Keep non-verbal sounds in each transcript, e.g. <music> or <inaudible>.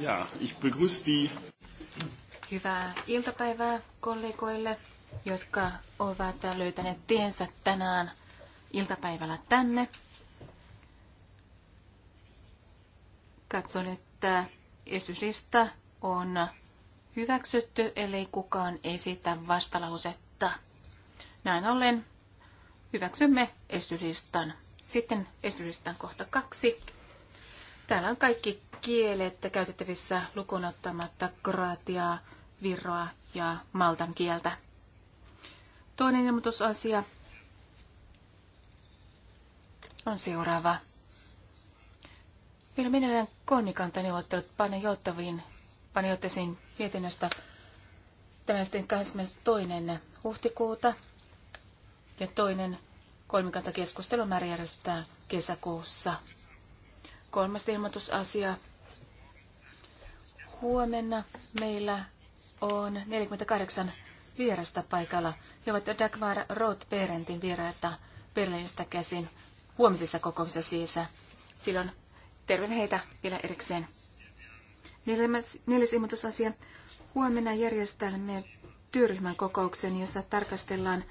Ja, ich begrüße die. Hyvää iltapäivää kollegoille, jotka ovat löytäneet tiensä tänään iltapäivällä tänne. Katson, että esityslista on hyväksytty, eli kukaan ei sitä vastalausetta. Näin ollen hyväksymme esityslistan. Sitten esityslistan kohta kaksi. Täällä on kaikki kielet käytettävissä lukunottamatta kroatiaa, virroa ja maltan kieltä. Toinen ilmoitusasia on seuraava. Meillä meneillään kolmikantaneuvottelut panejoittaviin panejoittaisiin mietinnöstä tämän sitten 22. huhtikuuta ja toinen kolmikantakeskustelu määrä järjestetään kesäkuussa. Kolmas ilmoitusasia Huomenna meillä on 48 vierasta paikalla. He ovat Dagmar roth perentin vieraita Berliinistä käsin huomisessa kokouksessa siis. Silloin terveen heitä vielä erikseen. Neljäs, neljäs ilmoitusasia. Huomenna järjestämme työryhmän kokouksen, jossa tarkastellaan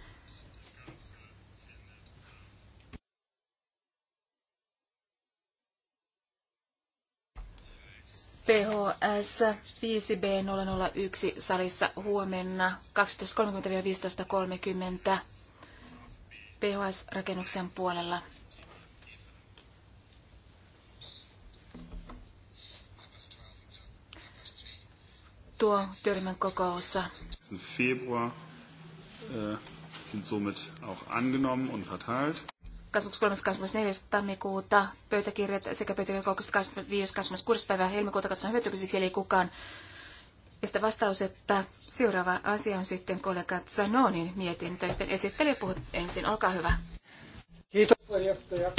PHS 5B001 salissa huomenna 12.30-15.30 PHS-rakennuksen puolella. Tuo työryhmän kokous. Februar äh, sind somit auch angenommen und verteilt. 24. tammikuuta pöytäkirjat sekä pöytäkirjat 25. 26. päivä helmikuuta katsotaan hyötykysiksi, eli kukaan. Ja sitten vastaus, että seuraava asia on sitten kollega Zanonin mietintö, joten esittelijä puhut ensin, olkaa hyvä. Kiitos puheenjohtaja.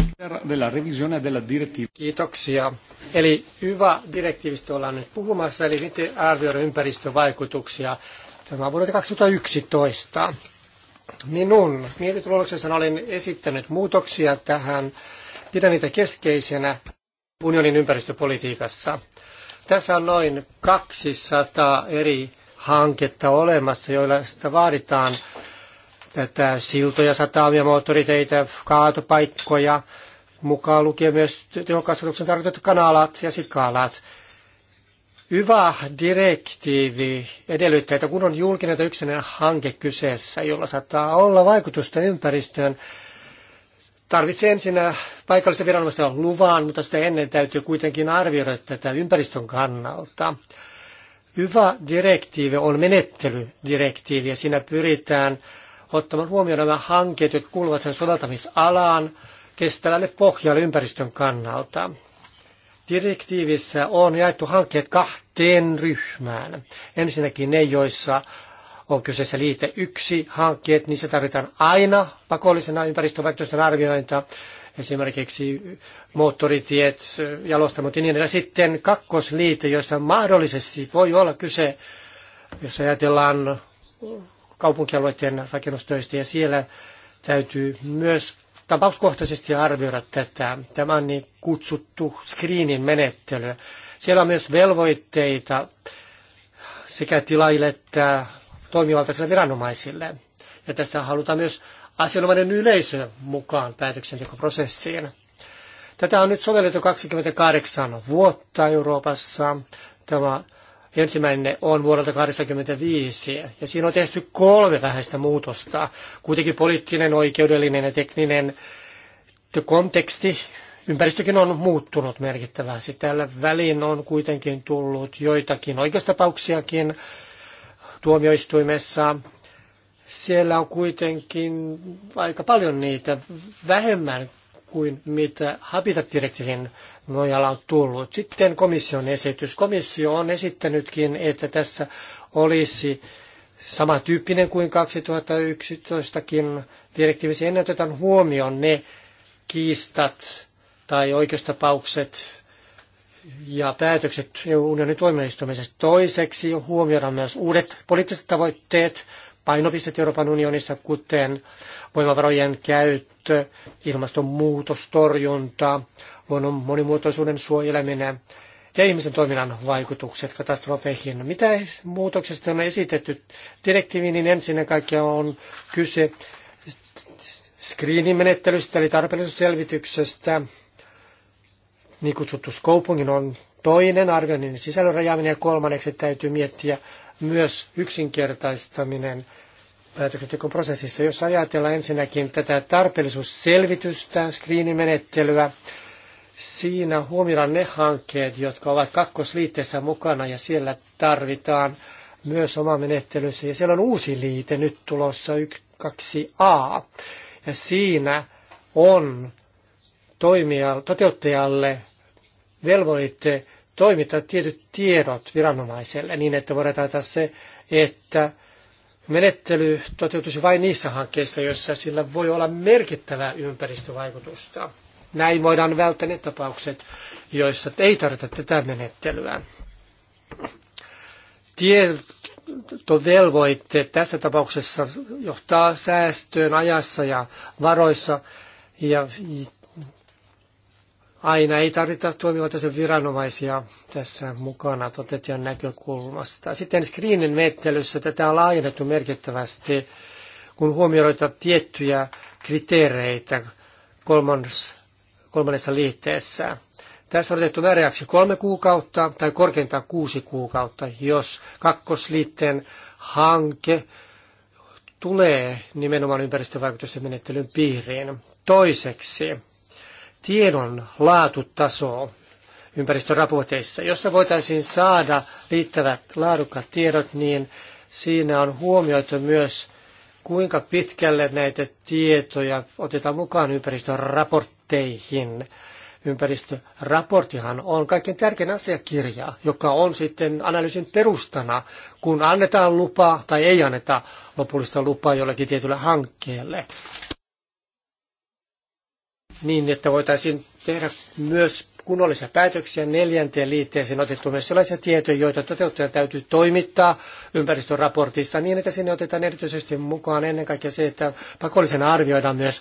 Kiitoksia. Eli hyvä direktiivistä ollaan nyt puhumassa, eli miten arvioida ympäristövaikutuksia. Tämä on vuodelta 2011. Minun mietintöluonnoksessani olen esittänyt muutoksia tähän. Pidän niitä keskeisenä unionin ympäristöpolitiikassa. Tässä on noin 200 eri hanketta olemassa, joilla sitä vaaditaan tätä siltoja, satamia, moottoriteitä, kaatopaikkoja, mukaan lukien myös tehokasvatuksen tarkoitetut kanalat ja sikalat. Hyvä direktiivi edellyttää, että kun on julkinen tai yksinen hanke kyseessä, jolla saattaa olla vaikutusta ympäristöön, tarvitsee ensin äh, paikallisen viranomaisten luvan, mutta sitä ennen täytyy kuitenkin arvioida tätä ympäristön kannalta. Hyvä direktiivi on menettelydirektiivi ja siinä pyritään ottamaan huomioon nämä hankkeet, jotka kuuluvat sen soveltamisalaan kestävälle pohjalle ympäristön kannalta. Direktiivissä on jaettu hankkeet kahteen ryhmään. Ensinnäkin ne, joissa on kyseessä liite yksi hankkeet, niissä tarvitaan aina pakollisena ympäristövaikutusten arviointia, esimerkiksi moottoritiet, jalostamot ja niin edelleen. Sitten kakkosliite, joista mahdollisesti voi olla kyse, jos ajatellaan kaupunkialueiden rakennustöistä ja siellä täytyy myös tapauskohtaisesti arvioida tätä. Tämä on niin kutsuttu screenin menettely. Siellä on myös velvoitteita sekä tilaille että toimivaltaisille viranomaisille. Ja tässä halutaan myös asianomainen yleisö mukaan päätöksentekoprosessiin. Tätä on nyt sovellettu 28 vuotta Euroopassa. Tämä Ensimmäinen on vuodelta 1985 ja siinä on tehty kolme vähäistä muutosta. Kuitenkin poliittinen, oikeudellinen ja tekninen konteksti Ympäristökin on muuttunut merkittävästi. Tällä väliin on kuitenkin tullut joitakin oikeustapauksiakin tuomioistuimessa. Siellä on kuitenkin aika paljon niitä vähemmän kuin mitä Habitat-direktiivin nojalla tullut. Sitten komission esitys. Komissio on esittänytkin, että tässä olisi samantyyppinen kuin 2011kin direktiivissä. Ennen otetaan huomioon ne kiistat tai oikeustapaukset ja päätökset EU-unionin toimistumisesta. Toiseksi huomioidaan myös uudet poliittiset tavoitteet, painopistet Euroopan unionissa, kuten voimavarojen käyttö, ilmastonmuutostorjunta, luonnon monimuotoisuuden suojeleminen ja ihmisen toiminnan vaikutukset katastrofeihin. Mitä muutoksista on esitetty direktiiviin, niin ensinnä kaikkea on kyse screening-menettelystä eli tarpeellisuusselvityksestä. Niin kutsuttu scopingin on toinen arvioinnin sisällön rajaaminen ja kolmanneksi täytyy miettiä myös yksinkertaistaminen Päätöksentekoprosessissa Jos ajatellaan ensinnäkin tätä tarpeellisuusselvitystä, skriinimenettelyä, siinä huomioidaan ne hankkeet, jotka ovat kakkosliitteessä mukana ja siellä tarvitaan myös oma menettelyssä. Ja siellä on uusi liite nyt tulossa 2a. Ja siinä on toimijalle, toteuttajalle velvoitte toimittaa tietyt tiedot viranomaiselle niin, että voidaan taata se, että menettely toteutuisi vain niissä hankkeissa, joissa sillä voi olla merkittävää ympäristövaikutusta. Näin voidaan välttää ne tapaukset, joissa ei tarvita tätä menettelyä. Tietovelvoitte tässä tapauksessa johtaa säästöön ajassa ja varoissa ja aina ei tarvita toimivaltaisia viranomaisia tässä mukana toteutujan näkökulmasta. Sitten screenin menettelyssä tätä on laajennettu merkittävästi, kun huomioidaan tiettyjä kriteereitä kolmans, kolmannessa liitteessä. Tässä on otettu väreäksi kolme kuukautta tai korkeintaan kuusi kuukautta, jos kakkosliitteen hanke tulee nimenomaan ympäristövaikutusten menettelyn piiriin. Toiseksi tiedon laatutaso ympäristöraporteissa, jossa voitaisiin saada riittävät laadukkaat tiedot, niin siinä on huomioitu myös, kuinka pitkälle näitä tietoja otetaan mukaan ympäristöraportteihin. Ympäristöraporttihan on kaikkein tärkein asiakirja, joka on sitten analyysin perustana, kun annetaan lupa tai ei anneta lopullista lupaa jollekin tietylle hankkeelle niin, että voitaisiin tehdä myös kunnollisia päätöksiä. Neljänteen liitteeseen otettu myös sellaisia tietoja, joita toteuttaja täytyy toimittaa ympäristöraportissa niin, että sinne otetaan erityisesti mukaan ennen kaikkea se, että pakollisena arvioidaan myös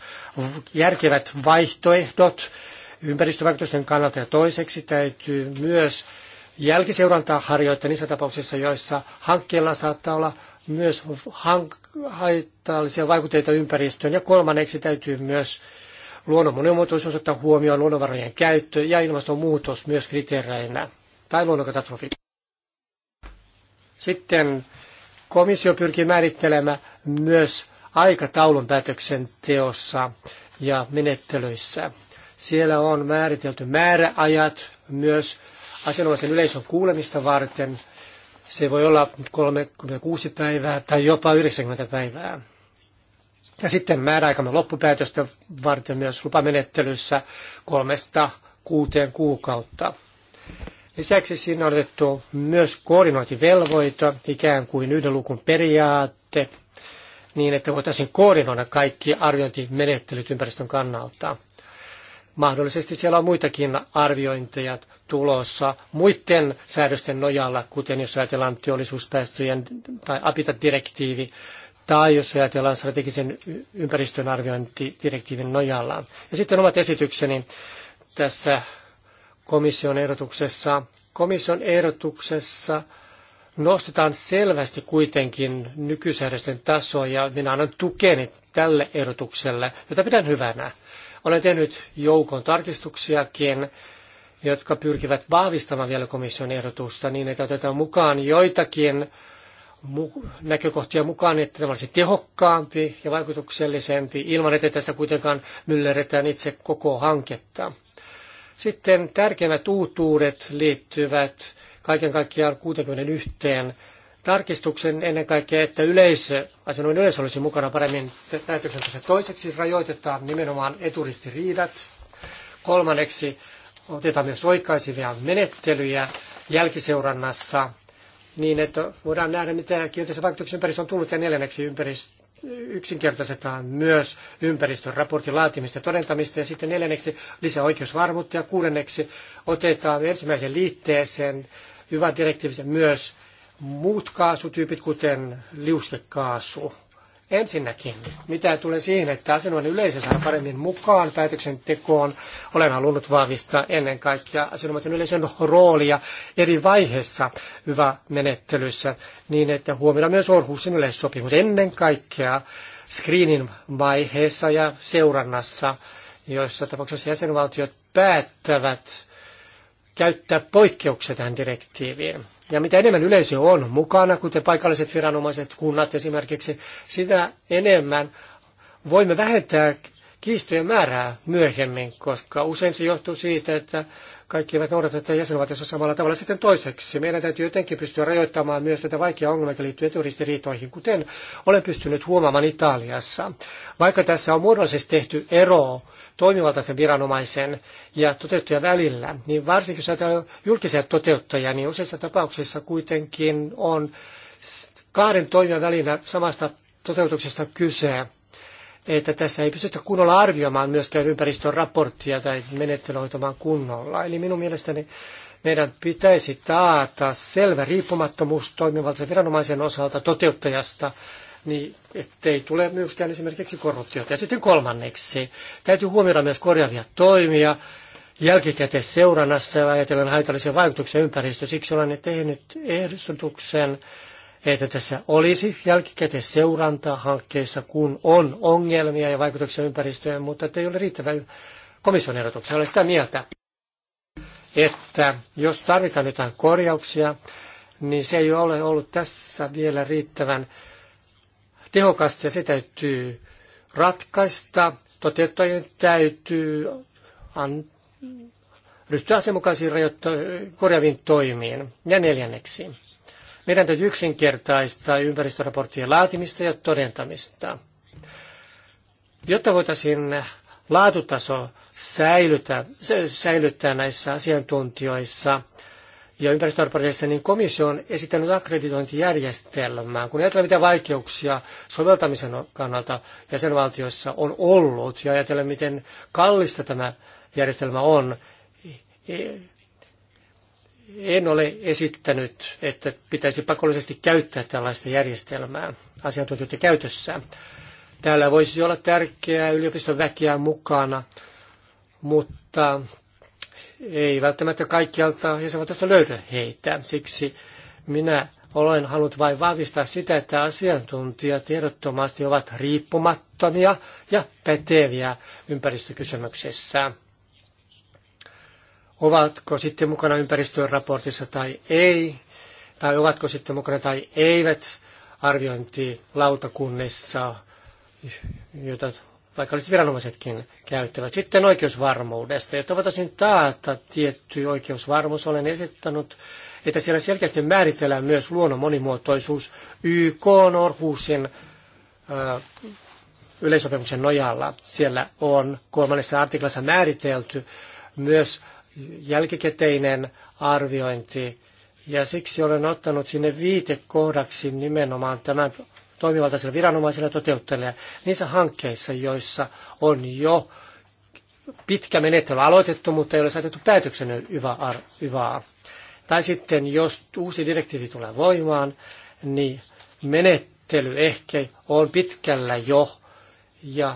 järkevät vaihtoehdot ympäristövaikutusten kannalta ja toiseksi täytyy myös jälkiseurantaa harjoittaa niissä tapauksissa, joissa hankkeella saattaa olla myös haitallisia vaikutteita ympäristöön ja kolmanneksi täytyy myös luonnon monimuotoisuus ottaa huomioon luonnonvarojen käyttö ja ilmastonmuutos myös kriteereinä tai luonnonkatastrofit. Sitten komissio pyrkii määrittelemään myös aikataulun päätöksenteossa ja menettelyissä. Siellä on määritelty määräajat myös asianomaisen yleisön kuulemista varten. Se voi olla 36 päivää tai jopa 90 päivää. Ja sitten määräaikamme loppupäätöstä varten myös lupamenettelyssä kolmesta kuuteen kuukautta. Lisäksi siinä on otettu myös koordinointivelvoite, ikään kuin yhden lukun periaate, niin että voitaisiin koordinoida kaikki arviointimenettelyt ympäristön kannalta. Mahdollisesti siellä on muitakin arviointeja tulossa muiden säädösten nojalla, kuten jos ajatellaan teollisuuspäästöjen tai apitadirektiivi tai jos ajatellaan strategisen ympäristön arviointidirektiivin nojalla. Ja sitten omat esitykseni tässä komission ehdotuksessa. Komission ehdotuksessa nostetaan selvästi kuitenkin nykysäädösten tasoa ja minä annan tukeni tälle ehdotukselle, jota pidän hyvänä. Olen tehnyt joukon tarkistuksiakin, jotka pyrkivät vahvistamaan vielä komission ehdotusta niin, että otetaan mukaan joitakin näkökohtia mukaan, että tämä olisi tehokkaampi ja vaikutuksellisempi, ilman että tässä kuitenkaan myllerretään itse koko hanketta. Sitten tärkeimmät uutuudet liittyvät kaiken kaikkiaan 61 tarkistuksen ennen kaikkea, että yleisö, asianomainen yleisö olisi mukana paremmin päätöksenteossa. Toiseksi rajoitetaan nimenomaan eturistiriidat. Kolmanneksi otetaan myös oikaisivia menettelyjä jälkiseurannassa niin, että voidaan nähdä, mitä kielteisen vaikutuksen ympäristö on tullut, ja neljänneksi ympäristö yksinkertaistetaan myös ympäristön raportin laatimista ja todentamista, ja sitten neljänneksi lisää oikeusvarmuutta, ja kuudenneksi otetaan ensimmäisen liitteeseen hyvän direktiivisen myös muut kaasutyypit, kuten liuskekaasu. Ensinnäkin, mitä tulee siihen, että asianomainen yleisö saa paremmin mukaan päätöksentekoon, olen halunnut vahvistaa ennen kaikkea asianomaisen yleisön roolia eri vaiheissa hyvä menettelyssä, niin että huomioidaan myös Orhusin yleissopimus ennen kaikkea screenin vaiheessa ja seurannassa, joissa tapauksessa jäsenvaltiot päättävät käyttää poikkeuksia tähän direktiiviin. Ja mitä enemmän yleisö on mukana, kuten paikalliset viranomaiset, kunnat esimerkiksi, sitä enemmän voimme vähentää kiistojen määrää myöhemmin, koska usein se johtuu siitä, että kaikki eivät noudata tätä jäsenvaltiossa samalla tavalla. Sitten toiseksi meidän täytyy jotenkin pystyä rajoittamaan myös tätä vaikeaa ongelmaa, joka liittyy eturistiriitoihin, kuten olen pystynyt huomaamaan Italiassa. Vaikka tässä on muodollisesti tehty ero toimivaltaisen viranomaisen ja toteuttajan välillä, niin varsinkin jos ajatellaan julkisia toteuttajia, niin useissa tapauksissa kuitenkin on kahden toimijan välillä samasta toteutuksesta kyse että tässä ei pystytä kunnolla arvioimaan myöskään ympäristön raporttia tai menettelyä kunnolla. Eli minun mielestäni meidän pitäisi taata selvä riippumattomuus toimivalta viranomaisen osalta toteuttajasta, niin ettei tule myöskään esimerkiksi korruptiota. Ja sitten kolmanneksi, täytyy huomioida myös korjaavia toimia jälkikäteen seurannassa ja ajatellen haitallisia vaikutuksia ympäristöön. Siksi olen tehnyt ehdotuksen että tässä olisi jälkikäteen seurantaa hankkeissa, kun on ongelmia ja vaikutuksia ympäristöön, mutta että ei ole riittävä komission ehdotuksia. Olen sitä mieltä, että jos tarvitaan jotain korjauksia, niin se ei ole ollut tässä vielä riittävän tehokasta ja se täytyy ratkaista. Toteuttajien täytyy an- ryhtyä asianmukaisiin rajoitto- korjaaviin toimiin. Ja neljänneksi meidän täytyy yksinkertaistaa ympäristöraporttien laatimista ja todentamista, jotta voitaisiin laatutaso säilytä, säilyttää näissä asiantuntijoissa ja ympäristöraporteissa, niin komissio on esittänyt akkreditointijärjestelmää. Kun ajatellaan, mitä vaikeuksia soveltamisen kannalta jäsenvaltioissa on ollut ja ajatellaan, miten kallista tämä järjestelmä on, en ole esittänyt, että pitäisi pakollisesti käyttää tällaista järjestelmää asiantuntijoiden käytössä. Täällä voisi olla tärkeää yliopiston väkeä mukana, mutta ei välttämättä kaikkialta jäsenvaltiosta löydy heitä. Siksi minä olen halunnut vain vahvistaa sitä, että asiantuntijat ehdottomasti ovat riippumattomia ja päteviä ympäristökysymyksissä ovatko sitten mukana ympäristön raportissa tai ei, tai ovatko sitten mukana tai eivät arviointilautakunnissa, joita paikalliset viranomaisetkin käyttävät. Sitten oikeusvarmuudesta, jotta voitaisiin taata tietty oikeusvarmuus, olen esittänyt, että siellä selkeästi määritellään myös luonnon monimuotoisuus YK Norhuusin yleisopimuksen nojalla. Siellä on kolmannessa artiklassa määritelty myös jälkikäteinen arviointi. Ja siksi olen ottanut sinne viitekohdaksi nimenomaan tämän toimivaltaisille viranomaisille toteuttajalle niissä hankkeissa, joissa on jo pitkä menettely aloitettu, mutta ei ole saatettu päätöksen yvaa. Tai sitten, jos uusi direktiivi tulee voimaan, niin menettely ehkä on pitkällä jo, ja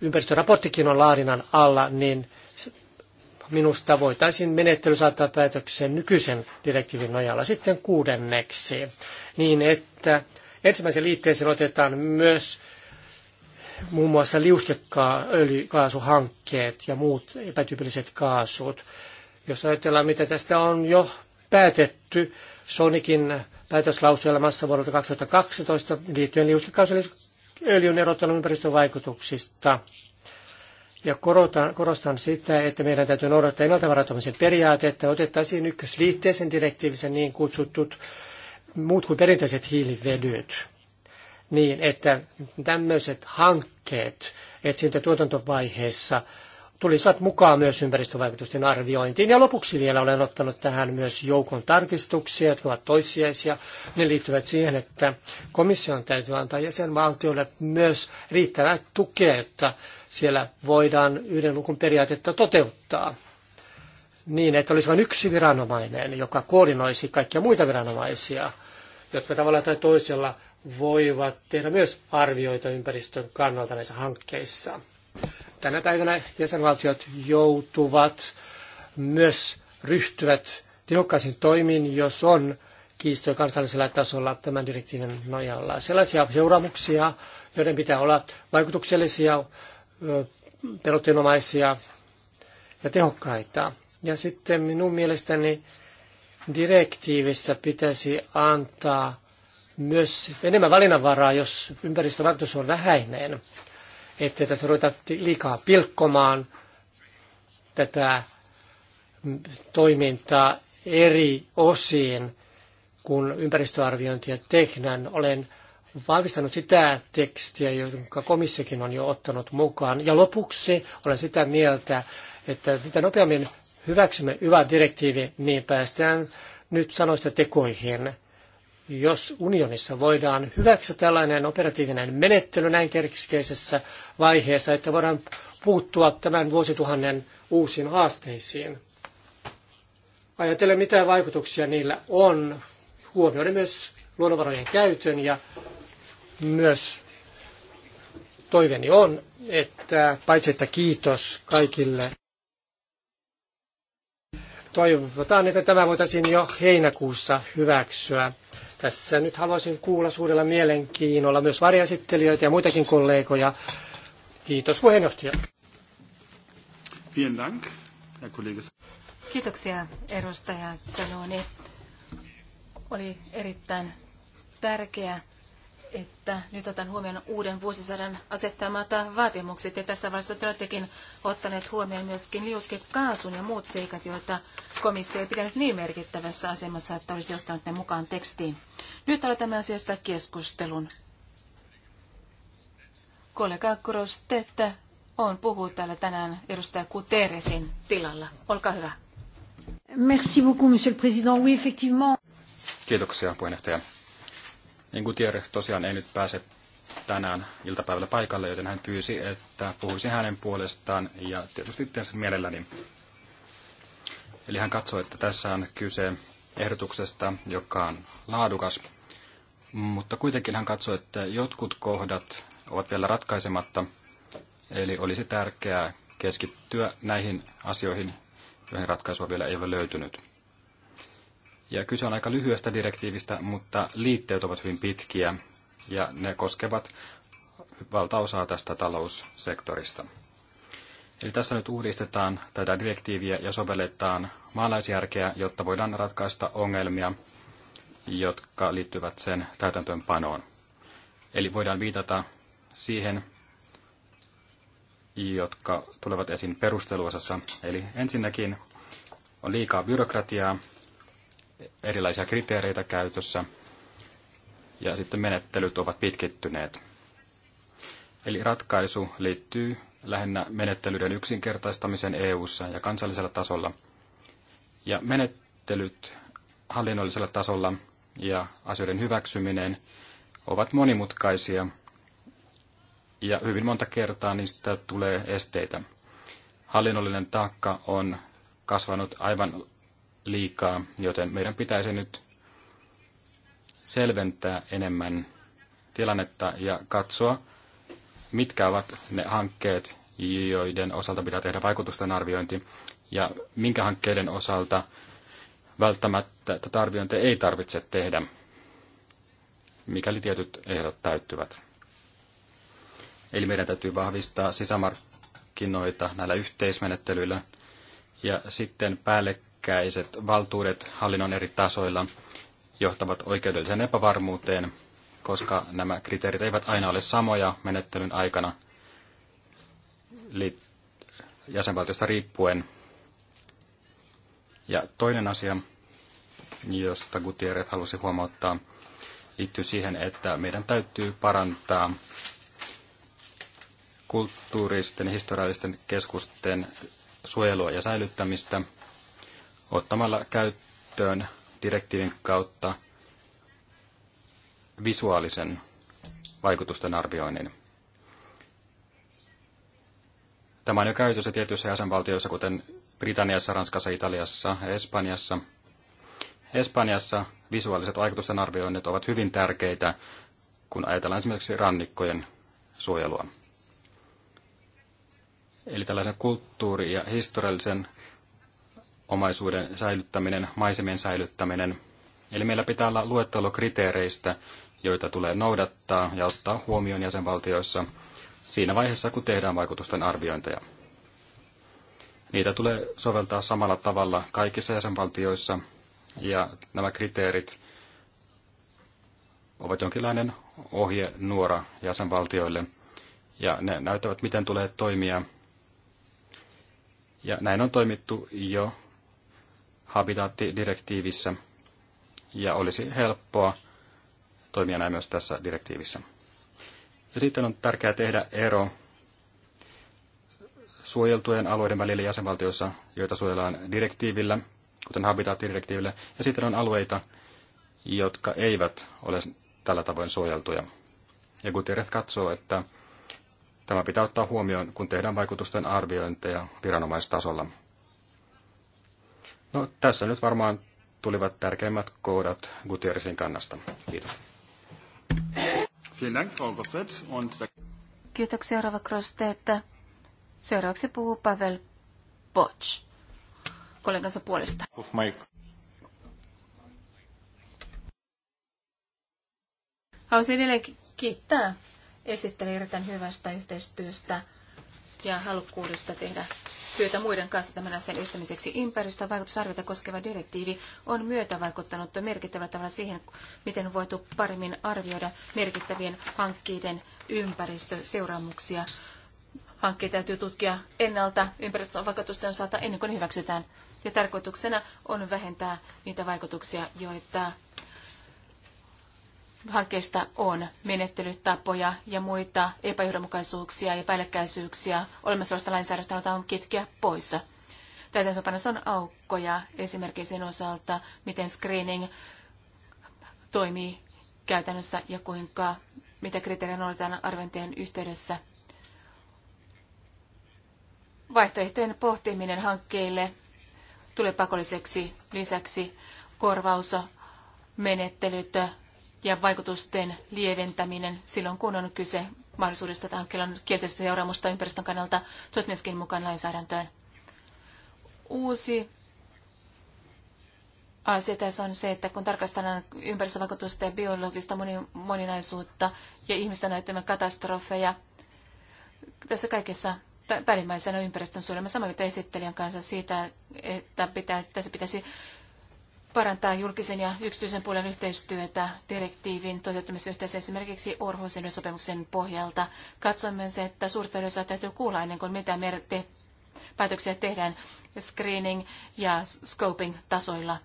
ympäristöraporttikin on laadinnan alla, niin minusta voitaisiin menettely saattaa päätökseen nykyisen direktiivin nojalla sitten kuudenneksi, niin että ensimmäisen liitteeseen otetaan myös muun muassa liustekaa öljykaasuhankkeet ja muut epätyypilliset kaasut. Jos ajatellaan, mitä tästä on jo päätetty Sonikin päätöslauselmassa vuodelta 2012 liittyen liustekaasuöljyn erottelun ympäristövaikutuksista – ja korotan, korostan sitä, että meidän täytyy noudattaa ennaltavaroittamisen periaatetta. Otettaisiin ykkösliitteeseen direktiivissä niin kutsutut muut kuin perinteiset hiilivedyt. Niin, että tämmöiset hankkeet etsintä tuotantovaiheessa – tulisivat mukaan myös ympäristövaikutusten arviointiin. Ja lopuksi vielä olen ottanut tähän myös joukon tarkistuksia, jotka ovat toissijaisia. Ne liittyvät siihen, että komission täytyy antaa jäsenvaltioille myös riittävää tukea, että siellä voidaan yhden lukun periaatetta toteuttaa niin, että olisi vain yksi viranomainen, joka koordinoisi kaikkia muita viranomaisia, jotka tavalla tai toisella voivat tehdä myös arvioita ympäristön kannalta näissä hankkeissa tänä päivänä jäsenvaltiot joutuvat myös ryhtyvät tehokkaisiin toimiin, jos on kiistoja kansallisella tasolla tämän direktiivin nojalla. Sellaisia seuraamuksia, joiden pitää olla vaikutuksellisia, pelotinomaisia ja tehokkaita. Ja sitten minun mielestäni direktiivissä pitäisi antaa myös enemmän valinnanvaraa, jos ympäristövaikutus on vähäinen ettei tässä ruveta liikaa pilkkomaan tätä toimintaa eri osiin, kun ympäristöarviointia tehdään. Olen vahvistanut sitä tekstiä, jonka komissiokin on jo ottanut mukaan. Ja lopuksi olen sitä mieltä, että mitä nopeammin hyväksymme hyvä direktiivi, niin päästään nyt sanoista tekoihin jos unionissa voidaan hyväksyä tällainen operatiivinen menettely näin keskeisessä vaiheessa, että voidaan puuttua tämän vuosituhannen uusiin haasteisiin. Ajatellen, mitä vaikutuksia niillä on, huomioiden myös luonnonvarojen käytön ja myös toiveeni on, että paitsi että kiitos kaikille, toivotaan, että tämä voitaisiin jo heinäkuussa hyväksyä tässä nyt haluaisin kuulla suurella mielenkiinnolla myös varjaesittelijöitä ja muitakin kollegoja. Kiitos puheenjohtaja. Vielen Dank, Kiitoksia edustaja Zanoni. Oli erittäin tärkeä että nyt otan huomioon uuden vuosisadan asettamat vaatimukset. Ja tässä vaiheessa te olettekin ottaneet huomioon myöskin liuskekaasun ja muut seikat, joita komissio ei pitänyt niin merkittävässä asemassa, että olisi ottanut ne mukaan tekstiin. Nyt aloitamme asiasta keskustelun. Kollega Krostetta on puhuu täällä tänään edustaja Kuteresin tilalla. Olkaa hyvä. Merci beaucoup, monsieur le président. Oui, effectivement. Kiitoksia, puheenjohtaja Gutierrez niin tosiaan ei nyt pääse tänään iltapäivällä paikalle, joten hän pyysi, että puhuisin hänen puolestaan ja tietysti teen mielelläni. Eli hän katsoi, että tässä on kyse ehdotuksesta, joka on laadukas, mutta kuitenkin hän katsoi, että jotkut kohdat ovat vielä ratkaisematta, eli olisi tärkeää keskittyä näihin asioihin, joihin ratkaisua vielä ei ole löytynyt. Ja kyse on aika lyhyestä direktiivistä, mutta liitteet ovat hyvin pitkiä ja ne koskevat valtaosaa tästä taloussektorista. Eli tässä nyt uudistetaan tätä direktiiviä ja sovelletaan maalaisjärkeä, jotta voidaan ratkaista ongelmia, jotka liittyvät sen täytäntöönpanoon. Eli voidaan viitata siihen, jotka tulevat esiin perusteluosassa. Eli ensinnäkin on liikaa byrokratiaa erilaisia kriteereitä käytössä ja sitten menettelyt ovat pitkittyneet. Eli ratkaisu liittyy lähinnä menettelyiden yksinkertaistamiseen EU:ssa ja kansallisella tasolla. Ja menettelyt hallinnollisella tasolla ja asioiden hyväksyminen ovat monimutkaisia ja hyvin monta kertaa niistä tulee esteitä. Hallinnollinen taakka on kasvanut aivan liikaa, joten meidän pitäisi nyt selventää enemmän tilannetta ja katsoa, mitkä ovat ne hankkeet, joiden osalta pitää tehdä vaikutusten arviointi ja minkä hankkeiden osalta välttämättä tätä arviointia ei tarvitse tehdä, mikäli tietyt ehdot täyttyvät. Eli meidän täytyy vahvistaa sisämarkkinoita näillä yhteismenettelyillä ja sitten päälle päällekkäiset valtuudet hallinnon eri tasoilla johtavat oikeudelliseen epävarmuuteen, koska nämä kriteerit eivät aina ole samoja menettelyn aikana jäsenvaltiosta riippuen. Ja toinen asia, josta Gutierrez halusi huomauttaa, liittyy siihen, että meidän täytyy parantaa kulttuuristen ja historiallisten keskusten suojelua ja säilyttämistä – ottamalla käyttöön direktiivin kautta visuaalisen vaikutusten arvioinnin. Tämä on jo käytössä tietyissä jäsenvaltioissa, kuten Britanniassa, Ranskassa, Italiassa ja Espanjassa. Espanjassa visuaaliset vaikutusten arvioinnit ovat hyvin tärkeitä, kun ajatellaan esimerkiksi rannikkojen suojelua. Eli tällaisen kulttuuri- ja historiallisen omaisuuden säilyttäminen, maisemien säilyttäminen. Eli meillä pitää olla luettelo kriteereistä, joita tulee noudattaa ja ottaa huomioon jäsenvaltioissa siinä vaiheessa, kun tehdään vaikutusten arviointeja. Niitä tulee soveltaa samalla tavalla kaikissa jäsenvaltioissa, ja nämä kriteerit ovat jonkinlainen ohje nuora jäsenvaltioille, ja ne näyttävät, miten tulee toimia. Ja näin on toimittu jo habitaattidirektiivissä ja olisi helppoa toimia näin myös tässä direktiivissä. Ja sitten on tärkeää tehdä ero suojeltujen alueiden välillä jäsenvaltioissa, joita suojellaan direktiivillä, kuten habitaattidirektiivillä, ja sitten on alueita, jotka eivät ole tällä tavoin suojeltuja. Ja Gutierrez katsoo, että tämä pitää ottaa huomioon, kun tehdään vaikutusten arviointeja viranomaistasolla. No, tässä nyt varmaan tulivat tärkeimmät koodat Gutierrezin kannasta. Kiitos. Kiitoksia, Kroste. Että Seuraavaksi puhuu Pavel Boch kollegansa puolesta. Haluaisin edelleen kiittää esitteli hyvästä yhteistyöstä ja halukkuudesta tehdä työtä muiden kanssa tämän asian estämiseksi. Ympäristön vaikutusarviota koskeva direktiivi on myötävaikuttanut merkittävällä tavalla siihen, miten voitu paremmin arvioida merkittävien hankkeiden ympäristöseuraamuksia. Hankkeita täytyy tutkia ennalta ympäristön vaikutusten osalta ennen kuin ne hyväksytään. Ja tarkoituksena on vähentää niitä vaikutuksia, joita hankkeesta on menettelytapoja ja muita epäjohdonmukaisuuksia ja päällekkäisyyksiä olemassa olevasta lainsäädännöstä halutaan kitkeä pois. Täytäntöpanossa on aukkoja esimerkiksi sen osalta, miten screening toimii käytännössä ja kuinka, mitä kriteerejä noudatetaan arviointien yhteydessä. Vaihtoehtojen pohtiminen hankkeille tulee pakolliseksi lisäksi korvausmenettelyt ja vaikutusten lieventäminen silloin, kun on kyse mahdollisuudesta, hankkeella kielteistä seuraamusta ympäristön kannalta, tuot myöskin mukaan lainsäädäntöön. Uusi asia tässä on se, että kun tarkastellaan ympäristövaikutusta ja biologista moninaisuutta ja ihmisten näyttämä katastrofeja, tässä kaikessa päällimmäisenä ympäristön suojelma, sama mitä esittelijän kanssa siitä, että pitäisi, tässä pitäisi parantaa julkisen ja yksityisen puolen yhteistyötä direktiivin toteuttamisyhteisö esimerkiksi Orhusin sopimuksen pohjalta. Katsomme se, että suurta yleisöä täytyy kuulla ennen kuin mitä me te- päätöksiä tehdään screening- ja scoping-tasoilla,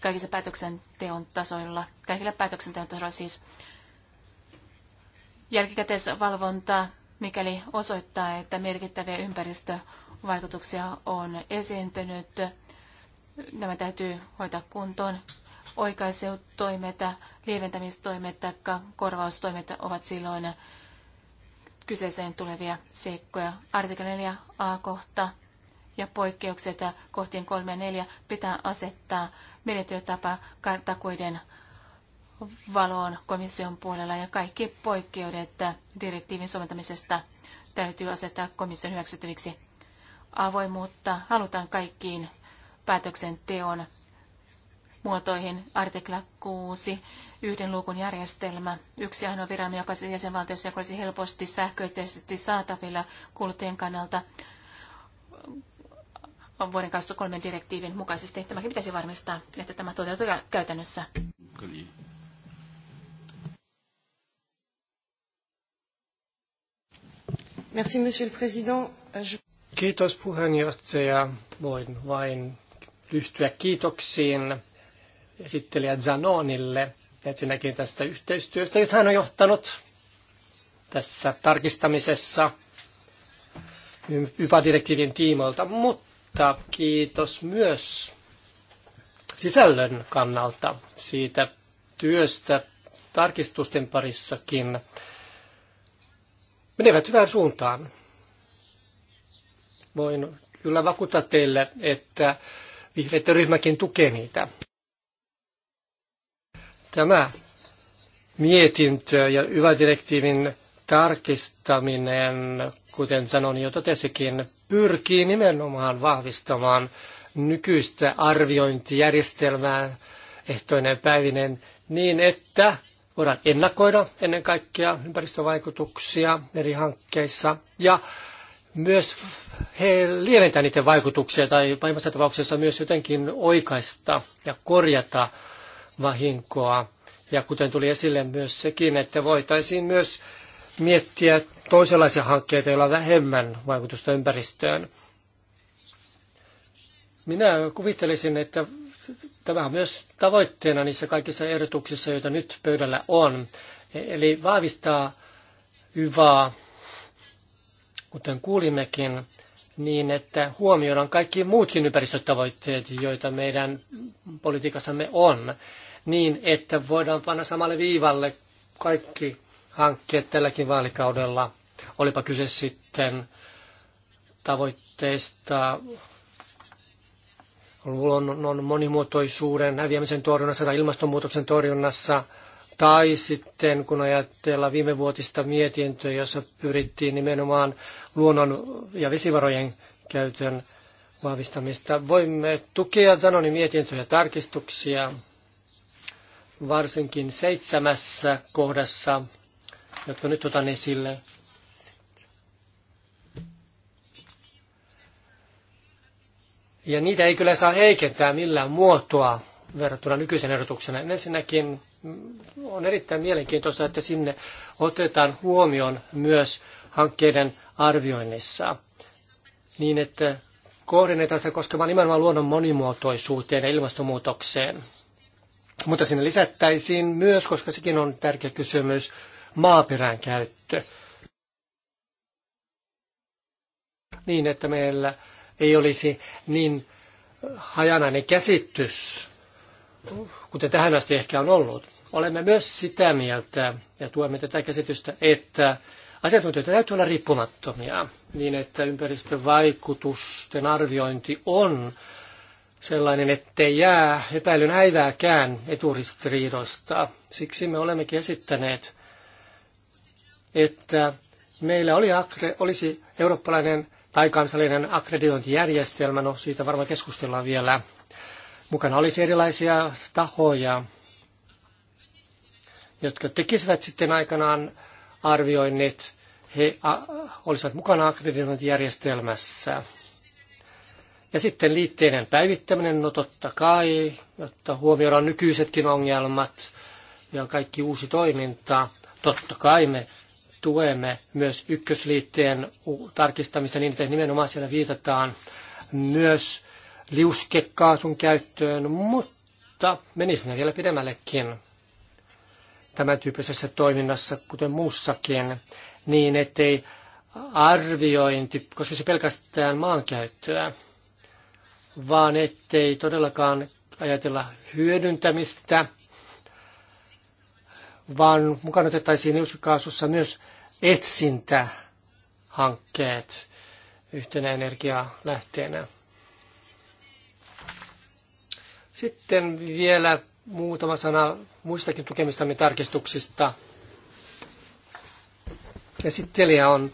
kaikissa päätöksenteon tasoilla, kaikilla päätöksenteon tasoilla siis jälkikäteisvalvonta, mikäli osoittaa, että merkittäviä ympäristövaikutuksia on esiintynyt, Nämä täytyy hoitaa kuntoon. Oikaiseutoimet, lieventämistoimet tai korvaustoimet ovat silloin kyseeseen tulevia seikkoja. Artikla 4a-kohta ja poikkeukset kohtiin 3 ja 4 pitää asettaa menettelytapa takuiden valoon komission puolella ja kaikki poikkeudet direktiivin soveltamisesta täytyy asettaa komission hyväksyttäviksi. Avoimuutta halutaan kaikkiin päätöksenteon muotoihin artikla 6, yhden luukun järjestelmä. Yksi ainoa viran jokaisessa jäsenvaltiossa, joka olisi helposti sähköisesti saatavilla kuluttajien kannalta vuoden 2003 direktiivin mukaisesti. Tämäkin pitäisi varmistaa, että tämä toteutuu käytännössä. Merci, monsieur le président. Kiitos puheenjohtaja. Voin vain ryhtyä kiitoksiin esittelijä Zanonille ensinnäkin tästä yhteistyöstä, jota hän on johtanut tässä tarkistamisessa YPA-direktiivin tiimoilta, mutta kiitos myös sisällön kannalta siitä työstä tarkistusten parissakin. Menevät hyvään suuntaan. Voin kyllä vakuuttaa teille, että Vihreiden ryhmäkin tukee niitä. Tämä mietintö ja YVA-direktiivin tarkistaminen, kuten sanon jo totesikin, pyrkii nimenomaan vahvistamaan nykyistä arviointijärjestelmää ehtoinen päivinen niin, että voidaan ennakoida ennen kaikkea ympäristövaikutuksia eri hankkeissa ja myös he lieventää niiden vaikutuksia tai pahimmassa tapauksessa myös jotenkin oikaista ja korjata vahinkoa. Ja kuten tuli esille myös sekin, että voitaisiin myös miettiä toisenlaisia hankkeita, joilla on vähemmän vaikutusta ympäristöön. Minä kuvittelisin, että tämä on myös tavoitteena niissä kaikissa ehdotuksissa, joita nyt pöydällä on. Eli vahvistaa hyvää kuten kuulimmekin, niin että huomioidaan kaikki muutkin ympäristötavoitteet, joita meidän politiikassamme on, niin että voidaan panna samalle viivalle kaikki hankkeet tälläkin vaalikaudella, olipa kyse sitten tavoitteista luonnon monimuotoisuuden häviämisen torjunnassa tai ilmastonmuutoksen torjunnassa – tai sitten kun ajatellaan viime vuotista mietintöä, jossa pyrittiin nimenomaan luonnon ja vesivarojen käytön vahvistamista, voimme tukea Zanonin mietintöjä tarkistuksia, varsinkin seitsemässä kohdassa, jotka nyt otan esille. Ja niitä ei kyllä saa heikentää millään muotoa verrattuna nykyisen erotuksena. Ensinnäkin on erittäin mielenkiintoista, että sinne otetaan huomioon myös hankkeiden arvioinnissa, niin että kohdennetaan se koskemaan nimenomaan luonnon monimuotoisuuteen ja ilmastonmuutokseen. Mutta sinne lisättäisiin myös, koska sekin on tärkeä kysymys, maaperän käyttö. Niin, että meillä ei olisi niin hajanainen käsitys, kuten tähän asti ehkä on ollut. Olemme myös sitä mieltä ja tuemme tätä käsitystä, että asiantuntijoita täytyy olla riippumattomia niin, että ympäristövaikutusten arviointi on sellainen, ettei jää epäilyn häivääkään eturistiriidosta. Siksi me olemmekin esittäneet, että meillä oli, olisi eurooppalainen tai kansallinen akkreditointijärjestelmä, no siitä varmaan keskustellaan vielä. Mukana olisi erilaisia tahoja, jotka tekisivät sitten aikanaan arvioinnit, he olisivat mukana akkreditointijärjestelmässä. Ja sitten liitteiden päivittäminen, no totta kai, jotta huomioidaan nykyisetkin ongelmat ja kaikki uusi toiminta. Totta kai me tuemme myös ykkösliitteen tarkistamista niin, että nimenomaan siellä viitataan myös liuskekaasun käyttöön, mutta menisimme vielä pidemmällekin tämän tyyppisessä toiminnassa, kuten muussakin, niin ettei arviointi koskisi pelkästään maankäyttöä, vaan ettei todellakaan ajatella hyödyntämistä, vaan mukaan otettaisiin liuskakaasussa myös etsintähankkeet yhtenä energialähteenä. Sitten vielä Muutama sana muistakin tukemistamme tarkistuksista. Käsittelijä on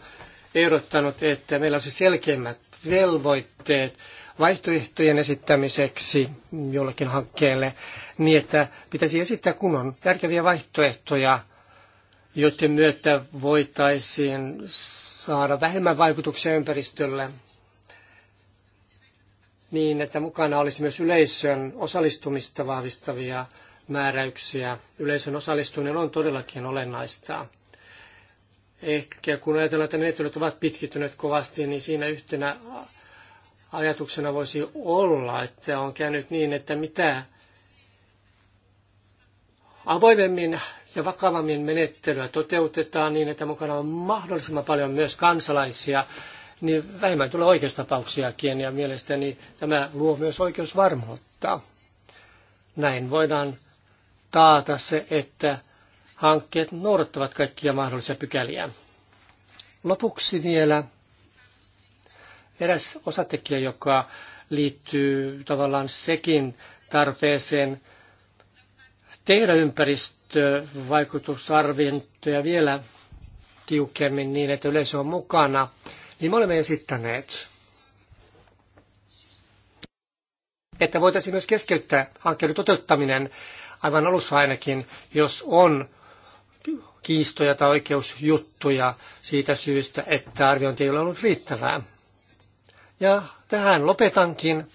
ehdottanut, että meillä olisi selkeimmät velvoitteet vaihtoehtojen esittämiseksi jollekin hankkeelle, niin että pitäisi esittää kunnon järkeviä vaihtoehtoja, joiden myötä voitaisiin saada vähemmän vaikutuksia ympäristölle niin, että mukana olisi myös yleisön osallistumista vahvistavia määräyksiä. Yleisön osallistuminen on todellakin olennaista. Ehkä kun ajatellaan, että menettelyt ovat pitkittyneet kovasti, niin siinä yhtenä ajatuksena voisi olla, että on käynyt niin, että mitä avoimemmin ja vakavammin menettelyä toteutetaan niin, että mukana on mahdollisimman paljon myös kansalaisia, niin vähemmän tulee oikeustapauksiakin ja mielestäni tämä luo myös oikeusvarmuutta. Näin voidaan taata se, että hankkeet noudattavat kaikkia mahdollisia pykäliä. Lopuksi vielä eräs osatekijä, joka liittyy tavallaan sekin tarpeeseen tehdä ympäristövaikutusarviointeja vielä tiukemmin niin, että yleisö on mukana niin me olemme esittäneet, että voitaisiin myös keskeyttää hankkeiden toteuttaminen aivan alussa ainakin, jos on kiistoja tai oikeusjuttuja siitä syystä, että arviointi ei ole ollut riittävää. Ja tähän lopetankin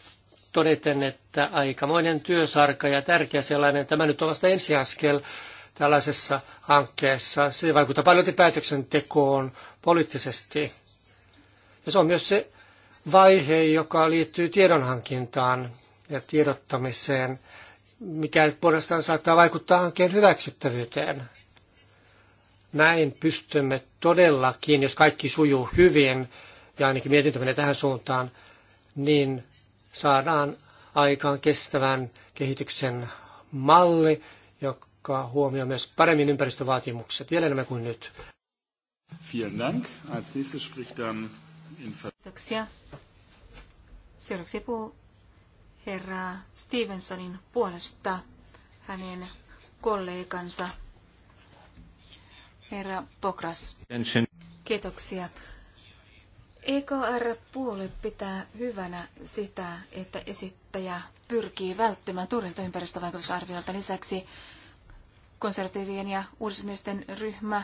todeten, että aikamoinen työsarka ja tärkeä sellainen, tämä nyt on vasta ensiaskel tällaisessa hankkeessa. Se vaikuttaa paljon päätöksentekoon poliittisesti. Ja se on myös se vaihe, joka liittyy tiedonhankintaan ja tiedottamiseen, mikä puolestaan saattaa vaikuttaa hankkeen hyväksyttävyyteen. Näin pystymme todellakin, jos kaikki sujuu hyvin, ja ainakin mietintö menee tähän suuntaan, niin saadaan aikaan kestävän kehityksen malli, joka huomioi myös paremmin ympäristövaatimukset, vielä enemmän kuin nyt. Vielen Dank. Als nächstes spricht dann Kiitoksia. Seuraavaksi puhuu herra Stevensonin puolesta hänen kollegansa herra Pokras. Kiitoksia. EKR-puolue pitää hyvänä sitä, että esittäjä pyrkii välttämään turhilta ympäristövaikutusarviolta. Lisäksi konservatiivien ja uudistumisten ryhmä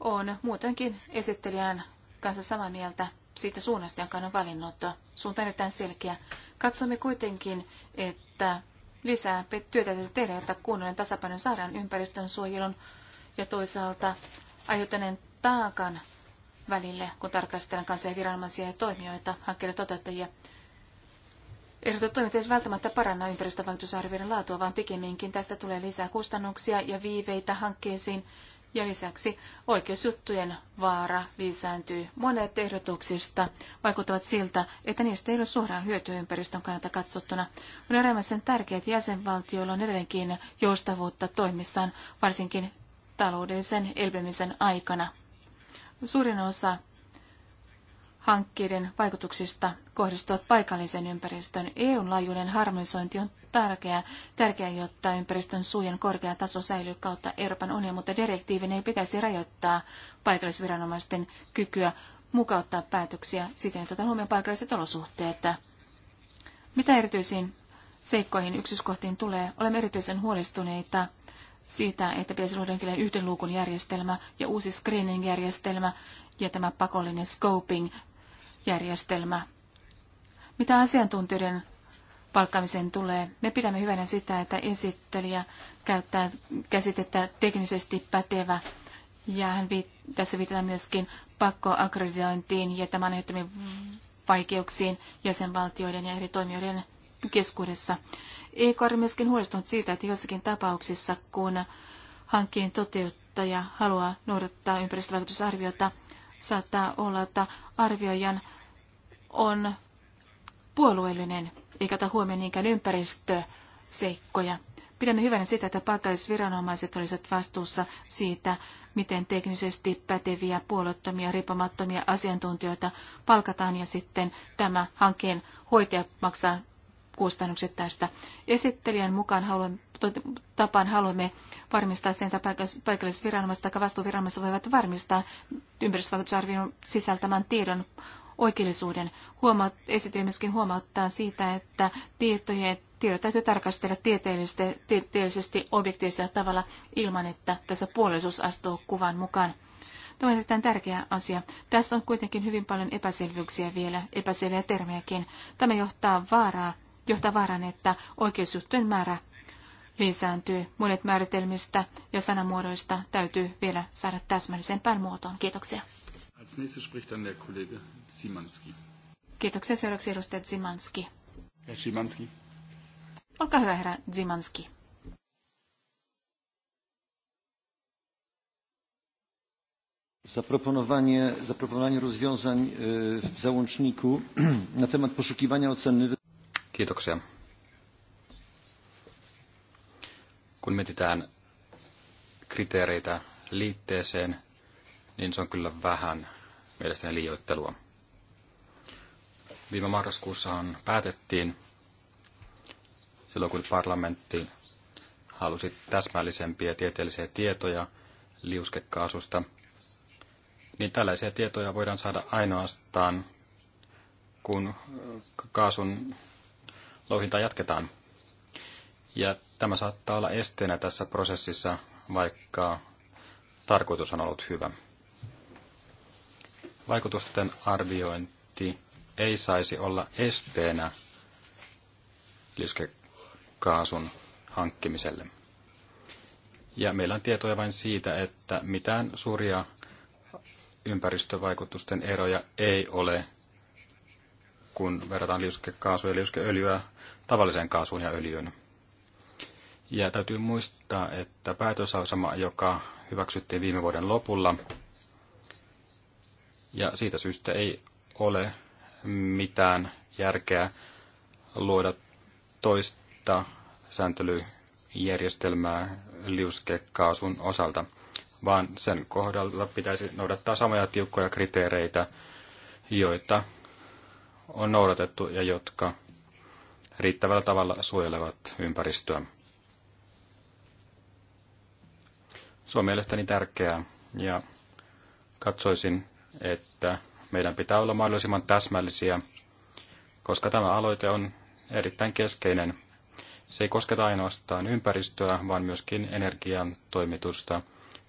on muutenkin esittelijän kanssa samaa mieltä siitä suunnasta, jonka on valinnut. Suunta erittäin selkeä. Katsomme kuitenkin, että lisää työtä tehdä, jotta kunnollinen tasapaino saadaan ympäristön suojelun ja toisaalta aiheuttaneen taakan välille, kun tarkastellaan kansainvälisiä viranomaisia ja toimijoita, hankkeiden toteuttajia. Ehdotetut toimet eivät välttämättä paranna ympäristövaikutusarvioiden laatua, vaan pikemminkin tästä tulee lisää kustannuksia ja viiveitä hankkeisiin, ja lisäksi oikeusjuttujen vaara lisääntyy. Monet ehdotuksista vaikuttavat siltä, että niistä ei ole suoraan hyötyä ympäristön kannalta katsottuna. On sen tärkeää, että jäsenvaltioilla on edelleenkin joustavuutta toimissaan, varsinkin taloudellisen elpymisen aikana. Suurin osa hankkeiden vaikutuksista kohdistuvat paikallisen ympäristön. EUn laajuinen harmonisointi on tärkeää, tärkeää, jotta ympäristön suojan korkea taso säilyy kautta Euroopan unionin, mutta direktiivin ei pitäisi rajoittaa paikallisviranomaisten kykyä mukauttaa päätöksiä siten, että huomioon paikalliset olosuhteet. Mitä erityisiin seikkoihin yksityiskohtiin tulee, olemme erityisen huolestuneita siitä, että pitäisi luoda jonkinlainen yhden luukun järjestelmä ja uusi screening-järjestelmä ja tämä pakollinen scoping-järjestelmä. Mitä asiantuntijoiden palkkaamiseen tulee. Me pidämme hyvänä sitä, että esittelijä käyttää käsitettä teknisesti pätevä ja hän viit- tässä viitataan myöskin pakkoakkreditointiin ja tämän aiheuttamiin vaikeuksiin jäsenvaltioiden ja eri toimijoiden keskuudessa. E on myöskin huolestunut siitä, että jossakin tapauksissa, kun hankkeen toteuttaja haluaa noudattaa ympäristövaikutusarviota, saattaa olla, että arvioijan on puolueellinen eikä ota huomioon niinkään ympäristöseikkoja. Pidämme hyvänä sitä, että paikallisviranomaiset olisivat vastuussa siitä, miten teknisesti päteviä, puolettomia, riippumattomia asiantuntijoita palkataan ja sitten tämä hankkeen hoitaja maksaa kustannukset tästä. Esittelijän mukaan haluan, tapaan haluamme varmistaa sen, että paikallisviranomaiset tai vastuuviranomaiset voivat varmistaa ympäristövaikutusarvion sisältämän tiedon oikeellisuuden. Huomaut, esitin myöskin huomauttaa siitä, että tietojen tiedot täytyy tarkastella tieteellisesti, tieteellisesti objektiivisella tavalla ilman, että tässä puolisuus astuu kuvan mukaan. Tämä on erittäin tärkeä asia. Tässä on kuitenkin hyvin paljon epäselvyyksiä vielä, epäselviä termejäkin. Tämä johtaa vaaraa, johtaa vaaran, että oikeusjuttujen määrä lisääntyy. Monet määritelmistä ja sanamuodoista täytyy vielä saada täsmällisempään muotoon. Kiitoksia. Als nächstes spricht dann der Kollege Simanski. Kiitoksia seuraavaksi edustaja Zimanski. Ja Zimanski. Olkaa hyvä, herra Zimanski. Zaproponowanie, zaproponowanie rozwiązań e, w załączniku <clears throat> na temat poszukiwania oceny. Kiitoksia. Kun mietitään kriteereitä liitteeseen, niin se on kyllä vähän mielestäni liioittelua. Viime marraskuussahan päätettiin, silloin kun parlamentti halusi täsmällisempiä tieteellisiä tietoja liuskekaasusta, niin tällaisia tietoja voidaan saada ainoastaan, kun kaasun louhinta jatketaan. Ja tämä saattaa olla esteenä tässä prosessissa, vaikka tarkoitus on ollut hyvä. Vaikutusten arviointi ei saisi olla esteenä liuskekaasun hankkimiselle. Ja meillä on tietoja vain siitä, että mitään suuria ympäristövaikutusten eroja ei ole, kun verrataan liuskekaasua ja liuskeöljyä tavalliseen kaasuun ja öljyyn. Ja täytyy muistaa, että päätösasema, joka hyväksyttiin viime vuoden lopulla, ja siitä syystä ei ole mitään järkeä luoda toista sääntelyjärjestelmää liuskekaasun osalta, vaan sen kohdalla pitäisi noudattaa samoja tiukkoja kriteereitä, joita on noudatettu ja jotka riittävällä tavalla suojelevat ympäristöä. Se on mielestäni tärkeää ja katsoisin, että meidän pitää olla mahdollisimman täsmällisiä, koska tämä aloite on erittäin keskeinen. Se ei kosketa ainoastaan ympäristöä, vaan myöskin energian toimitusta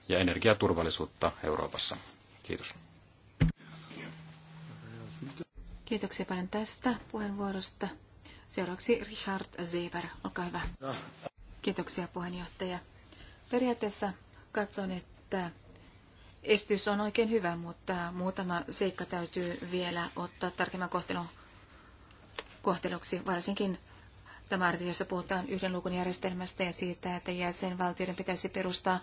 ja energiaturvallisuutta Euroopassa. Kiitos. Kiitoksia paljon tästä puheenvuorosta. Seuraavaksi Richard Zeber, olkaa hyvä. Kiitoksia puheenjohtaja. Periaatteessa katson, että Esitys on oikein hyvä, mutta muutama seikka täytyy vielä ottaa tarkemman kohtelun kohteluksi, varsinkin tämä jossa puhutaan yhden luukun järjestelmästä ja siitä, että jäsenvaltioiden pitäisi perustaa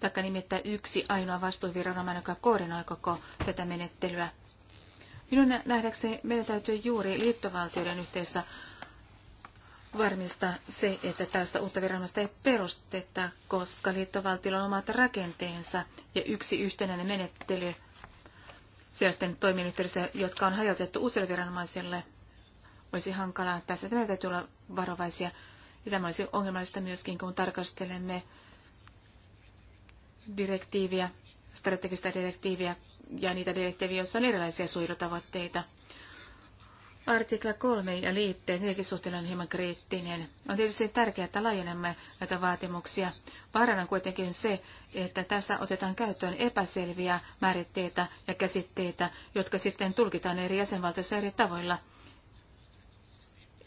taikka nimittää yksi ainoa vastuuviranomainen, joka koordinoi koko tätä menettelyä. Minun nähdäkseni meidän täytyy juuri liittovaltioiden yhteisessä varmista se, että tällaista uutta viranomaista ei perusteta, koska liittovaltiolla on omat rakenteensa ja yksi yhtenäinen menettely sellaisten toimien yhteydessä, jotka on hajotettu useille viranomaisille, olisi hankalaa. Tässä meidän täytyy olla varovaisia. Ja tämä olisi ongelmallista myöskin, kun tarkastelemme direktiiviä, strategista direktiiviä ja niitä direktiiviä, joissa on erilaisia suojelutavoitteita – Artikla 3 ja liitteet, niidenkin on hieman kriittinen. On tietysti tärkeää, että laajennamme näitä vaatimuksia. Vaarana kuitenkin se, että tässä otetaan käyttöön epäselviä määritteitä ja käsitteitä, jotka sitten tulkitaan eri jäsenvaltioissa eri tavoilla.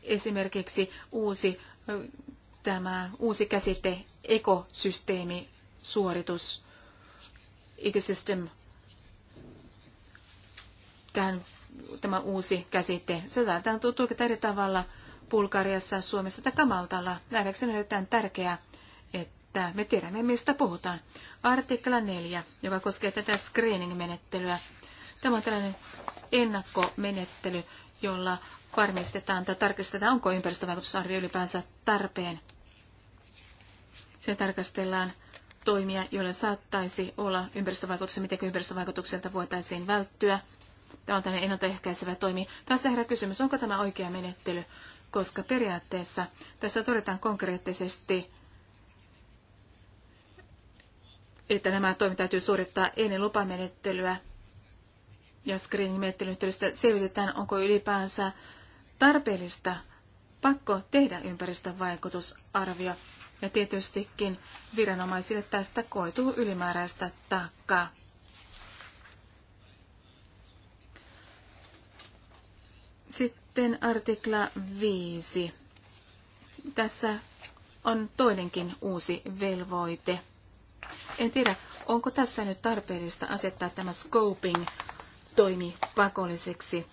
Esimerkiksi uusi, tämä uusi käsite ekosysteemi suoritus, ecosystem, tähän tämä uusi käsite. Se saadaan tulkita eri tavalla Bulgariassa, Suomessa tai Kamaltalla. Nähdäkseni on erittäin tärkeää, että me tiedämme, mistä puhutaan. Artikla 4, joka koskee tätä screening-menettelyä. Tämä on tällainen ennakkomenettely, jolla varmistetaan tai tarkistetaan, onko ympäristövaikutusarvio ylipäänsä tarpeen. Se tarkastellaan toimia, joilla saattaisi olla ympäristövaikutuksia, miten ympäristövaikutukselta voitaisiin välttyä – Tämä on tämmöinen ennaltaehkäisevä toimi. Tässä herää kysymys, onko tämä oikea menettely, koska periaatteessa tässä todetaan konkreettisesti, että nämä toimet täytyy suorittaa ennen lupamenettelyä ja screening-menettelyn yhteydessä selvitetään, onko ylipäänsä tarpeellista pakko tehdä ympäristövaikutusarvio. vaikutusarvio. Ja tietystikin viranomaisille tästä koituu ylimääräistä taakkaa. Sitten artikla 5. Tässä on toinenkin uusi velvoite. En tiedä, onko tässä nyt tarpeellista asettaa tämä scoping toimi pakolliseksi.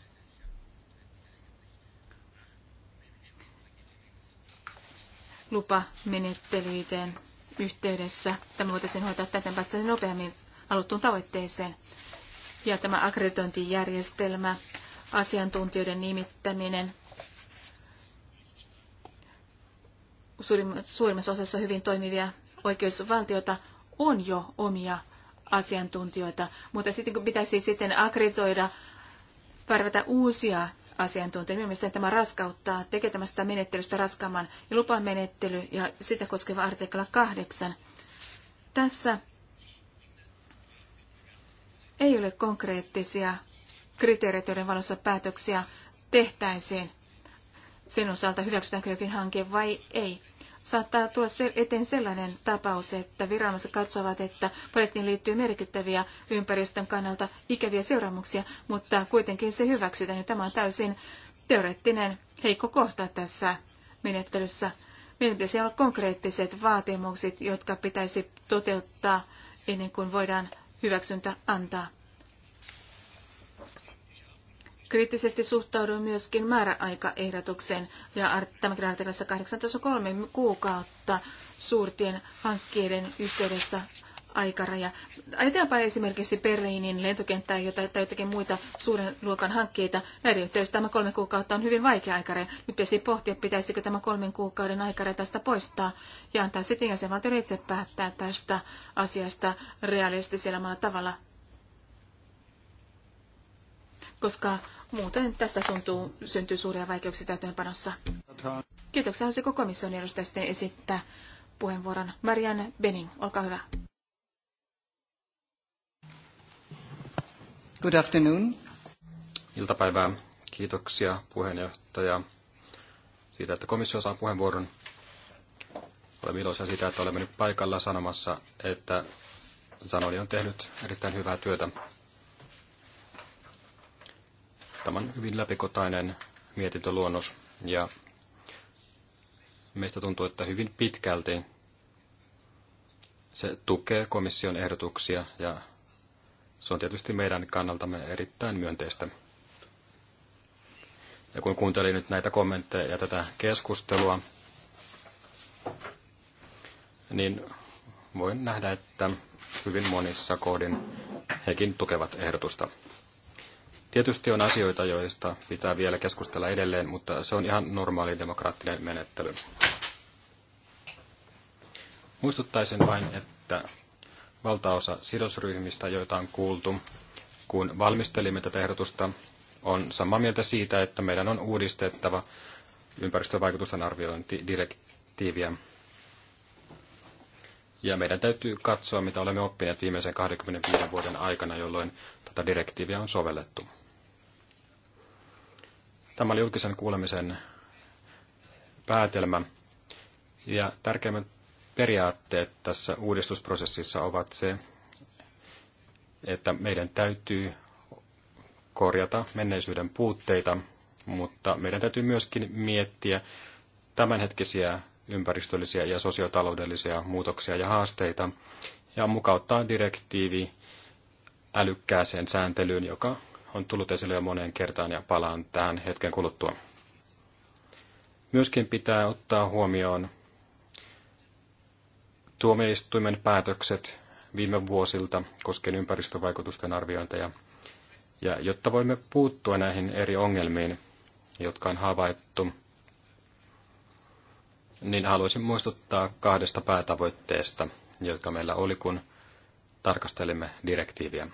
lupamenettelyiden yhteydessä. Tämä voitaisiin hoitaa täten päästä nopeammin haluttuun tavoitteeseen. Ja tämä akkreditointijärjestelmä asiantuntijoiden nimittäminen suurimmassa osassa hyvin toimivia oikeusvaltioita on jo omia asiantuntijoita, mutta sitten kun pitäisi sitten akkreditoida, värvätä uusia asiantuntijoita, niin mielestäni tämä raskauttaa tekemästä menettelystä raskaamman ja lupamenettely ja sitä koskeva artikla 8. Tässä ei ole konkreettisia kriteerit, joiden valossa päätöksiä tehtäisiin sen osalta, hyväksytäänkö jokin hanke vai ei. Saattaa tulla eteen sellainen tapaus, että viranomaiset katsovat, että projektiin liittyy merkittäviä ympäristön kannalta ikäviä seuraamuksia, mutta kuitenkin se hyväksytään. Niin tämä on täysin teoreettinen heikko kohta tässä menettelyssä. Meidän pitäisi olla konkreettiset vaatimukset, jotka pitäisi toteuttaa ennen kuin voidaan hyväksyntä antaa. Kriittisesti suhtauduin myöskin määräaikaehdotukseen ja tämäkin artiklassa 18.3 kuukautta suurtien hankkeiden yhteydessä aikaraja. Ajatellaanpa esimerkiksi Berliinin lentokenttää jota, tai jotakin muita suuren luokan hankkeita. Näiden yhteydessä tämä kolme kuukautta on hyvin vaikea aikaraja. Nyt pitäisi pohtia, pitäisikö tämä kolmen kuukauden aikaraja tästä poistaa ja antaa sitten jäsenvaltioiden itse päättää tästä asiasta realistisella tavalla. Koska Muuten tästä syntyy, syntyy suuria vaikeuksia täytäntöönpanossa. Kiitoksia. Haluaisiko komission edustaja sitten esittää puheenvuoron? Marianne Benning, olkaa hyvä. Good afternoon. Iltapäivää. Kiitoksia puheenjohtaja siitä, että komissio saa puheenvuoron. Olen iloisia siitä, että olemme nyt paikalla sanomassa, että Zanoni on tehnyt erittäin hyvää työtä Tämä hyvin läpikotainen mietintöluonnos ja meistä tuntuu, että hyvin pitkälti se tukee komission ehdotuksia ja se on tietysti meidän kannaltamme erittäin myönteistä. Ja kun kuuntelin nyt näitä kommentteja ja tätä keskustelua, niin voin nähdä, että hyvin monissa kohdin hekin tukevat ehdotusta. Tietysti on asioita, joista pitää vielä keskustella edelleen, mutta se on ihan normaali demokraattinen menettely. Muistuttaisin vain, että valtaosa sidosryhmistä, joita on kuultu, kun valmistelimme tätä ehdotusta, on samaa mieltä siitä, että meidän on uudistettava ympäristövaikutusten arviointidirektiiviä ja meidän täytyy katsoa, mitä olemme oppineet viimeisen 25 vuoden aikana, jolloin tätä direktiiviä on sovellettu. Tämä oli julkisen kuulemisen päätelmä. Ja tärkeimmät periaatteet tässä uudistusprosessissa ovat se, että meidän täytyy korjata menneisyyden puutteita, mutta meidän täytyy myöskin miettiä tämänhetkisiä ympäristöllisiä ja sosiotaloudellisia muutoksia ja haasteita ja mukauttaa direktiivi älykkääseen sääntelyyn, joka on tullut esille jo moneen kertaan ja palaan tähän hetken kuluttua. Myöskin pitää ottaa huomioon tuomioistuimen päätökset viime vuosilta koskien ympäristövaikutusten arviointeja. Ja jotta voimme puuttua näihin eri ongelmiin, jotka on havaittu niin haluaisin muistuttaa kahdesta päätavoitteesta, jotka meillä oli, kun tarkastelimme direktiiviä.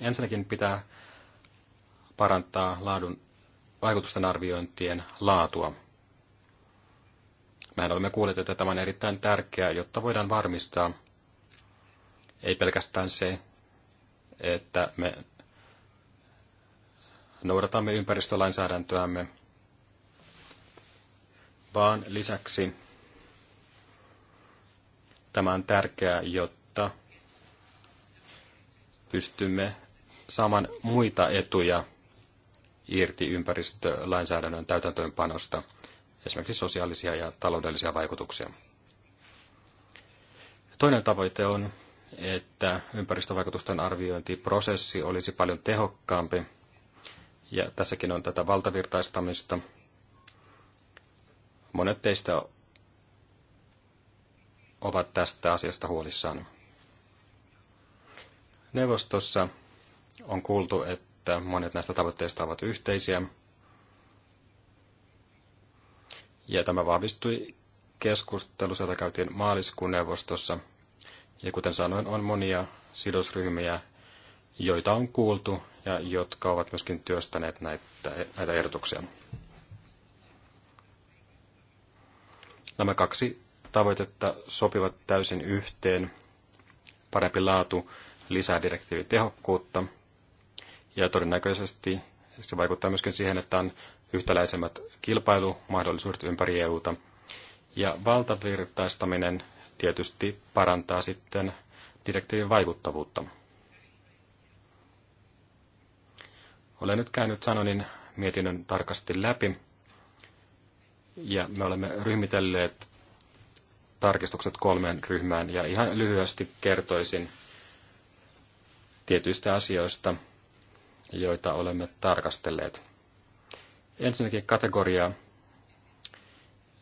Ensinnäkin pitää parantaa laadun vaikutusten arviointien laatua. Mehän olemme kuulleet, että tämä on erittäin tärkeää, jotta voidaan varmistaa ei pelkästään se, että me noudatamme ympäristölainsäädäntöämme vaan lisäksi tämä on tärkeää, jotta pystymme saamaan muita etuja irti ympäristölainsäädännön täytäntöönpanosta, esimerkiksi sosiaalisia ja taloudellisia vaikutuksia. Toinen tavoite on, että ympäristövaikutusten arviointiprosessi olisi paljon tehokkaampi, ja tässäkin on tätä valtavirtaistamista – Monet teistä ovat tästä asiasta huolissaan. Neuvostossa on kuultu, että monet näistä tavoitteista ovat yhteisiä. Ja tämä vahvistui keskustelussa, jota käytiin maaliskuun neuvostossa. Ja kuten sanoin, on monia sidosryhmiä, joita on kuultu ja jotka ovat myöskin työstäneet näitä, näitä ehdotuksia. Nämä kaksi tavoitetta sopivat täysin yhteen. Parempi laatu lisää direktiivitehokkuutta tehokkuutta ja todennäköisesti se vaikuttaa myöskin siihen, että on yhtäläisemmät kilpailumahdollisuudet ympäri EUta. Ja valtavirtaistaminen tietysti parantaa sitten direktiivin vaikuttavuutta. Olen nyt käynyt Sanonin mietinnön tarkasti läpi. Ja me olemme ryhmitelleet tarkistukset kolmeen ryhmään ja ihan lyhyesti kertoisin tietyistä asioista, joita olemme tarkastelleet. Ensinnäkin kategoria,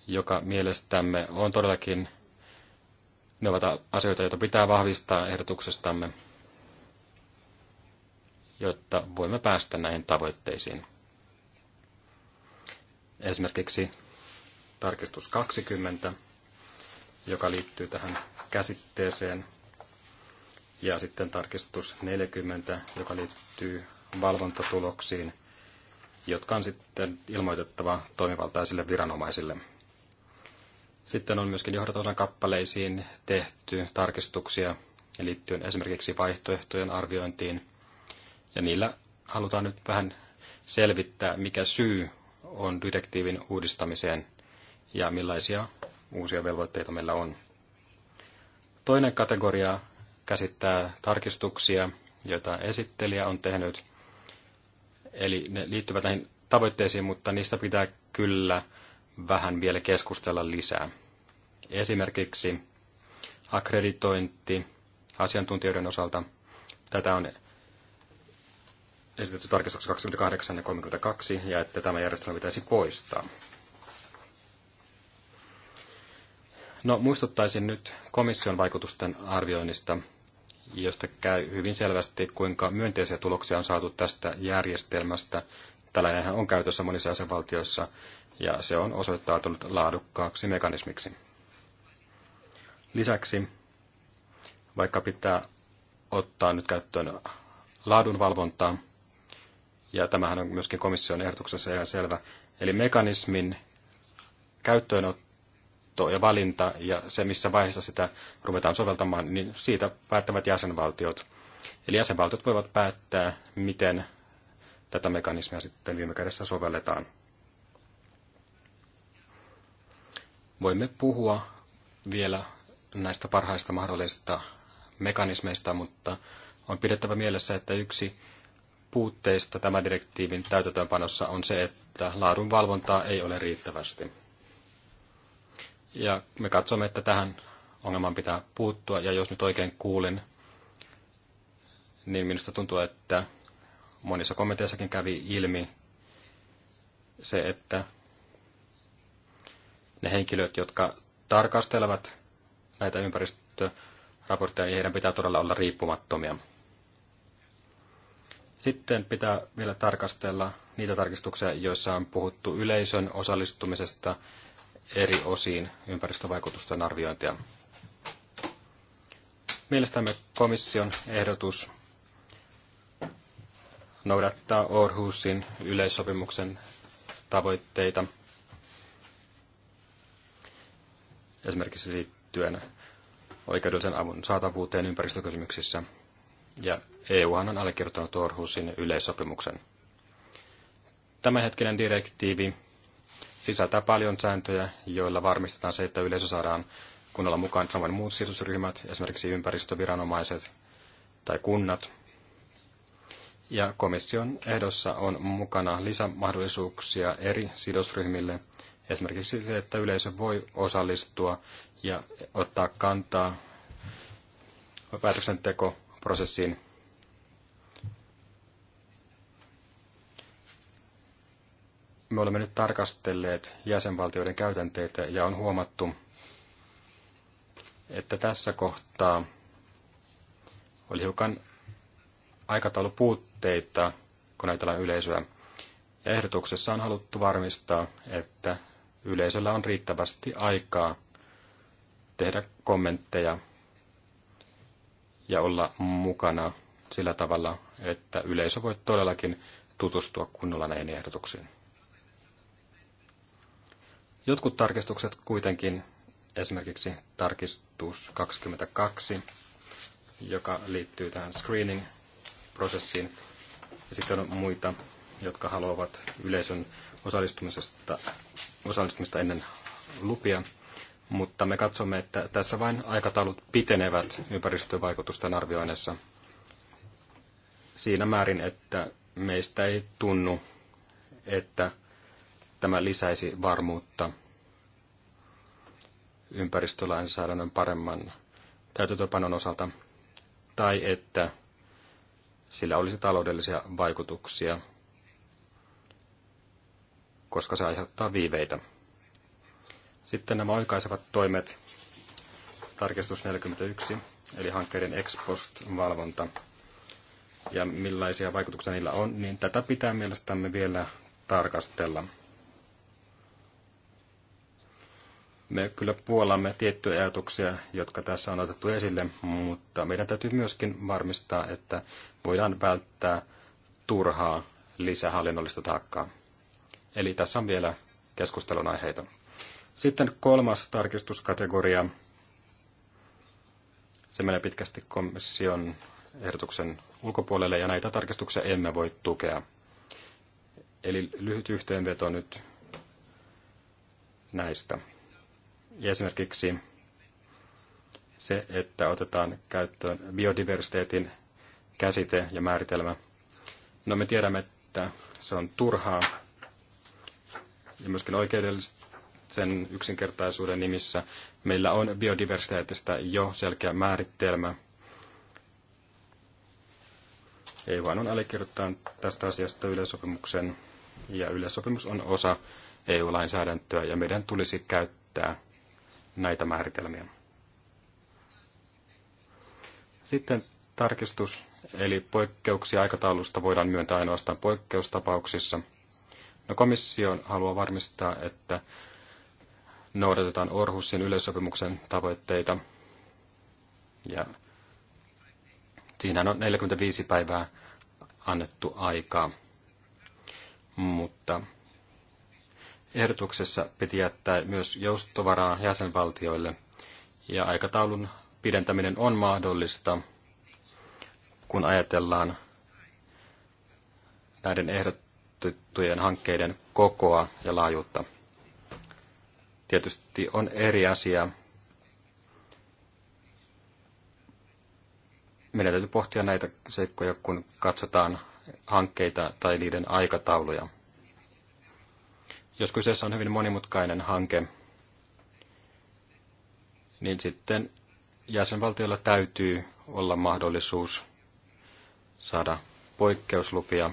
joka mielestämme on todellakin, ne ovat asioita, joita pitää vahvistaa ehdotuksestamme, jotta voimme päästä näihin tavoitteisiin. Esimerkiksi tarkistus 20, joka liittyy tähän käsitteeseen. Ja sitten tarkistus 40, joka liittyy valvontatuloksiin, jotka on sitten ilmoitettava toimivaltaisille viranomaisille. Sitten on myöskin johdatosan kappaleisiin tehty tarkistuksia liittyen esimerkiksi vaihtoehtojen arviointiin. Ja niillä halutaan nyt vähän selvittää, mikä syy on direktiivin uudistamiseen – ja millaisia uusia velvoitteita meillä on. Toinen kategoria käsittää tarkistuksia, joita esittelijä on tehnyt. Eli ne liittyvät näihin tavoitteisiin, mutta niistä pitää kyllä vähän vielä keskustella lisää. Esimerkiksi akkreditointi asiantuntijoiden osalta. Tätä on esitetty tarkistuksessa 28 ja 32, ja että tämä järjestelmä pitäisi poistaa. No muistuttaisin nyt komission vaikutusten arvioinnista, josta käy hyvin selvästi, kuinka myönteisiä tuloksia on saatu tästä järjestelmästä. tällainen on käytössä monissa jäsenvaltioissa ja se on osoittautunut laadukkaaksi mekanismiksi. Lisäksi, vaikka pitää ottaa nyt käyttöön laadunvalvontaa, ja tämähän on myöskin komission ehdotuksessa ihan selvä, eli mekanismin käyttöönotto vaihto ja valinta ja se, missä vaiheessa sitä ruvetaan soveltamaan, niin siitä päättävät jäsenvaltiot. Eli jäsenvaltiot voivat päättää, miten tätä mekanismia sitten viime kädessä sovelletaan. Voimme puhua vielä näistä parhaista mahdollisista mekanismeista, mutta on pidettävä mielessä, että yksi puutteista tämän direktiivin täytäntöönpanossa on se, että valvontaa ei ole riittävästi. Ja me katsomme, että tähän ongelmaan pitää puuttua. Ja jos nyt oikein kuulin, niin minusta tuntuu, että monissa kommenteissakin kävi ilmi se, että ne henkilöt, jotka tarkastelevat näitä ympäristöraportteja, niin heidän pitää todella olla riippumattomia. Sitten pitää vielä tarkastella niitä tarkistuksia, joissa on puhuttu yleisön osallistumisesta eri osiin ympäristövaikutusten arviointia. Mielestämme komission ehdotus noudattaa Orhusin yleissopimuksen tavoitteita, esimerkiksi liittyen oikeudellisen avun saatavuuteen ympäristökysymyksissä. Ja EU on allekirjoittanut Orhusin yleissopimuksen. Tämänhetkinen direktiivi sisältää paljon sääntöjä, joilla varmistetaan se, että yleisö saadaan kunnolla mukaan samoin muut sidosryhmät, esimerkiksi ympäristöviranomaiset tai kunnat. Ja komission ehdossa on mukana lisämahdollisuuksia eri sidosryhmille, esimerkiksi se, että yleisö voi osallistua ja ottaa kantaa päätöksentekoprosessiin Me olemme nyt tarkastelleet jäsenvaltioiden käytänteitä ja on huomattu, että tässä kohtaa oli hiukan aikataulupuutteita, kun ajatellaan yleisöä. ehdotuksessa on haluttu varmistaa, että yleisöllä on riittävästi aikaa tehdä kommentteja ja olla mukana sillä tavalla, että yleisö voi todellakin tutustua kunnolla näihin ehdotuksiin. Jotkut tarkistukset kuitenkin, esimerkiksi tarkistus 22, joka liittyy tähän screening-prosessiin, ja sitten on muita, jotka haluavat yleisön osallistumisesta, osallistumista ennen lupia, mutta me katsomme, että tässä vain aikataulut pitenevät ympäristövaikutusten arvioinnissa siinä määrin, että meistä ei tunnu, että Tämä lisäisi varmuutta ympäristölainsäädännön paremman täytäntöpanon osalta, tai että sillä olisi taloudellisia vaikutuksia, koska se aiheuttaa viiveitä. Sitten nämä oikaisevat toimet, tarkistus 41, eli hankkeiden ex post-valvonta, ja millaisia vaikutuksia niillä on, niin tätä pitää mielestämme vielä tarkastella. Me kyllä puolamme tiettyjä ajatuksia, jotka tässä on otettu esille, mutta meidän täytyy myöskin varmistaa, että voidaan välttää turhaa lisähallinnollista taakkaa. Eli tässä on vielä keskustelun aiheita. Sitten kolmas tarkistuskategoria. Se menee pitkästi komission ehdotuksen ulkopuolelle ja näitä tarkistuksia emme voi tukea. Eli lyhyt yhteenveto nyt näistä. Ja esimerkiksi se, että otetaan käyttöön biodiversiteetin käsite ja määritelmä. No me tiedämme, että se on turhaa ja myöskin oikeudellisen yksinkertaisuuden nimissä. Meillä on biodiversiteetistä jo selkeä määritelmä. Ei vaan on allekirjoittaa tästä asiasta yleissopimuksen ja yleissopimus on osa EU-lainsäädäntöä ja meidän tulisi käyttää näitä määritelmiä. Sitten tarkistus, eli poikkeuksia aikataulusta voidaan myöntää ainoastaan poikkeustapauksissa. No komissio haluaa varmistaa, että noudatetaan Orhusin yleissopimuksen tavoitteita. Ja siinä on 45 päivää annettu aikaa. Mutta Ehdotuksessa piti jättää myös joustovaraa jäsenvaltioille, ja aikataulun pidentäminen on mahdollista, kun ajatellaan näiden ehdotettujen hankkeiden kokoa ja laajuutta. Tietysti on eri asia. Meidän täytyy pohtia näitä seikkoja, kun katsotaan hankkeita tai niiden aikatauluja. Jos kyseessä on hyvin monimutkainen hanke, niin sitten jäsenvaltioilla täytyy olla mahdollisuus saada poikkeuslupia.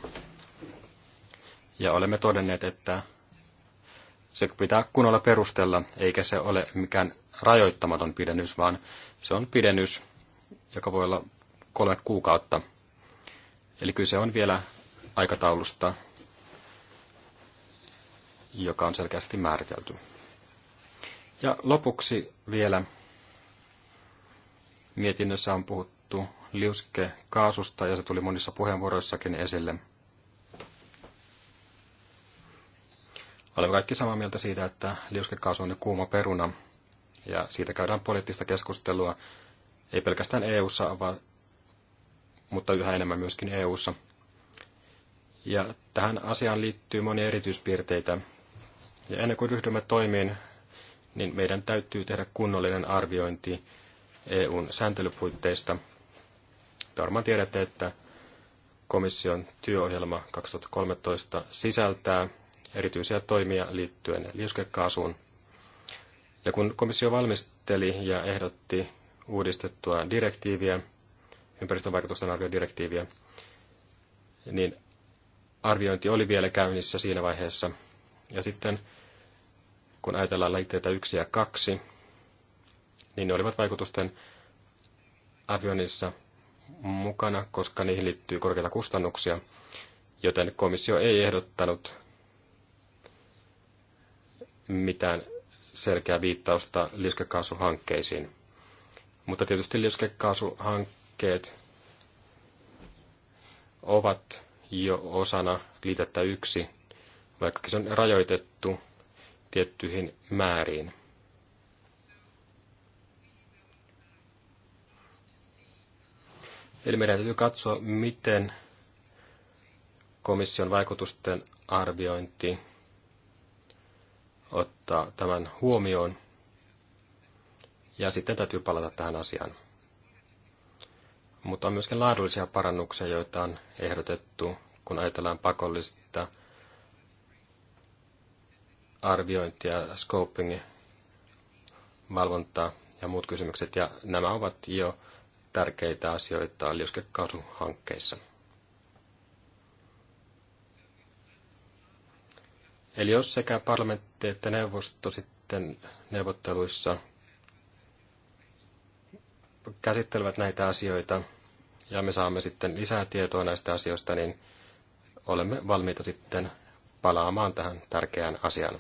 Ja olemme todenneet, että se pitää kunnolla perustella, eikä se ole mikään rajoittamaton pidennys, vaan se on pidennys, joka voi olla kolme kuukautta. Eli kyse on vielä aikataulusta, joka on selkeästi määritelty. Ja lopuksi vielä mietinnössä on puhuttu liuskekaasusta ja se tuli monissa puheenvuoroissakin esille. Olemme kaikki samaa mieltä siitä, että liuskekaasu on kuuma peruna ja siitä käydään poliittista keskustelua ei pelkästään EU:ssa, vaan mutta yhä enemmän myöskin EU:ssa. Ja tähän asiaan liittyy monia erityispiirteitä, ja ennen kuin ryhdymme toimiin, niin meidän täytyy tehdä kunnollinen arviointi EUn sääntelypuitteista. Varmaan tiedätte, että komission työohjelma 2013 sisältää erityisiä toimia liittyen liuskekaasuun. Ja kun komissio valmisteli ja ehdotti uudistettua direktiiviä, ympäristövaikutusten arviodirektiiviä, niin arviointi oli vielä käynnissä siinä vaiheessa. Ja sitten kun ajatellaan laitteita 1 ja 2, niin ne olivat vaikutusten avionissa mukana, koska niihin liittyy korkeita kustannuksia, joten komissio ei ehdottanut mitään selkeää viittausta liuskekaasuhankkeisiin. Mutta tietysti liuskekaasuhankkeet ovat jo osana liitettä yksi, vaikkakin se on rajoitettu tiettyihin määriin. Eli meidän täytyy katsoa, miten komission vaikutusten arviointi ottaa tämän huomioon. Ja sitten täytyy palata tähän asiaan. Mutta on myöskin laadullisia parannuksia, joita on ehdotettu, kun ajatellaan pakollista arviointia, scoping, valvontaa ja muut kysymykset. Ja nämä ovat jo tärkeitä asioita liuskekaasuhankkeissa. Eli jos sekä parlamentti että neuvosto sitten neuvotteluissa käsittelevät näitä asioita ja me saamme sitten lisää tietoa näistä asioista, niin olemme valmiita sitten palaamaan tähän tärkeään asiaan.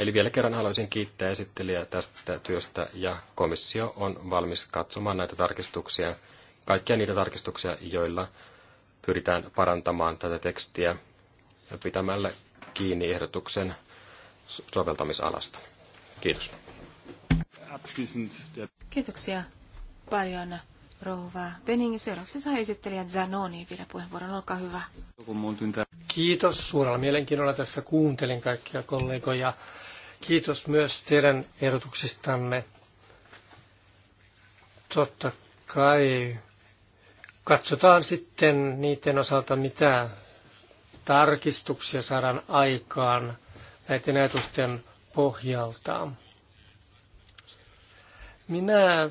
Eli vielä kerran haluaisin kiittää esittelijää tästä työstä ja komissio on valmis katsomaan näitä tarkistuksia, kaikkia niitä tarkistuksia, joilla pyritään parantamaan tätä tekstiä ja pitämällä kiinni ehdotuksen soveltamisalasta. Kiitos. Kiitoksia paljon rouva Benning. Seuraavaksi saa esittelijä Zanoni vielä puheenvuoron. Olkaa hyvä. Kiitos. Suurella mielenkiinnolla tässä kuuntelin kaikkia kollegoja. Kiitos myös teidän ehdotuksistanne. Totta kai katsotaan sitten niiden osalta, mitä tarkistuksia saadaan aikaan näiden ajatusten pohjalta. Minä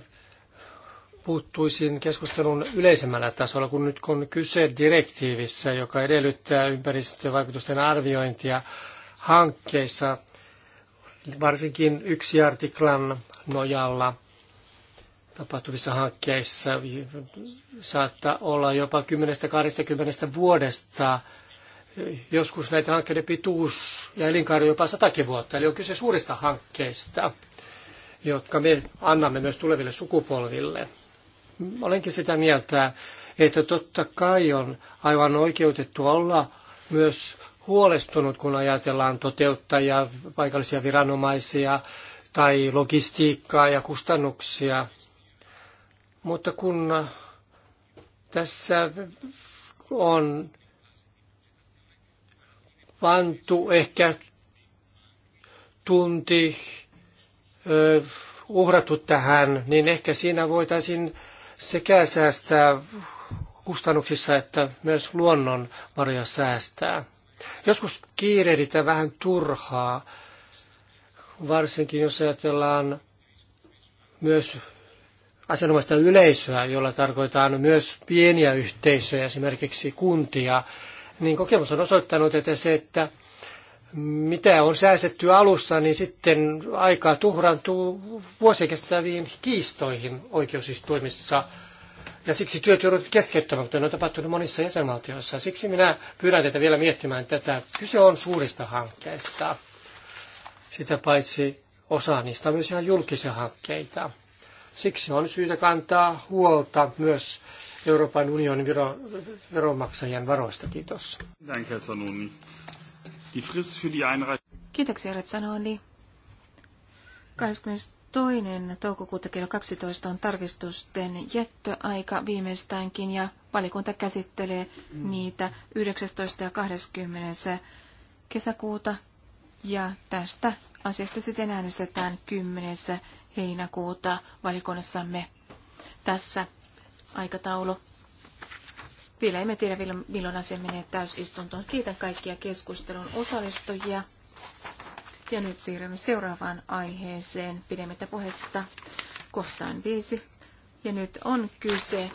puuttuisin keskustelun yleisemmällä tasolla, kun nyt kun kyse direktiivissä, joka edellyttää ympäristövaikutusten arviointia hankkeissa, varsinkin yksi artiklan nojalla tapahtuvissa hankkeissa saattaa olla jopa 10-20 vuodesta. Joskus näitä hankkeiden pituus ja elinkaari jopa satakin vuotta, eli on kyse suurista hankkeista, jotka me annamme myös tuleville sukupolville. Olenkin sitä mieltä, että totta kai on aivan oikeutettu olla myös huolestunut, kun ajatellaan toteuttajia, paikallisia viranomaisia tai logistiikkaa ja kustannuksia. Mutta kun tässä on pantu ehkä tunti uhrattu tähän, niin ehkä siinä voitaisiin sekä säästää kustannuksissa että myös luonnon varjo säästää. Joskus kiirehditään vähän turhaa, varsinkin jos ajatellaan myös asianomaista yleisöä, jolla tarkoitaan myös pieniä yhteisöjä, esimerkiksi kuntia, niin kokemus on osoittanut, että se, että mitä on säästetty alussa, niin sitten aikaa tuhrantuu vuosikestäviin kiistoihin oikeusistuimissa ja siksi työt joudut keskeyttämään, kuten on tapahtunut monissa jäsenvaltioissa. Siksi minä pyydän teitä vielä miettimään tätä. Kyse on suurista hankkeista. Sitä paitsi osa niistä on myös ihan julkisia hankkeita. Siksi on syytä kantaa huolta myös Euroopan unionin vero, veronmaksajien varoista. Kiitos. Kiitoksia, Retsanoni. 20. Toinen toukokuuta kello 12 on tarkistusten jättöaika viimeistäänkin ja valikunta käsittelee niitä 19. ja 20. kesäkuuta ja tästä asiasta sitten äänestetään 10. heinäkuuta valikunnassamme tässä aikataulu. Vielä emme tiedä, milloin asia menee täysistuntoon. Kiitän kaikkia keskustelun osallistujia. Ja nyt siirrymme seuraavaan aiheeseen pidemmittä puhetta kohtaan viisi. Ja nyt on kyse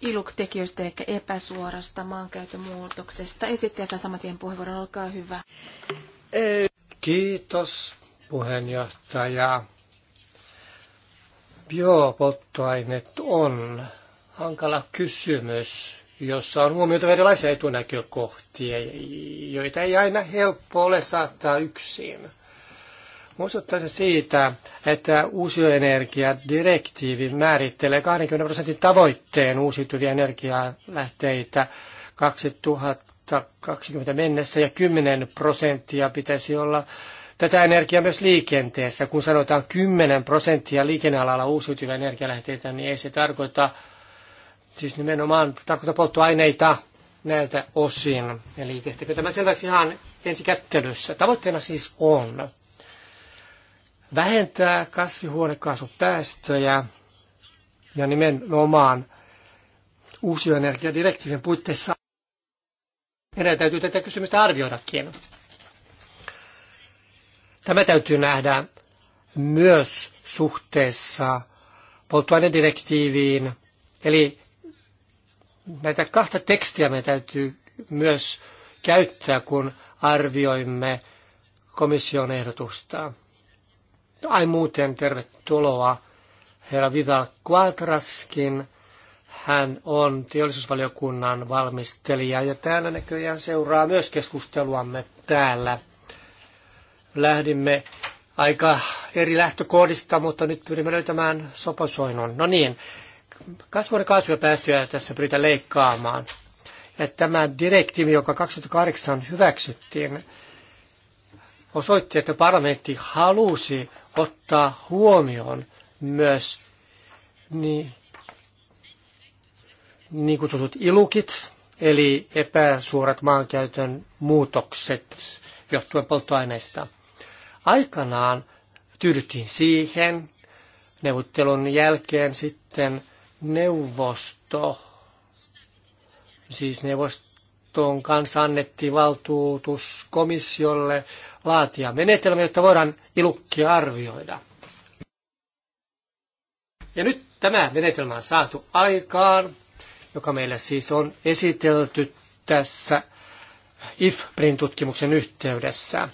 iluktekijöistä eli epäsuorasta maankäytön muutoksesta. Esittäjä saa saman tien puheenvuoron, olkaa hyvä. Kiitos puheenjohtaja. Biopolttoaineet on hankala kysymys, jossa on huomioitava erilaisia etunäkökohtia, joita ei aina helppo ole saattaa yksin. Muistuttaisin siitä, että uusioenergiadirektiivi määrittelee 20 prosentin tavoitteen uusiutuvia energialähteitä 2020 mennessä ja 10 prosenttia pitäisi olla tätä energiaa myös liikenteessä. Kun sanotaan 10 prosenttia liikennealalla uusiutuvia energialähteitä, niin ei se tarkoita, siis nimenomaan tarkoita polttoaineita näiltä osin. Eli tehtäkö tämä selväksi ihan ensikättelyssä. Tavoitteena siis on vähentää kasvihuonekaasupäästöjä ja nimenomaan uusioenergiadirektiivin puitteissa. Meidän täytyy tätä kysymystä arvioidakin. Tämä täytyy nähdä myös suhteessa polttoainedirektiiviin. Eli näitä kahta tekstiä me täytyy myös käyttää, kun arvioimme komission ehdotusta tai muuten tervetuloa herra Vidal Quadraskin. Hän on teollisuusvaliokunnan valmistelija ja täällä näköjään seuraa myös keskusteluamme täällä. Lähdimme aika eri lähtökohdista, mutta nyt pyrimme löytämään soposoinnon. No niin, kasvuhuonekaasuja päästöjä tässä pyritään leikkaamaan. Ja tämä direktiivi, joka 2008 hyväksyttiin, osoitti, että parlamentti halusi ottaa huomioon myös niin, niin kutsutut ilukit, eli epäsuorat maankäytön muutokset johtuen polttoaineista. Aikanaan tyydyttiin siihen, neuvottelun jälkeen sitten neuvosto, siis neuvoston kanssa annettiin valtuutus komissiolle laatia menetelmä, jotta voidaan ilukki arvioida. Ja nyt tämä menetelmä on saatu aikaan, joka meille siis on esitelty tässä IFPRin tutkimuksen yhteydessä.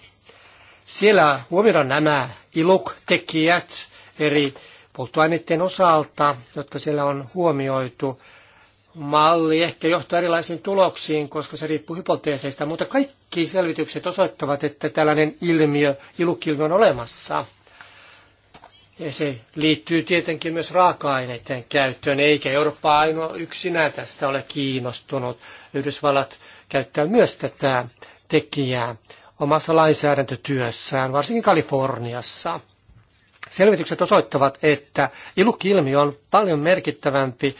Siellä huomioidaan nämä iluk-tekijät eri polttoaineiden osalta, jotka siellä on huomioitu, malli ehkä johtaa erilaisiin tuloksiin, koska se riippuu hypoteeseista, mutta kaikki selvitykset osoittavat, että tällainen ilmiö, ilukilmi on olemassa. Ja se liittyy tietenkin myös raaka-aineiden käyttöön, eikä Eurooppa ainoa yksinään tästä ole kiinnostunut. Yhdysvallat käyttää myös tätä tekijää omassa lainsäädäntötyössään, varsinkin Kaliforniassa. Selvitykset osoittavat, että ilukilmi on paljon merkittävämpi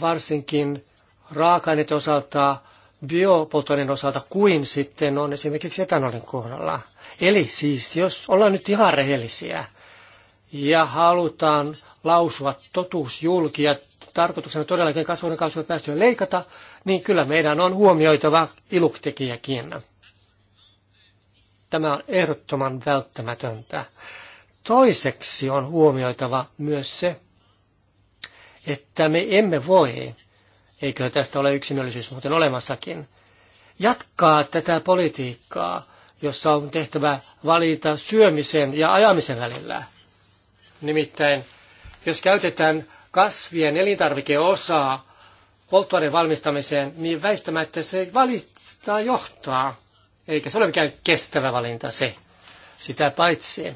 varsinkin raaka-aineiden osalta, biopolttoaineen osalta kuin sitten on esimerkiksi etanolin kohdalla. Eli siis, jos ollaan nyt ihan rehellisiä ja halutaan lausua totuus julki ja tarkoituksena todellakin kasvuhuonekaasujen päästöjä leikata, niin kyllä meidän on huomioitava iluktekijäkin. Tämä on ehdottoman välttämätöntä. Toiseksi on huomioitava myös se, että me emme voi, eikö tästä ole yksinöllisyys, muuten olemassakin, jatkaa tätä politiikkaa, jossa on tehtävä valita syömisen ja ajamisen välillä. Nimittäin, jos käytetään kasvien elintarvikeosaa polttoaineen valmistamiseen, niin väistämättä se valittaa johtaa. Eikä se ole mikään kestävä valinta se. Sitä paitsi,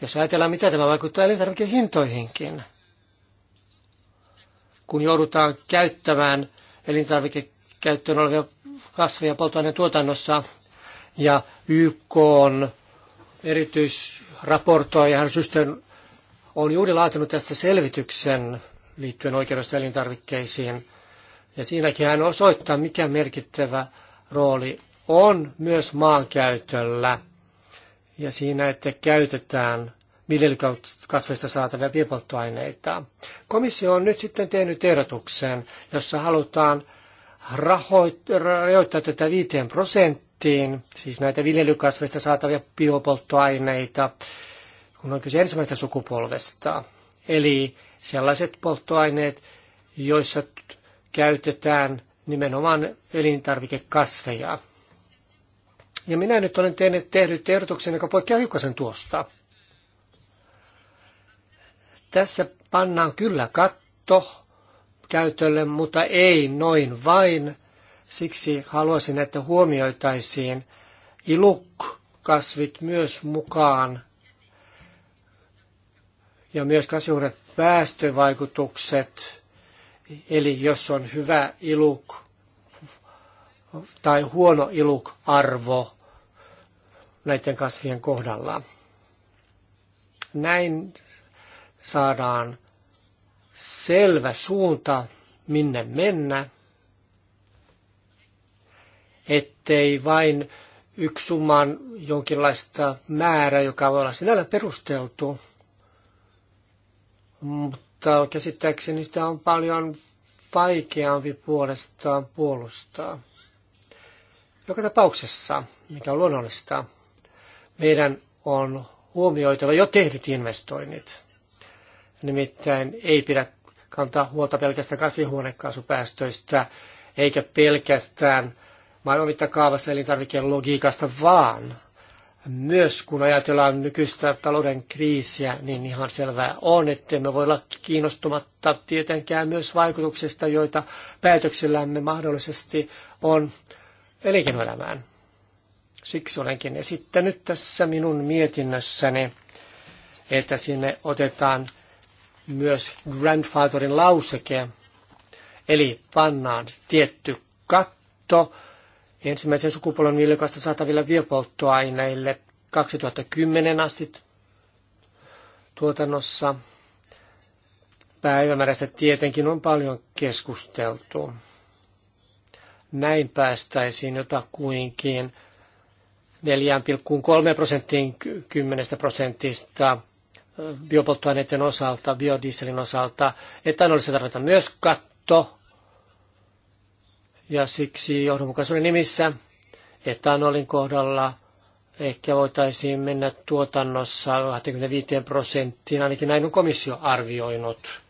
jos ajatellaan, mitä tämä vaikuttaa elintarvikehintoihinkin – kun joudutaan käyttämään elintarvikekäyttöön olevia kasveja polttoaineen tuotannossa. Ja YK on erityisraportoija, hän on juuri laatinut tästä selvityksen liittyen oikeudesta elintarvikkeisiin. Ja siinäkin hän osoittaa, mikä merkittävä rooli on myös maankäytöllä ja siinä, että käytetään viljelykasveista saatavia biopolttoaineita. Komissio on nyt sitten tehnyt ehdotuksen, jossa halutaan rahoit- rajoittaa tätä 5 prosenttiin, siis näitä viljelykasveista saatavia biopolttoaineita, kun on kyse ensimmäisestä sukupolvesta. Eli sellaiset polttoaineet, joissa käytetään nimenomaan elintarvikekasveja. Ja minä nyt olen tehnyt ehdotuksen, joka poikkeaa hiukkasen tuosta. Tässä pannaan kyllä katto käytölle, mutta ei noin vain. Siksi haluaisin, että huomioitaisiin ilukkasvit myös mukaan ja myös kasvuuden päästövaikutukset. Eli jos on hyvä iluk tai huono iluk-arvo näiden kasvien kohdalla. Näin saadaan selvä suunta, minne mennä, ettei vain yksi summan jonkinlaista määrä, joka voi olla sinällä perusteltu, mutta käsittääkseni sitä on paljon vaikeampi puolestaan puolustaa. Joka tapauksessa, mikä on luonnollista, meidän on huomioitava jo tehdyt investoinnit. Nimittäin ei pidä kantaa huolta pelkästään kasvihuonekaasupäästöistä, eikä pelkästään maailman mittakaavassa elintarvikkeen logiikasta, vaan myös kun ajatellaan nykyistä talouden kriisiä, niin ihan selvää on, että me voi olla kiinnostumatta tietenkään myös vaikutuksista, joita päätöksillämme mahdollisesti on elinkeinoelämään. Siksi olenkin esittänyt tässä minun mietinnössäni, että sinne otetaan myös grandfatherin lauseke, eli pannaan tietty katto ensimmäisen sukupolven vilkasta saataville biopolttoaineille 2010 asti tuotannossa. Päivämäärästä tietenkin on paljon keskusteltu. Näin päästäisiin jotakuinkin 4,3 prosenttiin 10 prosentista biopolttoaineiden osalta, biodieselin osalta. Etanolissa tarvitaan myös katto, ja siksi johdonmukaisuuden nimissä etanolin kohdalla ehkä voitaisiin mennä tuotannossa 25 prosenttiin, ainakin näin on komissio arvioinut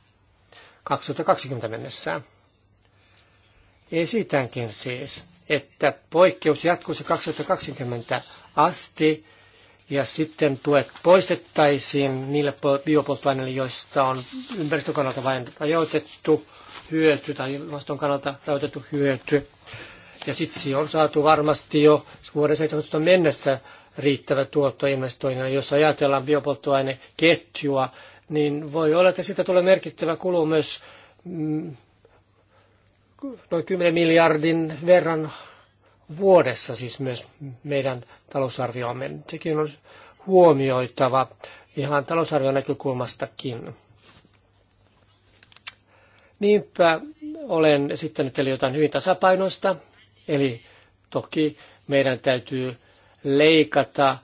2020 mennessä. Esitänkin siis, että poikkeus jatkuisi 2020 asti ja sitten tuet poistettaisiin niille biopolttoaineille, joista on ympäristön kannalta vain rajoitettu hyöty tai ilmaston kannalta rajoitettu hyöty. Ja sitten on saatu varmasti jo vuoden 17 mennessä riittävä tuotto investoinnilla. Jos ajatellaan biopolttoaineketjua, niin voi olla, että siitä tulee merkittävä kulu myös mm, noin 10 miljardin verran vuodessa siis myös meidän talousarvioamme. Sekin on huomioitava ihan talousarvion näkökulmastakin. Niinpä olen esittänyt teille jotain hyvin tasapainoista, eli toki meidän täytyy leikata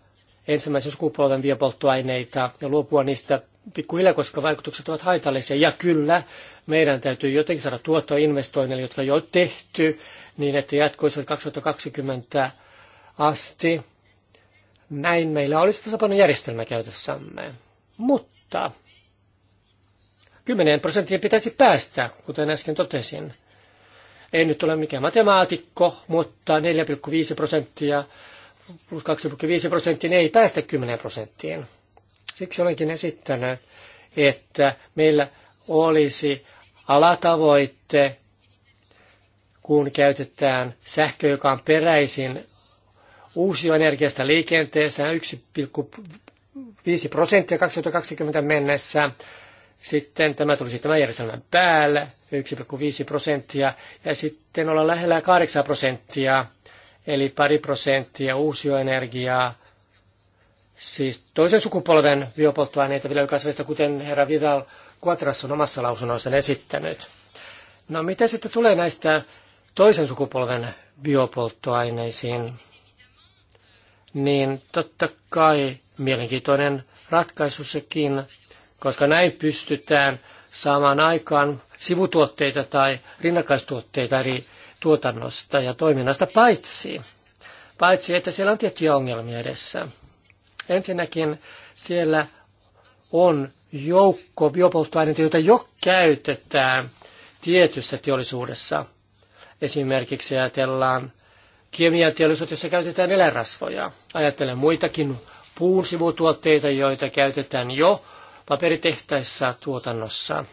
ensimmäisen sukupolven biopolttoaineita ja luopua niistä pikkuhiljaa, koska vaikutukset ovat haitallisia. Ja kyllä, meidän täytyy jotenkin saada tuottoa investoinneille, jotka jo on tehty, niin että jatkuisivat 2020 asti. Näin meillä olisi järjestelmä käytössämme. Mutta 10 prosenttia pitäisi päästä, kuten äsken totesin. En nyt ole mikään matemaatikko, mutta 4,5 prosenttia plus 2,5 prosenttia niin ei päästä 10 prosenttiin. Siksi olenkin esittänyt, että meillä olisi alatavoitte, kun käytetään sähkö, joka on peräisin uusioenergiasta liikenteessä 1,5 prosenttia 2020 mennessä. Sitten tämä tulisi tämän järjestelmän päälle 1,5 prosenttia ja sitten olla lähellä 8 prosenttia eli pari prosenttia uusioenergiaa siis toisen sukupolven biopolttoaineita viljelykasveista, kuten herra Vidal Quatras on omassa lausunnossaan esittänyt. No mitä sitten tulee näistä toisen sukupolven biopolttoaineisiin, niin totta kai mielenkiintoinen ratkaisu sekin, koska näin pystytään saamaan aikaan sivutuotteita tai rinnakkaistuotteita eri tuotannosta ja toiminnasta paitsi, paitsi että siellä on tiettyjä ongelmia edessä. Ensinnäkin siellä on joukko biopolttoaineita, joita jo käytetään tietyssä teollisuudessa. Esimerkiksi ajatellaan kemian teollisuutta, jossa käytetään eläinrasvoja. Ajattelen muitakin puun sivutuotteita, joita käytetään jo paperitehtaissa tuotannossa.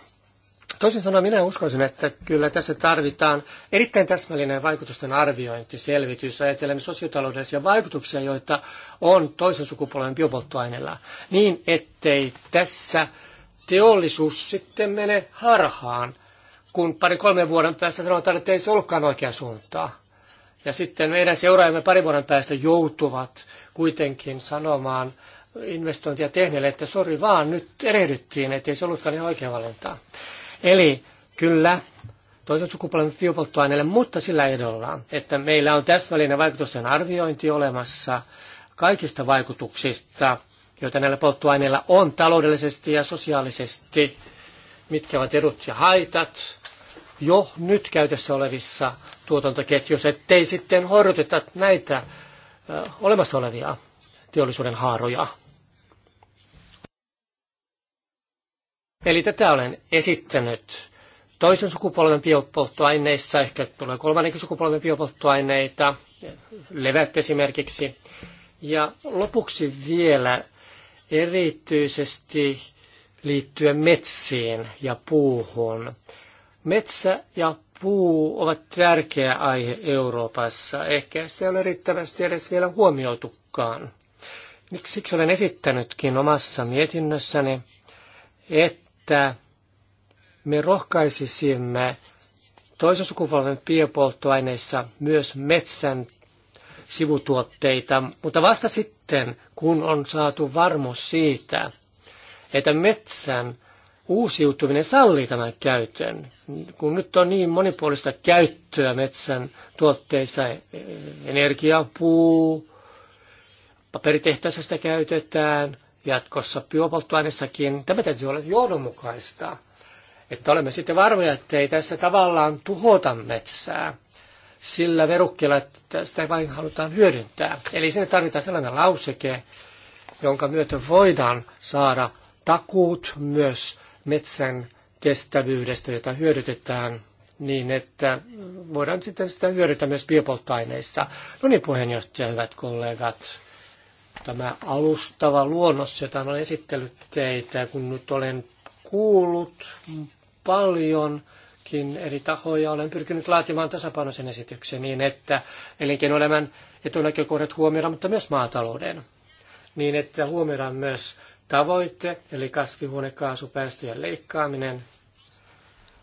Toisin sanoen minä uskoisin, että kyllä tässä tarvitaan erittäin täsmällinen vaikutusten arviointi, selvitys, ajatellen sosiotaloudellisia vaikutuksia, joita on toisen sukupolven biopolttoaineella, niin ettei tässä teollisuus sitten mene harhaan, kun pari-kolmen vuoden päästä sanotaan, että ei se ollutkaan oikea suuntaa. Ja sitten meidän seuraajamme pari vuoden päästä joutuvat kuitenkin sanomaan investointia tehneelle, että sori vaan, nyt erehdyttiin, ettei se ollutkaan ihan oikea valinta. Eli kyllä toisen sukupolven biopolttoaineelle, mutta sillä ehdolla, että meillä on täsmällinen vaikutusten arviointi olemassa kaikista vaikutuksista, joita näillä polttoaineilla on taloudellisesti ja sosiaalisesti, mitkä ovat edut ja haitat jo nyt käytössä olevissa tuotantoketjuissa, ettei sitten horjuteta näitä olemassa olevia teollisuuden haaroja. Eli tätä olen esittänyt toisen sukupolven biopolttoaineissa, ehkä tulee kolmannenkin sukupolven biopolttoaineita, levät esimerkiksi. Ja lopuksi vielä erityisesti liittyen metsiin ja puuhun. Metsä ja puu ovat tärkeä aihe Euroopassa. Ehkä sitä ei ole riittävästi edes vielä huomioitukaan. Siksi olen esittänytkin omassa mietinnössäni, että että me rohkaisisimme toisen sukupolven biopolttoaineissa myös metsän sivutuotteita, mutta vasta sitten, kun on saatu varmuus siitä, että metsän uusiutuminen sallii tämän käytön. Kun nyt on niin monipuolista käyttöä metsän tuotteissa, energia, puu, paperitehtaissa sitä käytetään – jatkossa biopolttoaineissakin. Tämä täytyy olla johdonmukaista, että olemme sitten varmoja, että ei tässä tavallaan tuhota metsää sillä verukkeella, että sitä vain halutaan hyödyntää. Eli sinne tarvitaan sellainen lauseke, jonka myötä voidaan saada takuut myös metsän kestävyydestä, jota hyödytetään niin, että voidaan sitten sitä hyödyntää myös biopolttoaineissa. No niin, puheenjohtaja, hyvät kollegat tämä alustava luonnos, jota olen esittellyt teitä, kun nyt olen kuullut paljonkin eri tahoja, olen pyrkinyt laatimaan tasapainoisen esityksen niin, että elinkeinoelämän etunäkökohdat huomioidaan, mutta myös maatalouden, niin että huomioidaan myös tavoitte, eli kasvihuonekaasupäästöjen leikkaaminen.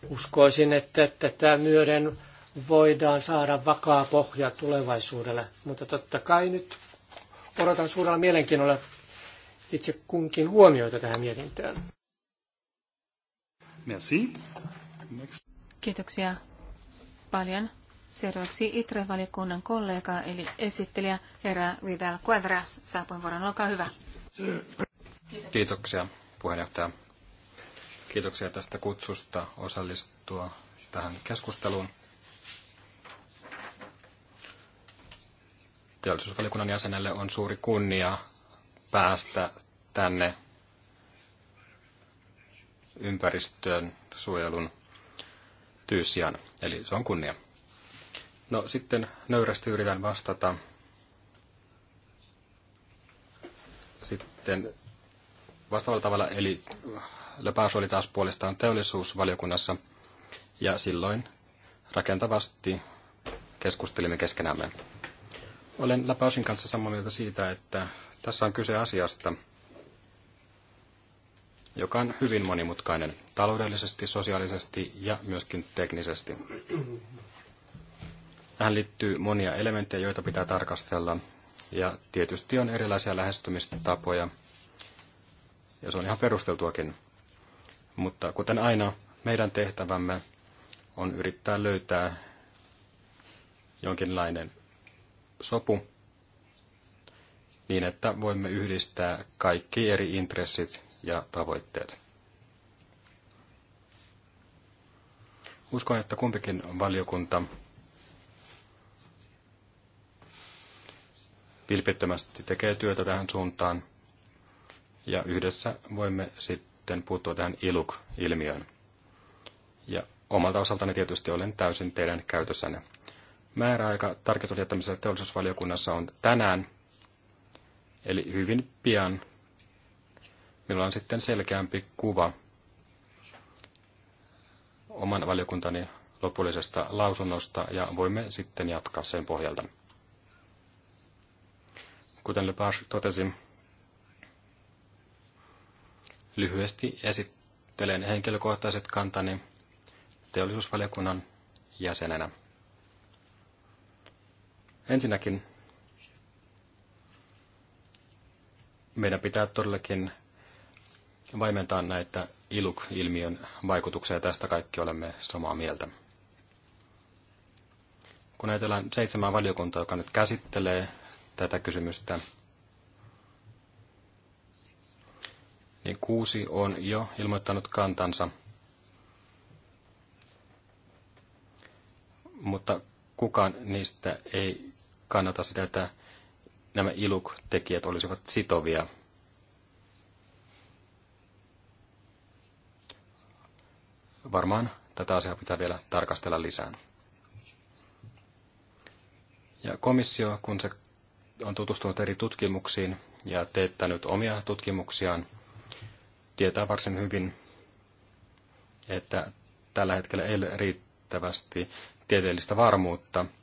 Uskoisin, että tätä myöden voidaan saada vakaa pohja tulevaisuudelle, mutta totta kai nyt odotan suurella mielenkiinnolla itse kunkin huomioita tähän mietintään. Merci. Next. Kiitoksia paljon. Seuraavaksi ITRE-valiokunnan kollega eli esittelijä herra Vidal Cuadras saapuin vuoron. Olkaa hyvä. Kiitoksia puheenjohtaja. Kiitoksia tästä kutsusta osallistua tähän keskusteluun. teollisuusvaliokunnan jäsenelle on suuri kunnia päästä tänne ympäristön suojelun tyyssijan. Eli se on kunnia. No sitten nöyrästi yritän vastata sitten vastaavalla tavalla, eli Lepäs oli taas puolestaan teollisuusvaliokunnassa, ja silloin rakentavasti keskustelimme keskenämme. Olen Läpäosin kanssa samaa mieltä siitä, että tässä on kyse asiasta, joka on hyvin monimutkainen taloudellisesti, sosiaalisesti ja myöskin teknisesti. Tähän liittyy monia elementtejä, joita pitää tarkastella, ja tietysti on erilaisia lähestymistapoja, ja se on ihan perusteltuakin. Mutta kuten aina, meidän tehtävämme on yrittää löytää jonkinlainen sopu niin, että voimme yhdistää kaikki eri intressit ja tavoitteet. Uskon, että kumpikin valiokunta vilpittömästi tekee työtä tähän suuntaan ja yhdessä voimme sitten puuttua tähän iluk-ilmiöön. Ja omalta osaltani tietysti olen täysin teidän käytössänne. Määräaika tarkistusjättämisessä teollisuusvaliokunnassa on tänään, eli hyvin pian. Meillä on sitten selkeämpi kuva oman valiokuntani lopullisesta lausunnosta ja voimme sitten jatkaa sen pohjalta. Kuten Lepage totesi, lyhyesti esittelen henkilökohtaiset kantani teollisuusvaliokunnan jäsenenä. Ensinnäkin meidän pitää todellakin vaimentaa näitä iluk-ilmiön vaikutuksia. Tästä kaikki olemme samaa mieltä. Kun ajatellaan seitsemän valiokuntaa, joka nyt käsittelee tätä kysymystä, niin kuusi on jo ilmoittanut kantansa. Mutta kukaan niistä ei kannata sitä, että nämä iluk-tekijät olisivat sitovia. Varmaan tätä asiaa pitää vielä tarkastella lisää. Ja komissio, kun se on tutustunut eri tutkimuksiin ja teettänyt omia tutkimuksiaan, tietää varsin hyvin, että tällä hetkellä ei ole riittävästi tieteellistä varmuutta –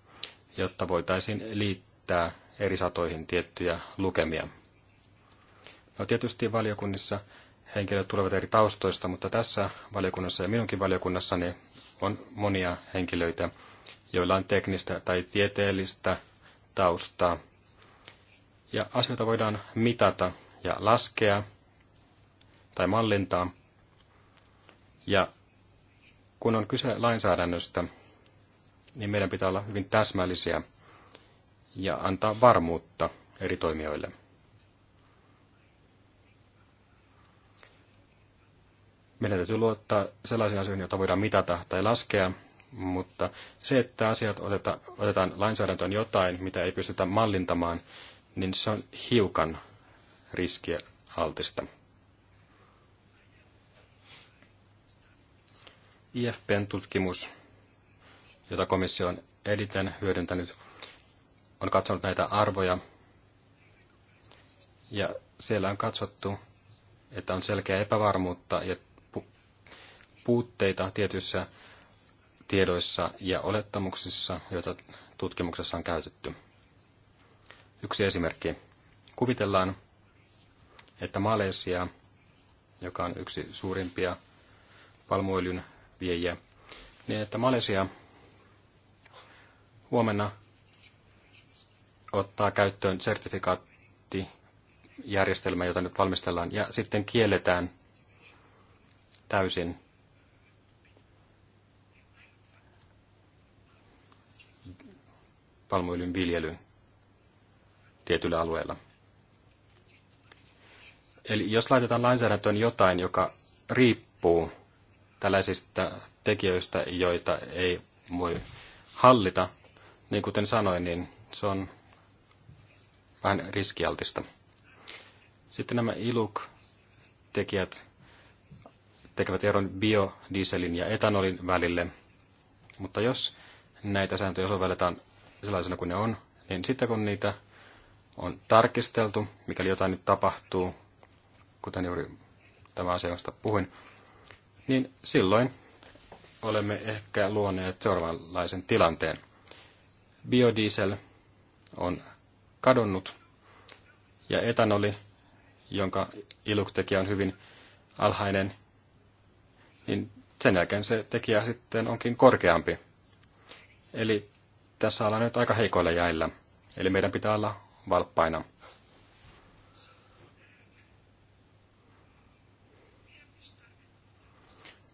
jotta voitaisiin liittää eri satoihin tiettyjä lukemia. No tietysti valiokunnissa henkilöt tulevat eri taustoista, mutta tässä valiokunnassa ja minunkin valiokunnassani on monia henkilöitä, joilla on teknistä tai tieteellistä taustaa. Ja asioita voidaan mitata ja laskea tai mallintaa. Ja kun on kyse lainsäädännöstä, niin meidän pitää olla hyvin täsmällisiä ja antaa varmuutta eri toimijoille. Meidän täytyy luottaa sellaisiin asioihin, joita voidaan mitata tai laskea, mutta se, että asiat oteta, otetaan lainsäädäntöön jotain, mitä ei pystytä mallintamaan, niin se on hiukan riskiä altista. IFPn tutkimus jota komissio on editen hyödyntänyt, on katsonut näitä arvoja. Ja siellä on katsottu, että on selkeää epävarmuutta ja puutteita tietyissä tiedoissa ja olettamuksissa, joita tutkimuksessa on käytetty. Yksi esimerkki. Kuvitellaan, että Malesia, joka on yksi suurimpia palmuöljyn viejiä, niin että Malesia huomenna ottaa käyttöön sertifikaattijärjestelmä, jota nyt valmistellaan, ja sitten kielletään täysin palmuöljyn viljely tietyllä alueella. Eli jos laitetaan lainsäädäntöön jotain, joka riippuu tällaisista tekijöistä, joita ei voi hallita, niin kuten sanoin, niin se on vähän riskialtista. Sitten nämä ILUK-tekijät tekevät eron biodieselin ja etanolin välille. Mutta jos näitä sääntöjä sovelletaan sellaisena kuin ne on, niin sitten kun niitä on tarkisteltu, mikäli jotain nyt tapahtuu, kuten juuri tämä josta puhuin, niin silloin olemme ehkä luoneet seuraavanlaisen tilanteen – biodiesel on kadonnut ja etanoli, jonka iluktekijä on hyvin alhainen, niin sen jälkeen se tekijä sitten onkin korkeampi. Eli tässä ollaan nyt aika heikoilla jäillä, eli meidän pitää olla valppaina.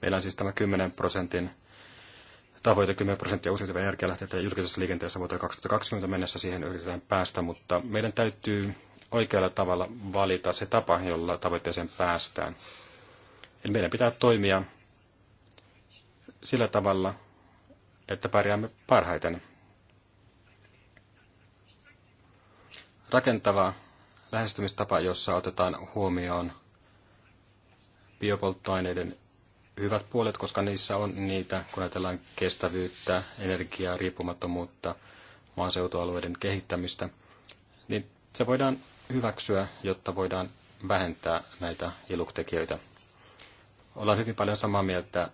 Meillä on siis tämä 10 prosentin tavoite 10 prosenttia uusiutuvia energialähteitä ja julkisessa liikenteessä vuoteen 2020 mennessä siihen yritetään päästä, mutta meidän täytyy oikealla tavalla valita se tapa, jolla tavoitteeseen päästään. Eli meidän pitää toimia sillä tavalla, että pärjäämme parhaiten. Rakentava lähestymistapa, jossa otetaan huomioon biopolttoaineiden hyvät puolet, koska niissä on niitä, kun ajatellaan kestävyyttä, energiaa, riippumattomuutta, maaseutualueiden kehittämistä, niin se voidaan hyväksyä, jotta voidaan vähentää näitä iluktekijöitä. Ollaan hyvin paljon samaa mieltä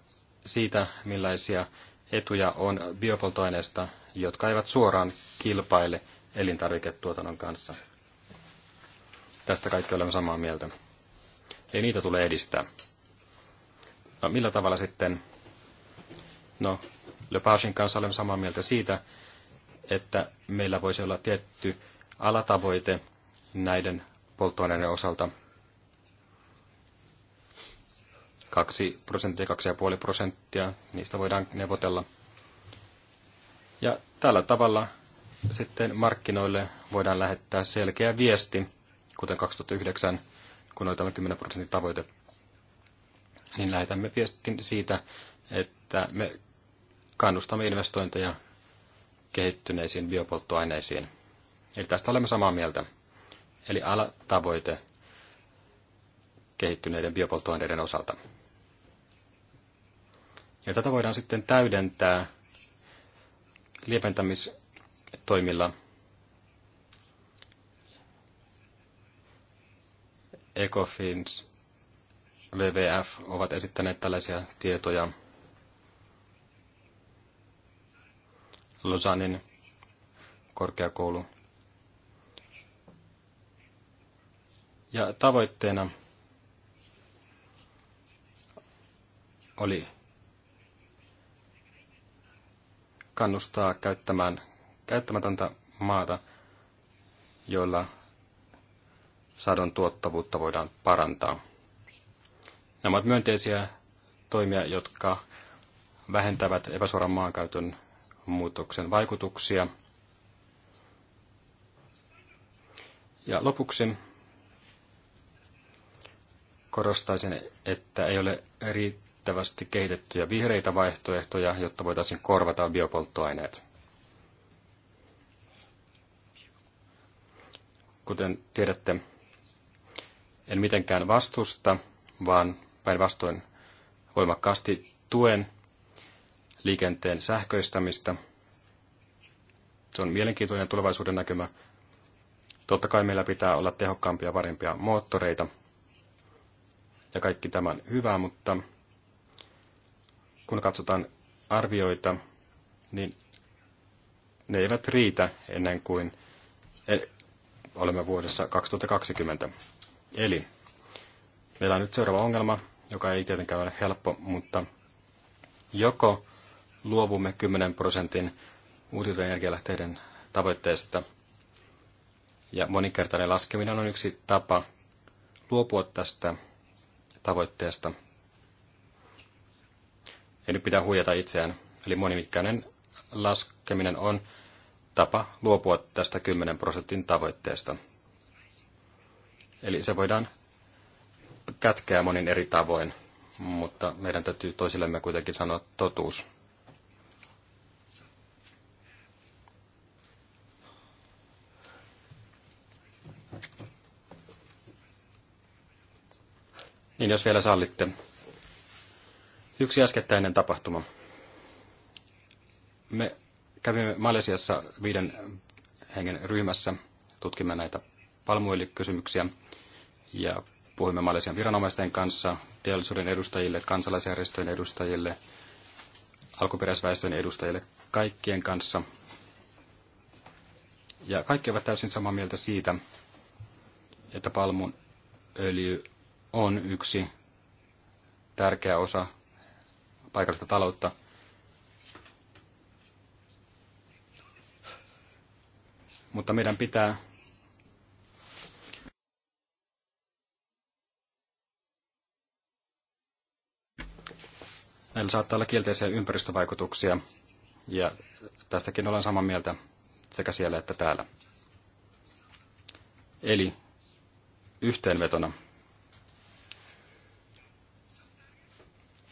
siitä, millaisia etuja on biopoltoaineista, jotka eivät suoraan kilpaile elintarviketuotannon kanssa. Tästä kaikki olemme samaa mieltä. Ei niitä tule edistää. No millä tavalla sitten? No, Lepagin kanssa olen samaa mieltä siitä, että meillä voisi olla tietty alatavoite näiden polttoaineiden osalta. 2 prosenttia, 2,5 prosenttia, niistä voidaan neuvotella. Ja tällä tavalla sitten markkinoille voidaan lähettää selkeä viesti, kuten 2009, kun oli tämä 10 prosentin tavoite niin lähetämme viestin siitä, että me kannustamme investointeja kehittyneisiin biopolttoaineisiin. Eli tästä olemme samaa mieltä. Eli tavoite kehittyneiden biopolttoaineiden osalta. Ja tätä voidaan sitten täydentää lieventämistoimilla. ECOFINS WWF ovat esittäneet tällaisia tietoja Losanin korkeakoulu. Ja tavoitteena oli kannustaa käyttämään käyttämätöntä maata, joilla sadon tuottavuutta voidaan parantaa. Nämä ovat myönteisiä toimia, jotka vähentävät epäsuoran maankäytön muutoksen vaikutuksia. Ja lopuksi korostaisin, että ei ole riittävästi kehitettyjä vihreitä vaihtoehtoja, jotta voitaisiin korvata biopolttoaineet. Kuten tiedätte, en mitenkään vastusta, vaan päinvastoin voimakkaasti tuen liikenteen sähköistämistä. Se on mielenkiintoinen tulevaisuuden näkymä. Totta kai meillä pitää olla tehokkaampia ja parempia moottoreita. Ja kaikki tämän hyvää, hyvä, mutta kun katsotaan arvioita, niin ne eivät riitä ennen kuin eh, olemme vuodessa 2020. Eli meillä on nyt seuraava ongelma, joka ei tietenkään ole helppo, mutta joko luovumme 10 prosentin uusiutuvien energialähteiden tavoitteesta, ja moninkertainen laskeminen on yksi tapa luopua tästä tavoitteesta. Ei nyt pitää huijata itseään, eli monimikkainen laskeminen on tapa luopua tästä 10 prosentin tavoitteesta. Eli se voidaan kätkeä monin eri tavoin, mutta meidän täytyy toisillemme kuitenkin sanoa totuus. Niin jos vielä sallitte. Yksi äskettäinen tapahtuma. Me kävimme Malesiassa viiden hengen ryhmässä, tutkimme näitä palmuöljykysymyksiä ja Puhuimme Malesian viranomaisten kanssa, teollisuuden edustajille, kansalaisjärjestöjen edustajille, alkuperäisväestön edustajille, kaikkien kanssa. Ja kaikki ovat täysin samaa mieltä siitä, että palmun öljy on yksi tärkeä osa paikallista taloutta. Mutta meidän pitää Näillä saattaa olla kielteisiä ympäristövaikutuksia, ja tästäkin olen samaa mieltä sekä siellä että täällä. Eli yhteenvetona.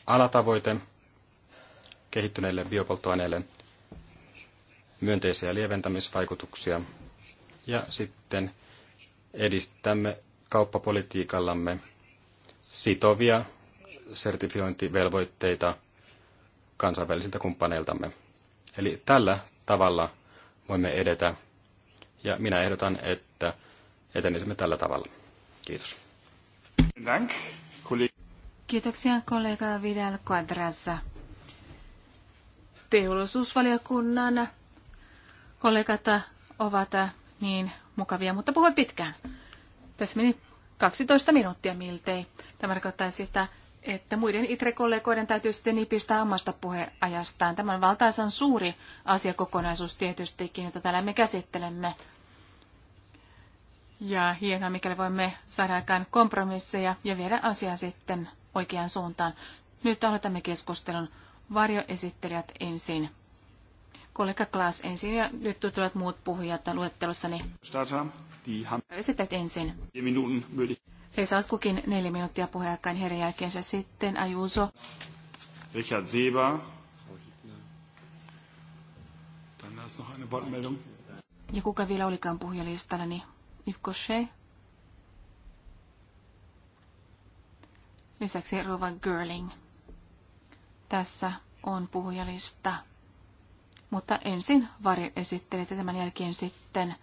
Alatavoite kehittyneille biopolttoaineille myönteisiä lieventämisvaikutuksia ja sitten edistämme kauppapolitiikallamme sitovia sertifiointivelvoitteita kansainvälisiltä kumppaneiltamme. Eli tällä tavalla voimme edetä, ja minä ehdotan, että etenisimme tällä tavalla. Kiitos. Kiitoksia kollega Vidal Quadrassa. Teollisuusvaliokunnan kollegat ovat niin mukavia, mutta puhuin pitkään. Tässä meni 12 minuuttia miltei. Tämä tarkoittaa sitä, että muiden ITRE-kollegoiden täytyy sitten nipistää omasta puheajastaan. Tämä on valtaisan suuri asiakokonaisuus tietystikin, jota täällä me käsittelemme. Ja hienoa, mikäli voimme saada aikaan kompromisseja ja viedä asiaa sitten oikeaan suuntaan. Nyt aloitamme keskustelun varjoesittelijät ensin. Kollega Klaas ensin ja nyt tulevat muut puhujat luettelossani. Esittelijät ensin. He saavat kukin neljä minuuttia puheenjohtajan heidän jälkeensä sitten Ajuso. Richard Seba. Ja kuka vielä olikaan puhujalistalla, niin Yvko Shea. Lisäksi Rova Girling. Tässä on puhujalista. Mutta ensin varjo esittelee, tämän jälkeen sitten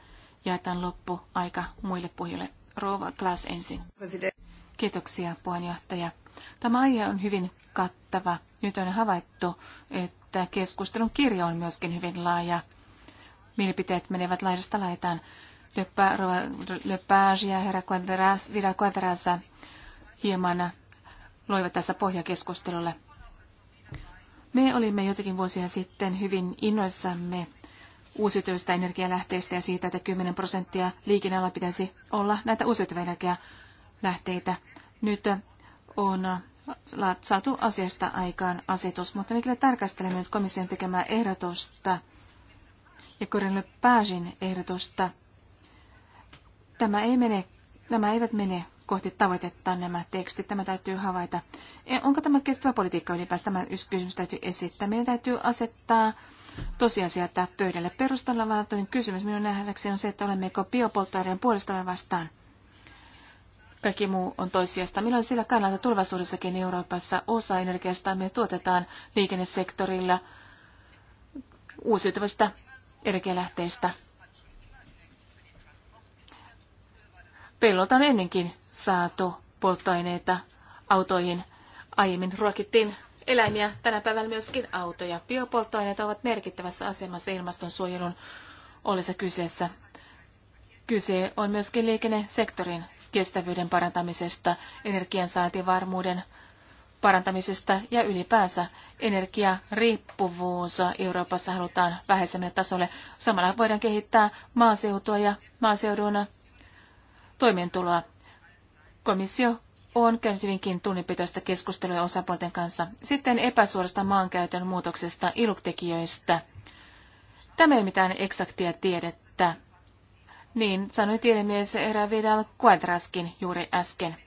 jaetaan loppuaika muille puhujille Rova Klaas ensin. Kiitoksia, puheenjohtaja. Tämä aihe on hyvin kattava. Nyt on havaittu, että keskustelun kirja on myöskin hyvin laaja. Mielipiteet menevät laidasta laitaan. Page ja herra Vidal Quadras hieman loivat tässä pohjakeskustelulle. Me olimme jotakin vuosia sitten hyvin innoissamme uusiutuvista energialähteistä ja siitä, että 10 prosenttia liikennellä pitäisi olla näitä uusiutuvia energialähteitä. Nyt on saatu asiasta aikaan asetus, mutta mikäli tarkastelemme nyt komission tekemää ehdotusta ja Korinille pääsin ehdotusta, tämä ei mene, nämä eivät mene kohti tavoitetta nämä tekstit. Tämä täytyy havaita. Onko tämä kestävä politiikka ylipäänsä? Tämä kysymys täytyy esittää. Meidän täytyy asettaa tosiasiat pöydälle. Perustalla valtoin kysymys minun nähdäkseni on se, että olemmeko biopolttoaineiden puolesta vai vastaan. Kaikki muu on toisiasta. Minä olen sillä kannalta tulevaisuudessakin Euroopassa osa me tuotetaan liikennesektorilla uusiutuvista energialähteistä. Pellolta on ennenkin saatu polttoaineita autoihin. Aiemmin ruokittiin eläimiä, tänä päivänä myöskin autoja. Biopolttoaineet ovat merkittävässä asemassa ilmastonsuojelun ollessa kyseessä. Kyse on myöskin liikennesektorin kestävyyden parantamisesta, energiansaantivarmuuden parantamisesta ja ylipäänsä energiariippuvuus Euroopassa halutaan vähäisemmälle tasolle. Samalla voidaan kehittää maaseutua ja maaseudun toimeentuloa. Komissio on käynyt hyvinkin tunnipitoista keskustelua osapuolten kanssa. Sitten epäsuorasta maankäytön muutoksesta iluktekijöistä. Tämä ei mitään eksaktia tiedettä. Niin sanoi tiedemies Erä Vidal Quadraskin juuri äsken.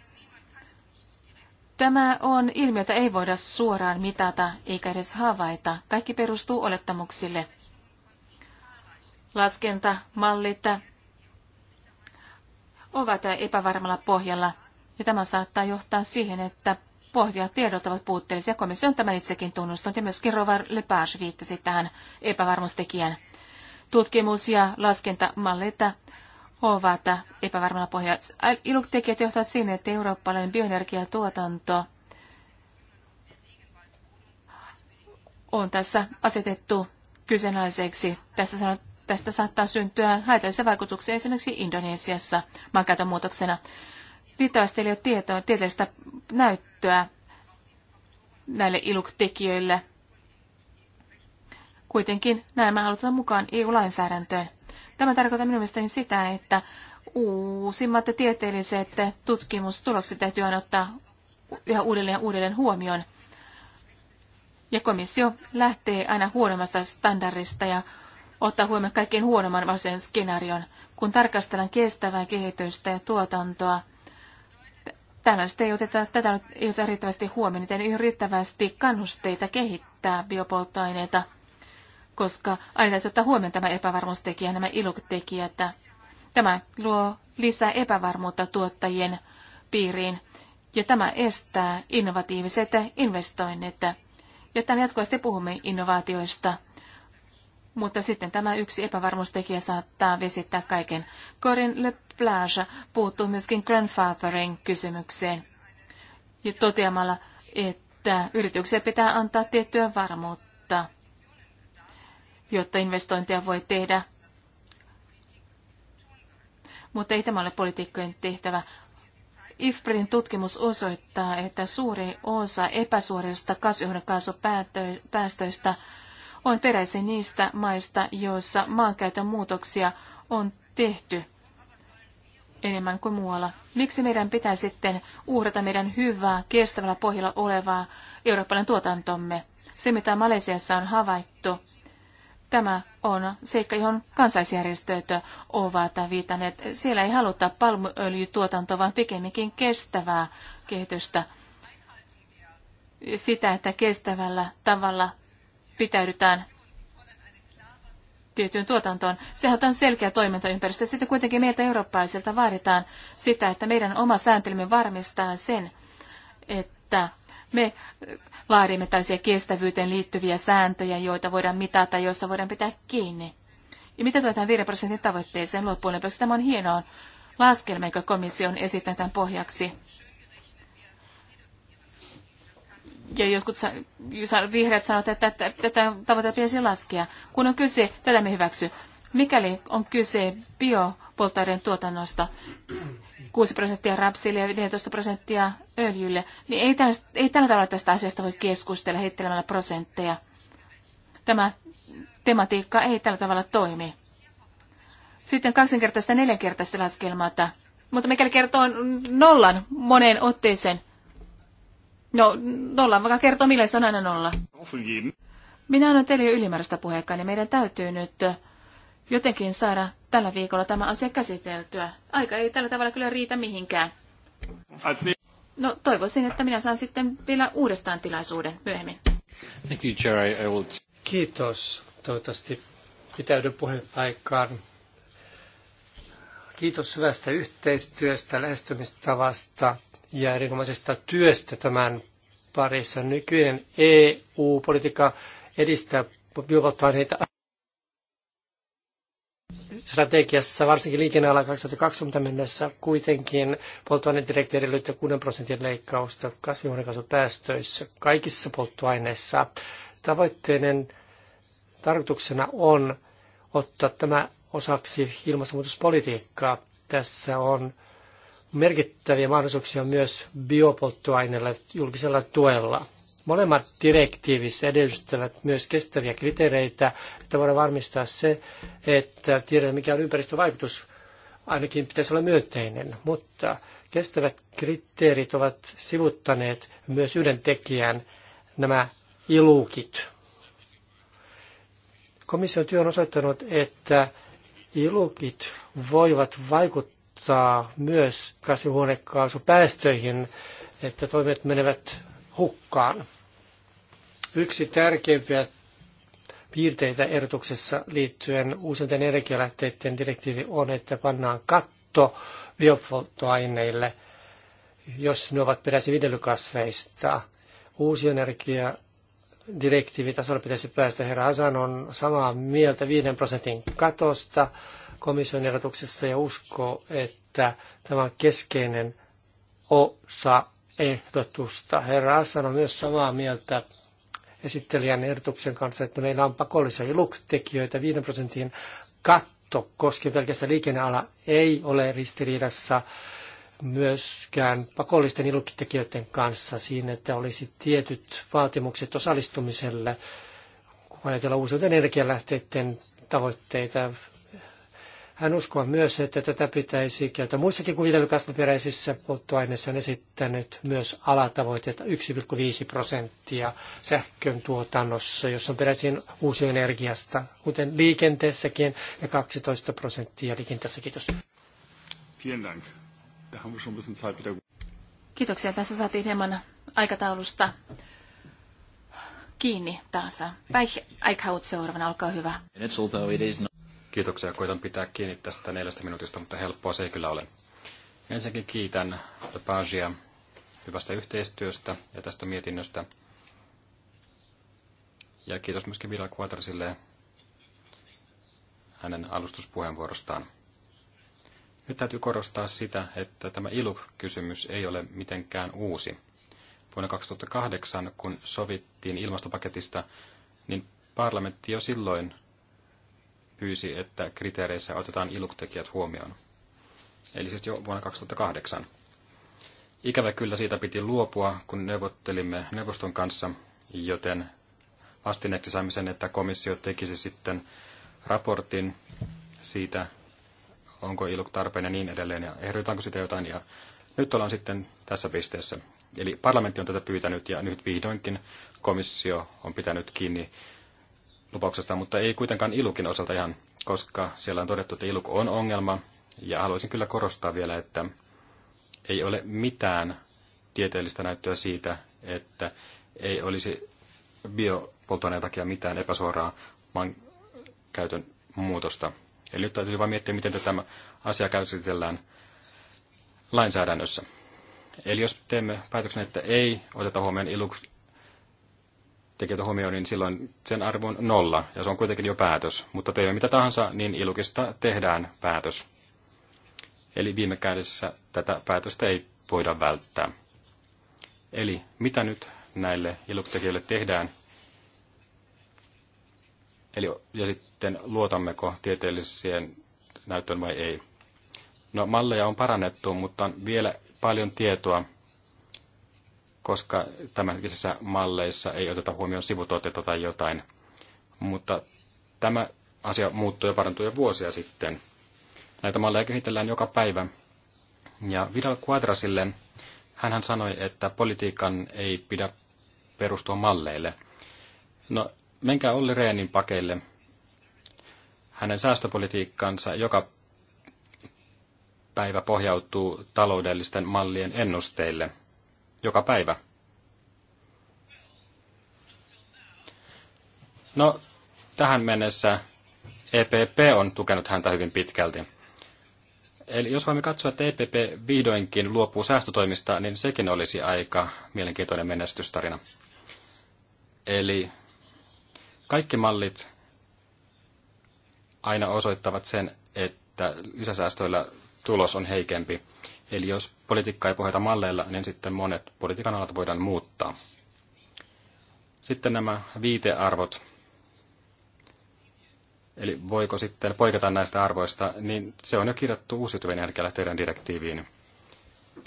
Tämä on jota ei voida suoraan mitata eikä edes havaita. Kaikki perustuu olettamuksille. Laskentamallit ovat epävarmalla pohjalla ja tämä saattaa johtaa siihen, että pohjat tiedot ovat puutteellisia. Komissio on tämän itsekin tunnustanut ja myöskin Rovar Lepage viittasi tähän epävarmuustekijän. Tutkimus ja laskentamalleita ovat epävarmalla pohjalla. Iluktekijät johtavat siihen, että eurooppalainen bioenergiatuotanto on tässä asetettu kyseenalaiseksi. Tässä sanot, tästä saattaa syntyä haitallisia vaikutuksia esimerkiksi Indonesiassa maankäytön muutoksena. Riittävästi ei ole tietoa, tieteellistä näyttöä näille iluktekijöille. Kuitenkin näin halutaan mukaan EU-lainsäädäntöön. Tämä tarkoittaa minun mielestäni sitä, että uusimmat tieteelliset tutkimustulokset täytyy aina ottaa yhä uudelleen ja uudelleen huomioon. Ja komissio lähtee aina huonommasta standardista ja ottaa huomioon kaikkein huonomman vasen skenaarion. Kun tarkastellaan kestävää kehitystä ja tuotantoa, Tällaista ei oteta, tätä ei oteta riittävästi huomioon, joten ei ole riittävästi kannusteita kehittää biopolttoaineita, koska aina täytyy ottaa huomioon tämä epävarmuustekijä, nämä iluktekijät. Tämä luo lisää epävarmuutta tuottajien piiriin ja tämä estää innovatiiviset investoinnit. Ja tämän jatkuvasti puhumme innovaatioista mutta sitten tämä yksi epävarmuustekijä saattaa vesittää kaiken. Corin Le Plage puuttuu myöskin grandfathering kysymykseen ja toteamalla, että yrityksiä pitää antaa tiettyä varmuutta, jotta investointia voi tehdä. Mutta ei tämä ole politiikkojen tehtävä. IFPRin tutkimus osoittaa, että suuri osa epäsuorista kasvihuonekaasupäästöistä on peräisin niistä maista, joissa maankäytön muutoksia on tehty enemmän kuin muualla. Miksi meidän pitää sitten uhrata meidän hyvää, kestävällä pohjalla olevaa eurooppalainen tuotantomme? Se, mitä Malesiassa on havaittu, tämä on seikka, johon kansaisjärjestöt ovat viitanneet. Siellä ei haluta palmuöljytuotantoa, vaan pikemminkin kestävää kehitystä. Sitä, että kestävällä tavalla pitäydytään tiettyyn tuotantoon. Sehän on selkeä toimintaympäristö. Sitten kuitenkin meiltä eurooppalaisilta vaaditaan sitä, että meidän oma sääntelymme varmistaa sen, että me laadimme tällaisia kestävyyteen liittyviä sääntöjä, joita voidaan mitata, joista voidaan pitää kiinni. Ja mitä tulee tähän 5 prosentin tavoitteeseen loppuun lopuksi, tämä on hienoa laskelma, jonka komissio on esittänyt tämän pohjaksi. ja jotkut vihreät sanovat, että tätä tavoitetta pitäisi laskea. Kun on kyse, tätä me hyväksy. Mikäli on kyse biopolttoaineen tuotannosta, 6 prosenttia rapsille ja 14 prosenttia öljylle, niin ei, tällä, ei tällä tavalla tästä asiasta voi keskustella heittelemällä prosentteja. Tämä tematiikka ei tällä tavalla toimi. Sitten kaksinkertaista ja neljänkertaista laskelmaa, mutta mikäli kertoo nollan moneen otteeseen, No, nolla vaikka kertoo, millä se on aina nolla. Minä annan teille jo ylimääräistä puheenjohtajaa, niin meidän täytyy nyt jotenkin saada tällä viikolla tämä asia käsiteltyä. Aika ei tällä tavalla kyllä riitä mihinkään. No, toivoisin, että minä saan sitten vielä uudestaan tilaisuuden myöhemmin. Thank you, Jerry. I will... Kiitos. Toivottavasti pitäydy puheenaikaan. Kiitos hyvästä yhteistyöstä, lähestymistavasta ja erinomaisesta työstä tämän parissa. Nykyinen EU-politiikka edistää biopolttoaineita strategiassa, varsinkin liikenneala 2020 mennessä, kuitenkin polttoainedirektiivi edellyttää 6 prosentin leikkausta kasvihuonekaasupäästöissä kaikissa polttoaineissa. Tavoitteiden tarkoituksena on ottaa tämä osaksi ilmastonmuutospolitiikkaa. Tässä on merkittäviä mahdollisuuksia myös biopolttoaineilla julkisella tuella. Molemmat direktiivissä edellyttävät myös kestäviä kriteereitä, että voidaan varmistaa se, että tiedetään mikä on ympäristövaikutus, ainakin pitäisi olla myönteinen, mutta kestävät kriteerit ovat sivuttaneet myös yhden tekijän, nämä ilukit. Komission työ on osoittanut, että ilukit voivat vaikuttaa vaikuttaa myös kasvihuonekaasupäästöihin, että toimet menevät hukkaan. Yksi tärkeimpiä piirteitä erotuksessa liittyen uusinten energialähteiden direktiivi on, että pannaan katto biopolttoaineille, jos ne ovat peräisin viljelykasveista. Uusi energia direktiivitasolla pitäisi päästä. Herra Hasan on samaa mieltä 5 prosentin katosta komission ehdotuksessa ja uskoo, että tämä on keskeinen osa ehdotusta. Herra Assan on myös samaa mieltä esittelijän ehdotuksen kanssa, että meillä on pakollisia luktekijöitä 5 prosentin katto koskien pelkästään liikenneala ei ole ristiriidassa myöskään pakollisten ilukitekijöiden kanssa siinä, että olisi tietyt vaatimukset osallistumiselle, kun ajatellaan uusiutuvien energialähteiden tavoitteita hän uskoo myös, että tätä pitäisi kieltää muissakin kuin viljelykasviperäisissä polttoaineissa on esittänyt myös alatavoitteita 1,5 prosenttia sähkön tuotannossa, jos on peräisin energiasta, kuten liikenteessäkin ja 12 prosenttia liikenteessä. Kiitos. Kiitoksia. Tässä saatiin hieman aikataulusta kiinni taas. Päih Eichhout seuraavana, olkaa hyvä. Kiitoksia, koitan pitää kiinni tästä neljästä minuutista, mutta helppoa se ei kyllä ole. Ensinnäkin kiitän Pagia hyvästä yhteistyöstä ja tästä mietinnöstä. Ja kiitos myöskin Vila Quadrasille hänen alustuspuheenvuorostaan. Nyt täytyy korostaa sitä, että tämä ILUK-kysymys ei ole mitenkään uusi. Vuonna 2008, kun sovittiin ilmastopaketista, niin parlamentti jo silloin pyysi, että kriteereissä otetaan iluktekijät huomioon. Eli siis jo vuonna 2008. Ikävä kyllä siitä piti luopua, kun neuvottelimme neuvoston kanssa, joten vastineeksi saimme sen, että komissio tekisi sitten raportin siitä, onko iluk tarpeen ja niin edelleen, ja ehdotetaanko sitä jotain, ja nyt ollaan sitten tässä pisteessä. Eli parlamentti on tätä pyytänyt, ja nyt vihdoinkin komissio on pitänyt kiinni lupauksesta, mutta ei kuitenkaan Ilukin osalta ihan, koska siellä on todettu, että Iluk on ongelma. Ja haluaisin kyllä korostaa vielä, että ei ole mitään tieteellistä näyttöä siitä, että ei olisi biopolttoaineen takia mitään epäsuoraa maan käytön muutosta. Eli nyt täytyy vain miettiä, miten tätä asiaa käsitellään lainsäädännössä. Eli jos teemme päätöksen, että ei oteta huomioon tekijät huomioon, niin silloin sen arvo on nolla, ja se on kuitenkin jo päätös. Mutta teemme mitä tahansa, niin ilukista tehdään päätös. Eli viime kädessä tätä päätöstä ei voida välttää. Eli mitä nyt näille iluktekijöille tehdään? Eli, ja sitten luotammeko tieteelliseen näyttöön vai ei? No malleja on parannettu, mutta on vielä paljon tietoa, koska tämänhetkisissä malleissa ei oteta huomioon sivutuotteita tai jotain. Mutta tämä asia muuttui ja parantui jo vuosia sitten. Näitä malleja kehitellään joka päivä. Ja Vidal Quadrasille hän sanoi, että politiikan ei pidä perustua malleille. No, menkää Olli Reenin pakeille. Hänen säästöpolitiikkansa joka päivä pohjautuu taloudellisten mallien ennusteille – joka päivä. No, tähän mennessä EPP on tukenut häntä hyvin pitkälti. Eli jos voimme katsoa, että EPP vihdoinkin luopuu säästötoimista, niin sekin olisi aika mielenkiintoinen menestystarina. Eli kaikki mallit aina osoittavat sen, että lisäsäästöillä tulos on heikempi. Eli jos politiikka ei pohjata malleilla, niin sitten monet politiikan alat voidaan muuttaa. Sitten nämä viitearvot. Eli voiko sitten poiketa näistä arvoista, niin se on jo kirjattu uusiutuvien energialähteiden direktiiviin.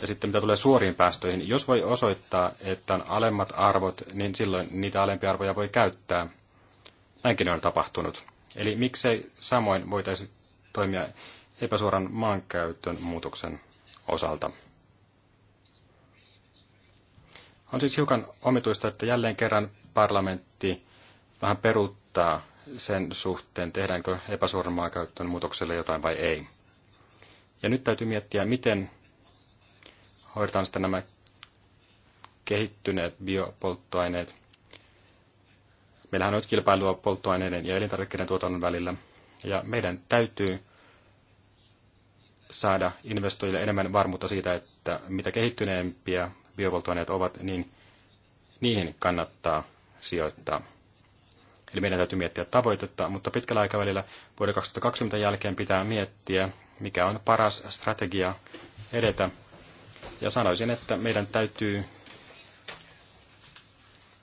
Ja sitten mitä tulee suoriin päästöihin, jos voi osoittaa, että on alemmat arvot, niin silloin niitä alempia arvoja voi käyttää. Näinkin on tapahtunut. Eli miksei samoin voitaisi toimia epäsuoran maankäytön muutoksen osalta. On siis hiukan omituista, että jälleen kerran parlamentti vähän peruuttaa sen suhteen, tehdäänkö epäsuoramaa käyttöön muutokselle jotain vai ei. Ja nyt täytyy miettiä, miten hoidetaan sitten nämä kehittyneet biopolttoaineet. Meillähän on nyt kilpailua polttoaineiden ja elintarvikkeiden tuotannon välillä, ja meidän täytyy saada investoijille enemmän varmuutta siitä, että mitä kehittyneempiä biopolttoaineet ovat, niin niihin kannattaa sijoittaa. Eli meidän täytyy miettiä tavoitetta, mutta pitkällä aikavälillä vuoden 2020 jälkeen pitää miettiä, mikä on paras strategia edetä. Ja sanoisin, että meidän täytyy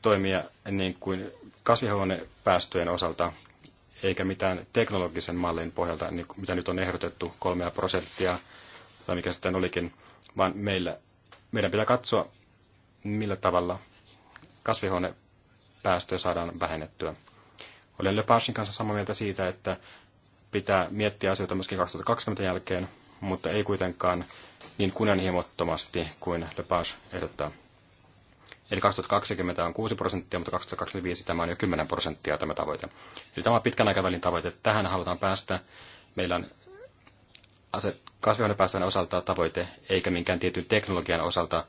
toimia niin kuin kasvihuonepäästöjen osalta eikä mitään teknologisen mallin pohjalta, niin mitä nyt on ehdotettu, kolmea prosenttia tai mikä sitten olikin, vaan meillä, meidän pitää katsoa, millä tavalla kasvihuonepäästöjä saadaan vähennettyä. Olen Lepashin kanssa samaa mieltä siitä, että pitää miettiä asioita myöskin 2020 jälkeen, mutta ei kuitenkaan niin kunnianhimottomasti kuin Lepage ehdottaa. Eli 2020 on 6 prosenttia, mutta 2025 tämä on jo 10 prosenttia tämä tavoite. Eli tämä on pitkän aikavälin tavoite. Tähän halutaan päästä. Meillä on kasvihuonepäästöjen osalta tavoite, eikä minkään tietyn teknologian osalta,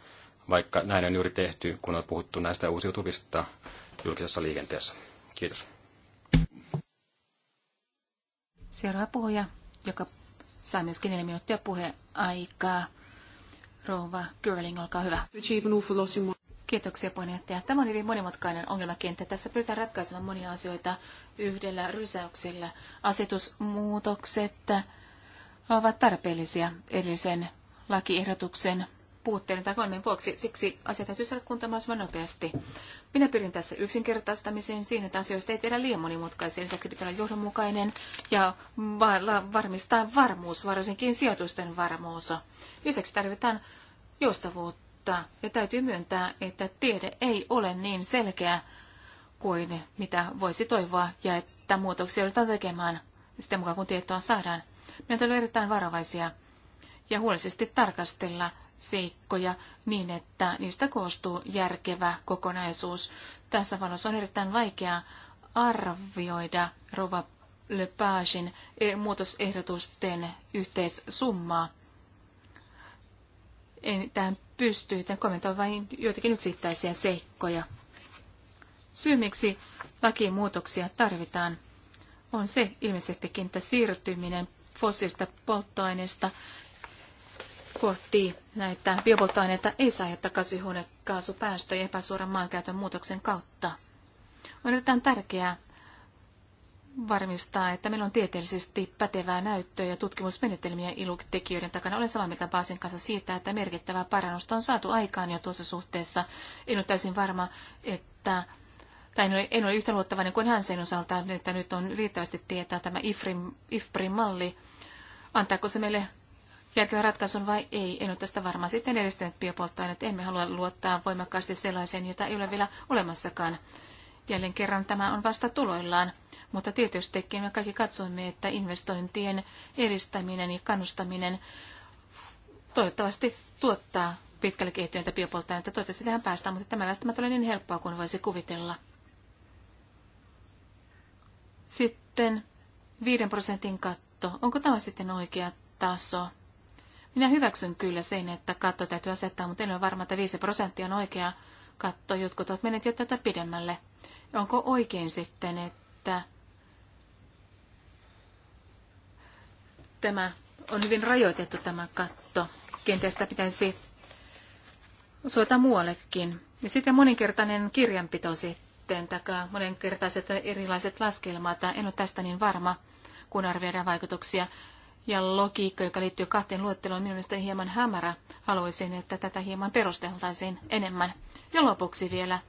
vaikka näin on juuri tehty, kun on puhuttu näistä uusiutuvista julkisessa liikenteessä. Kiitos. Seuraava puhuja, joka saa myöskin 4 minuuttia puheaikaa. Rouva Girling, olkaa hyvä. Kiitoksia puheenjohtaja. Tämä on hyvin monimutkainen ongelmakenttä. Tässä pyritään ratkaisemaan monia asioita yhdellä rysäyksellä. Asetusmuutokset ovat tarpeellisia edellisen lakiehdotuksen puutteiden tai kolmen vuoksi. Siksi asia täytyy saada kuntamaan mahdollisimman nopeasti. Minä pyrin tässä yksinkertaistamiseen siinä, että asioista ei tehdä liian monimutkaisia. Lisäksi pitää olla johdonmukainen ja varmistaa varmuus, varsinkin sijoitusten varmuus. Lisäksi tarvitaan joustavuutta mutta ja täytyy myöntää, että tiede ei ole niin selkeä kuin mitä voisi toivoa ja että muutoksia joudutaan tekemään sitten mukaan, kun tietoa saadaan. Meidän täytyy erittäin varovaisia ja huolellisesti tarkastella seikkoja niin, että niistä koostuu järkevä kokonaisuus. Tässä valossa on erittäin vaikea arvioida Rova Lepagin eh, muutosehdotusten yhteissummaa. En, tähän pystyy. joten kommentoin vain joitakin yksittäisiä seikkoja. Syy, miksi lakiin muutoksia tarvitaan, on se ilmeisestikin, että siirtyminen fossiilista polttoaineista kohti näitä biopolttoaineita ei saa jättää kasvihuonekaasupäästöjä epäsuoran maankäytön muutoksen kautta. On erittäin tärkeää, varmistaa, että meillä on tieteellisesti pätevää näyttöä ja tutkimusmenetelmiä ilutekijöiden takana. Olen samaa mieltä Baasin kanssa siitä, että merkittävää parannusta on saatu aikaan ja tuossa suhteessa. En ole täysin varma, että tai en ole, en ole yhtä luottavainen kuin hän sen osalta, että nyt on riittävästi tietää tämä IFRIN, IFPRin malli. Antaako se meille järkevän ratkaisun vai ei? En ole tästä varma. Sitten edistynyt biopolttoaineet. Emme halua luottaa voimakkaasti sellaiseen, jota ei ole vielä olemassakaan. Jälleen kerran tämä on vasta tuloillaan, mutta tietysti me kaikki katsoimme, että investointien edistäminen ja kannustaminen toivottavasti tuottaa pitkälle kehittyneitä biopolttoaineita. Toivottavasti tähän päästään, mutta tämä välttämättä ole niin helppoa kuin voisi kuvitella. Sitten 5 prosentin katto. Onko tämä sitten oikea taso? Minä hyväksyn kyllä sen, että katto täytyy asettaa, mutta en ole varma, että 5 prosenttia on oikea katto. Jotkut ovat menneet jo tätä pidemmälle. Onko oikein sitten, että tämä on hyvin rajoitettu tämä katto. Kenties sitä pitäisi suota muuallekin. Ja sitten moninkertainen kirjanpito sitten, takaa moninkertaiset erilaiset laskelmat. En ole tästä niin varma, kun arvioidaan vaikutuksia ja logiikka, joka liittyy kahteen luetteloon, minun mielestäni hieman hämärä. Haluaisin, että tätä hieman perusteltaisiin enemmän. Ja lopuksi vielä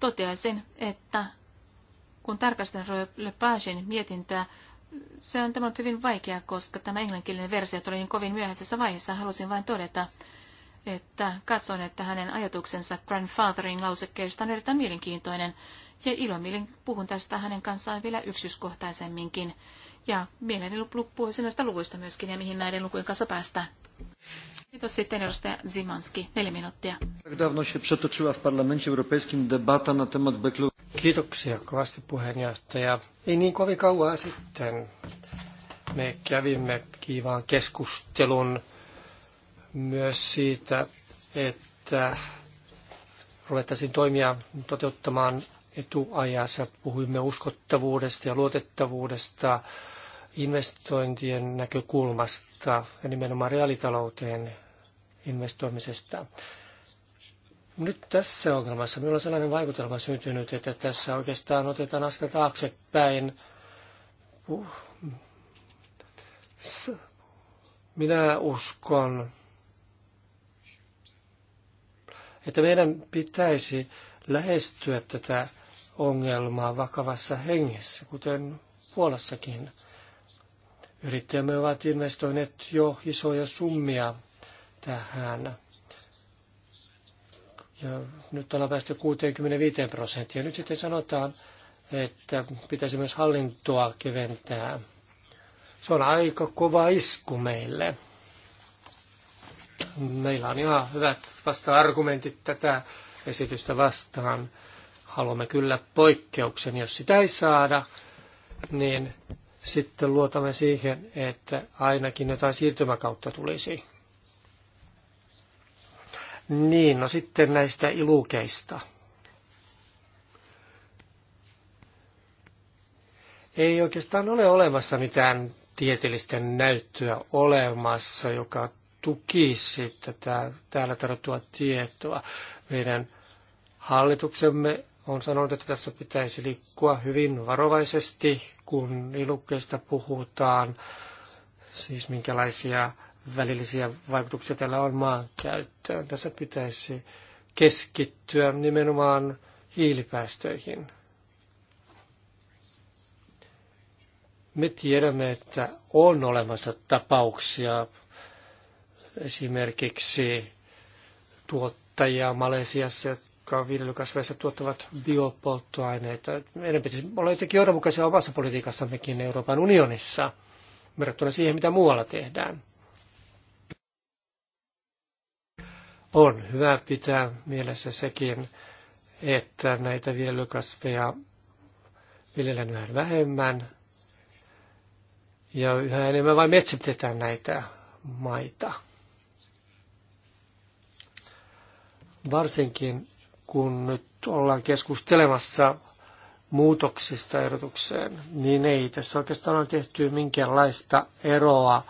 toteaisin, että kun tarkastan Lepagen mietintöä, se on tämä on hyvin vaikea, koska tämä englanninkielinen versio tuli niin kovin myöhäisessä vaiheessa. Halusin vain todeta, että katson, että hänen ajatuksensa grandfathering lausekkeesta on erittäin mielenkiintoinen ja ilomielin puhun tästä hänen kanssaan vielä yksityiskohtaisemminkin. Ja mieleni puhuisin näistä luvuista myöskin ja mihin näiden lukujen kanssa päästään. Kiitos sitten edustaja Zimanski. Neljä minuuttia. Kiitoksia kovasti puheenjohtaja. Ei niin kovin kauan sitten me kävimme kiivaan keskustelun myös siitä, että ruvettaisiin toimia toteuttamaan etuajassa. Puhuimme uskottavuudesta ja luotettavuudesta, investointien näkökulmasta ja nimenomaan reaalitalouteen investoimisesta. Nyt tässä ongelmassa minulla on sellainen vaikutelma syntynyt, että tässä oikeastaan otetaan askel taaksepäin. Minä uskon, että meidän pitäisi lähestyä tätä ongelmaa vakavassa hengessä, kuten Puolassakin. Yrittäjämme ovat investoineet jo isoja summia tähän. Ja nyt ollaan päästy 65 prosenttia. Nyt sitten sanotaan, että pitäisi myös hallintoa keventää. Se on aika kova isku meille. Meillä on ihan hyvät vasta-argumentit tätä esitystä vastaan haluamme kyllä poikkeuksen. Jos sitä ei saada, niin sitten luotamme siihen, että ainakin jotain siirtymäkautta tulisi. Niin, no sitten näistä ilukeista. Ei oikeastaan ole olemassa mitään tieteellistä näyttöä olemassa, joka tukisi tätä täällä tarjottua tietoa. Meidän hallituksemme on sanonut, että tässä pitäisi liikkua hyvin varovaisesti, kun ilukkeista puhutaan, siis minkälaisia välillisiä vaikutuksia tällä on maankäyttöön. Tässä pitäisi keskittyä nimenomaan hiilipäästöihin. Me tiedämme, että on olemassa tapauksia, esimerkiksi tuottajia Malesiassa, jotka viljelykasveissa tuottavat biopolttoaineita. Meidän pitäisi olla jotenkin johdonmukaisia omassa politiikassammekin Euroopan unionissa verrattuna siihen, mitä muualla tehdään. On hyvä pitää mielessä sekin, että näitä viljelykasveja viljellään yhä vähemmän ja yhä enemmän vain metsitetään näitä maita. Varsinkin kun nyt ollaan keskustelemassa muutoksista ehdotukseen, niin ei tässä oikeastaan ole tehty minkäänlaista eroa,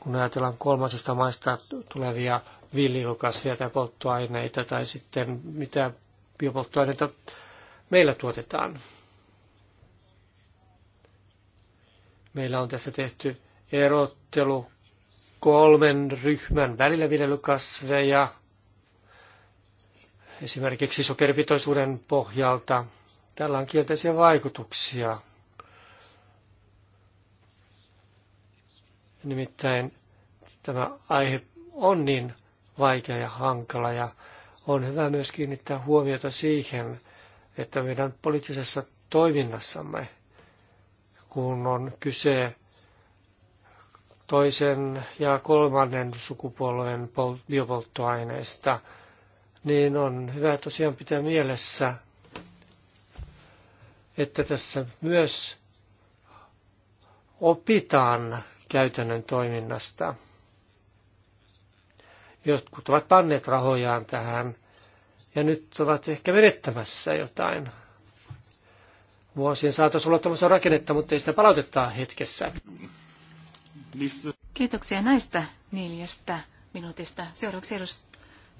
kun ajatellaan kolmasesta maista tulevia viljelykasveja tai polttoaineita tai sitten mitä biopolttoaineita meillä tuotetaan. Meillä on tässä tehty erottelu kolmen ryhmän välillä viljelykasveja, esimerkiksi sokeripitoisuuden pohjalta. Tällä on kielteisiä vaikutuksia. Nimittäin tämä aihe on niin vaikea ja hankala ja on hyvä myös kiinnittää huomiota siihen, että meidän poliittisessa toiminnassamme, kun on kyse toisen ja kolmannen sukupolven biopolttoaineista – niin on hyvä tosiaan pitää mielessä, että tässä myös opitaan käytännön toiminnasta. Jotkut ovat panneet rahojaan tähän ja nyt ovat ehkä menettämässä jotain. Vuosien saatossa olla tuommoista rakennetta, mutta ei sitä palautetta hetkessä. Kiitoksia näistä neljästä minuutista. Seuraavaksi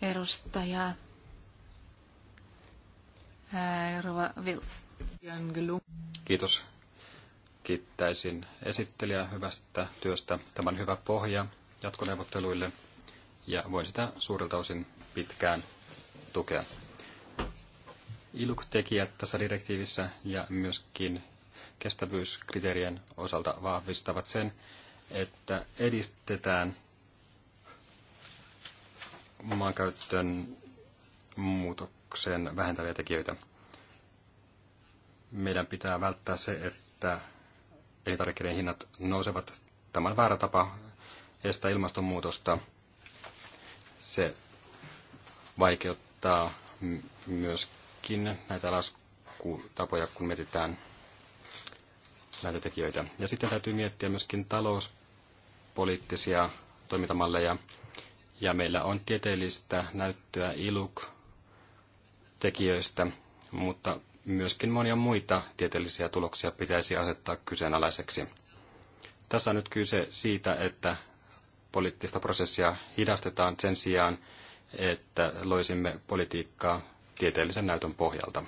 edustaja Rova Vils. Kiitos. Kiittäisin esittelijää hyvästä työstä. Tämä on hyvä pohja jatkoneuvotteluille ja voin sitä suurelta osin pitkään tukea. ILUK-tekijät tässä direktiivissä ja myöskin kestävyyskriteerien osalta vahvistavat sen, että edistetään maankäytön muutoksen vähentäviä tekijöitä. Meidän pitää välttää se, että elintarvikkeiden hinnat nousevat. Tämä on väärä tapa estää ilmastonmuutosta. Se vaikeuttaa myöskin näitä laskutapoja, kun mietitään näitä tekijöitä. Ja sitten täytyy miettiä myöskin talouspoliittisia toimintamalleja ja meillä on tieteellistä näyttöä ILUK-tekijöistä, mutta myöskin monia muita tieteellisiä tuloksia pitäisi asettaa kyseenalaiseksi. Tässä on nyt kyse siitä, että poliittista prosessia hidastetaan sen sijaan, että loisimme politiikkaa tieteellisen näytön pohjalta.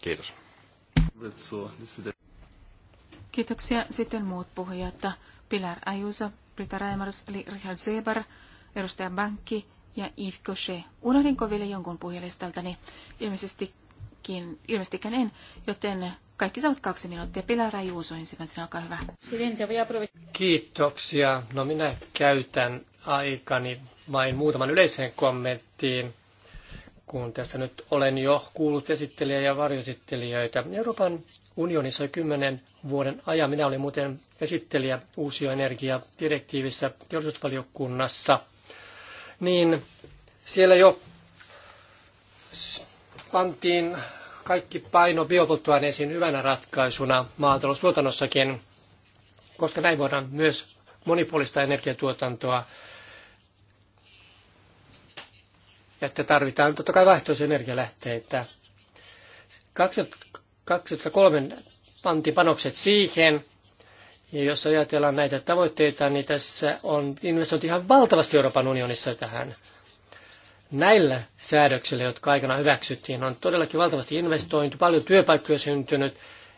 Kiitos. Kiitoksia. Sitten muut puhujat. Pilar Ajusa, Brita Reimers, Richard Seber edustaja Bankki ja Yves Cochet. Unohdinko vielä jonkun puhujalistaltani? Ilmeisestikin, ilmeisestikään en, joten kaikki saavat kaksi minuuttia. Pilar Rajuuso ensimmäisenä, olkaa hyvä. Kiitoksia. No minä käytän aikani vain muutaman yleiseen kommenttiin, kun tässä nyt olen jo kuullut esittelijä ja varjoesittelijöitä. Euroopan unionissa kymmenen vuoden ajan. Minä olin muuten esittelijä uusia energiadirektiivissä teollisuusvaliokunnassa – niin siellä jo pantiin kaikki paino biopolttoaineisiin hyvänä ratkaisuna maataloustuotannossakin, koska näin voidaan myös monipuolista energiatuotantoa. Ja että tarvitaan totta kai vaihtoehtoisia energialähteitä. 2003 pantiin panokset siihen, ja jos ajatellaan näitä tavoitteita, niin tässä on investointi ihan valtavasti Euroopan unionissa tähän. Näillä säädöksillä, jotka aikana hyväksyttiin, on todellakin valtavasti investointi, paljon työpaikkoja syntynyt,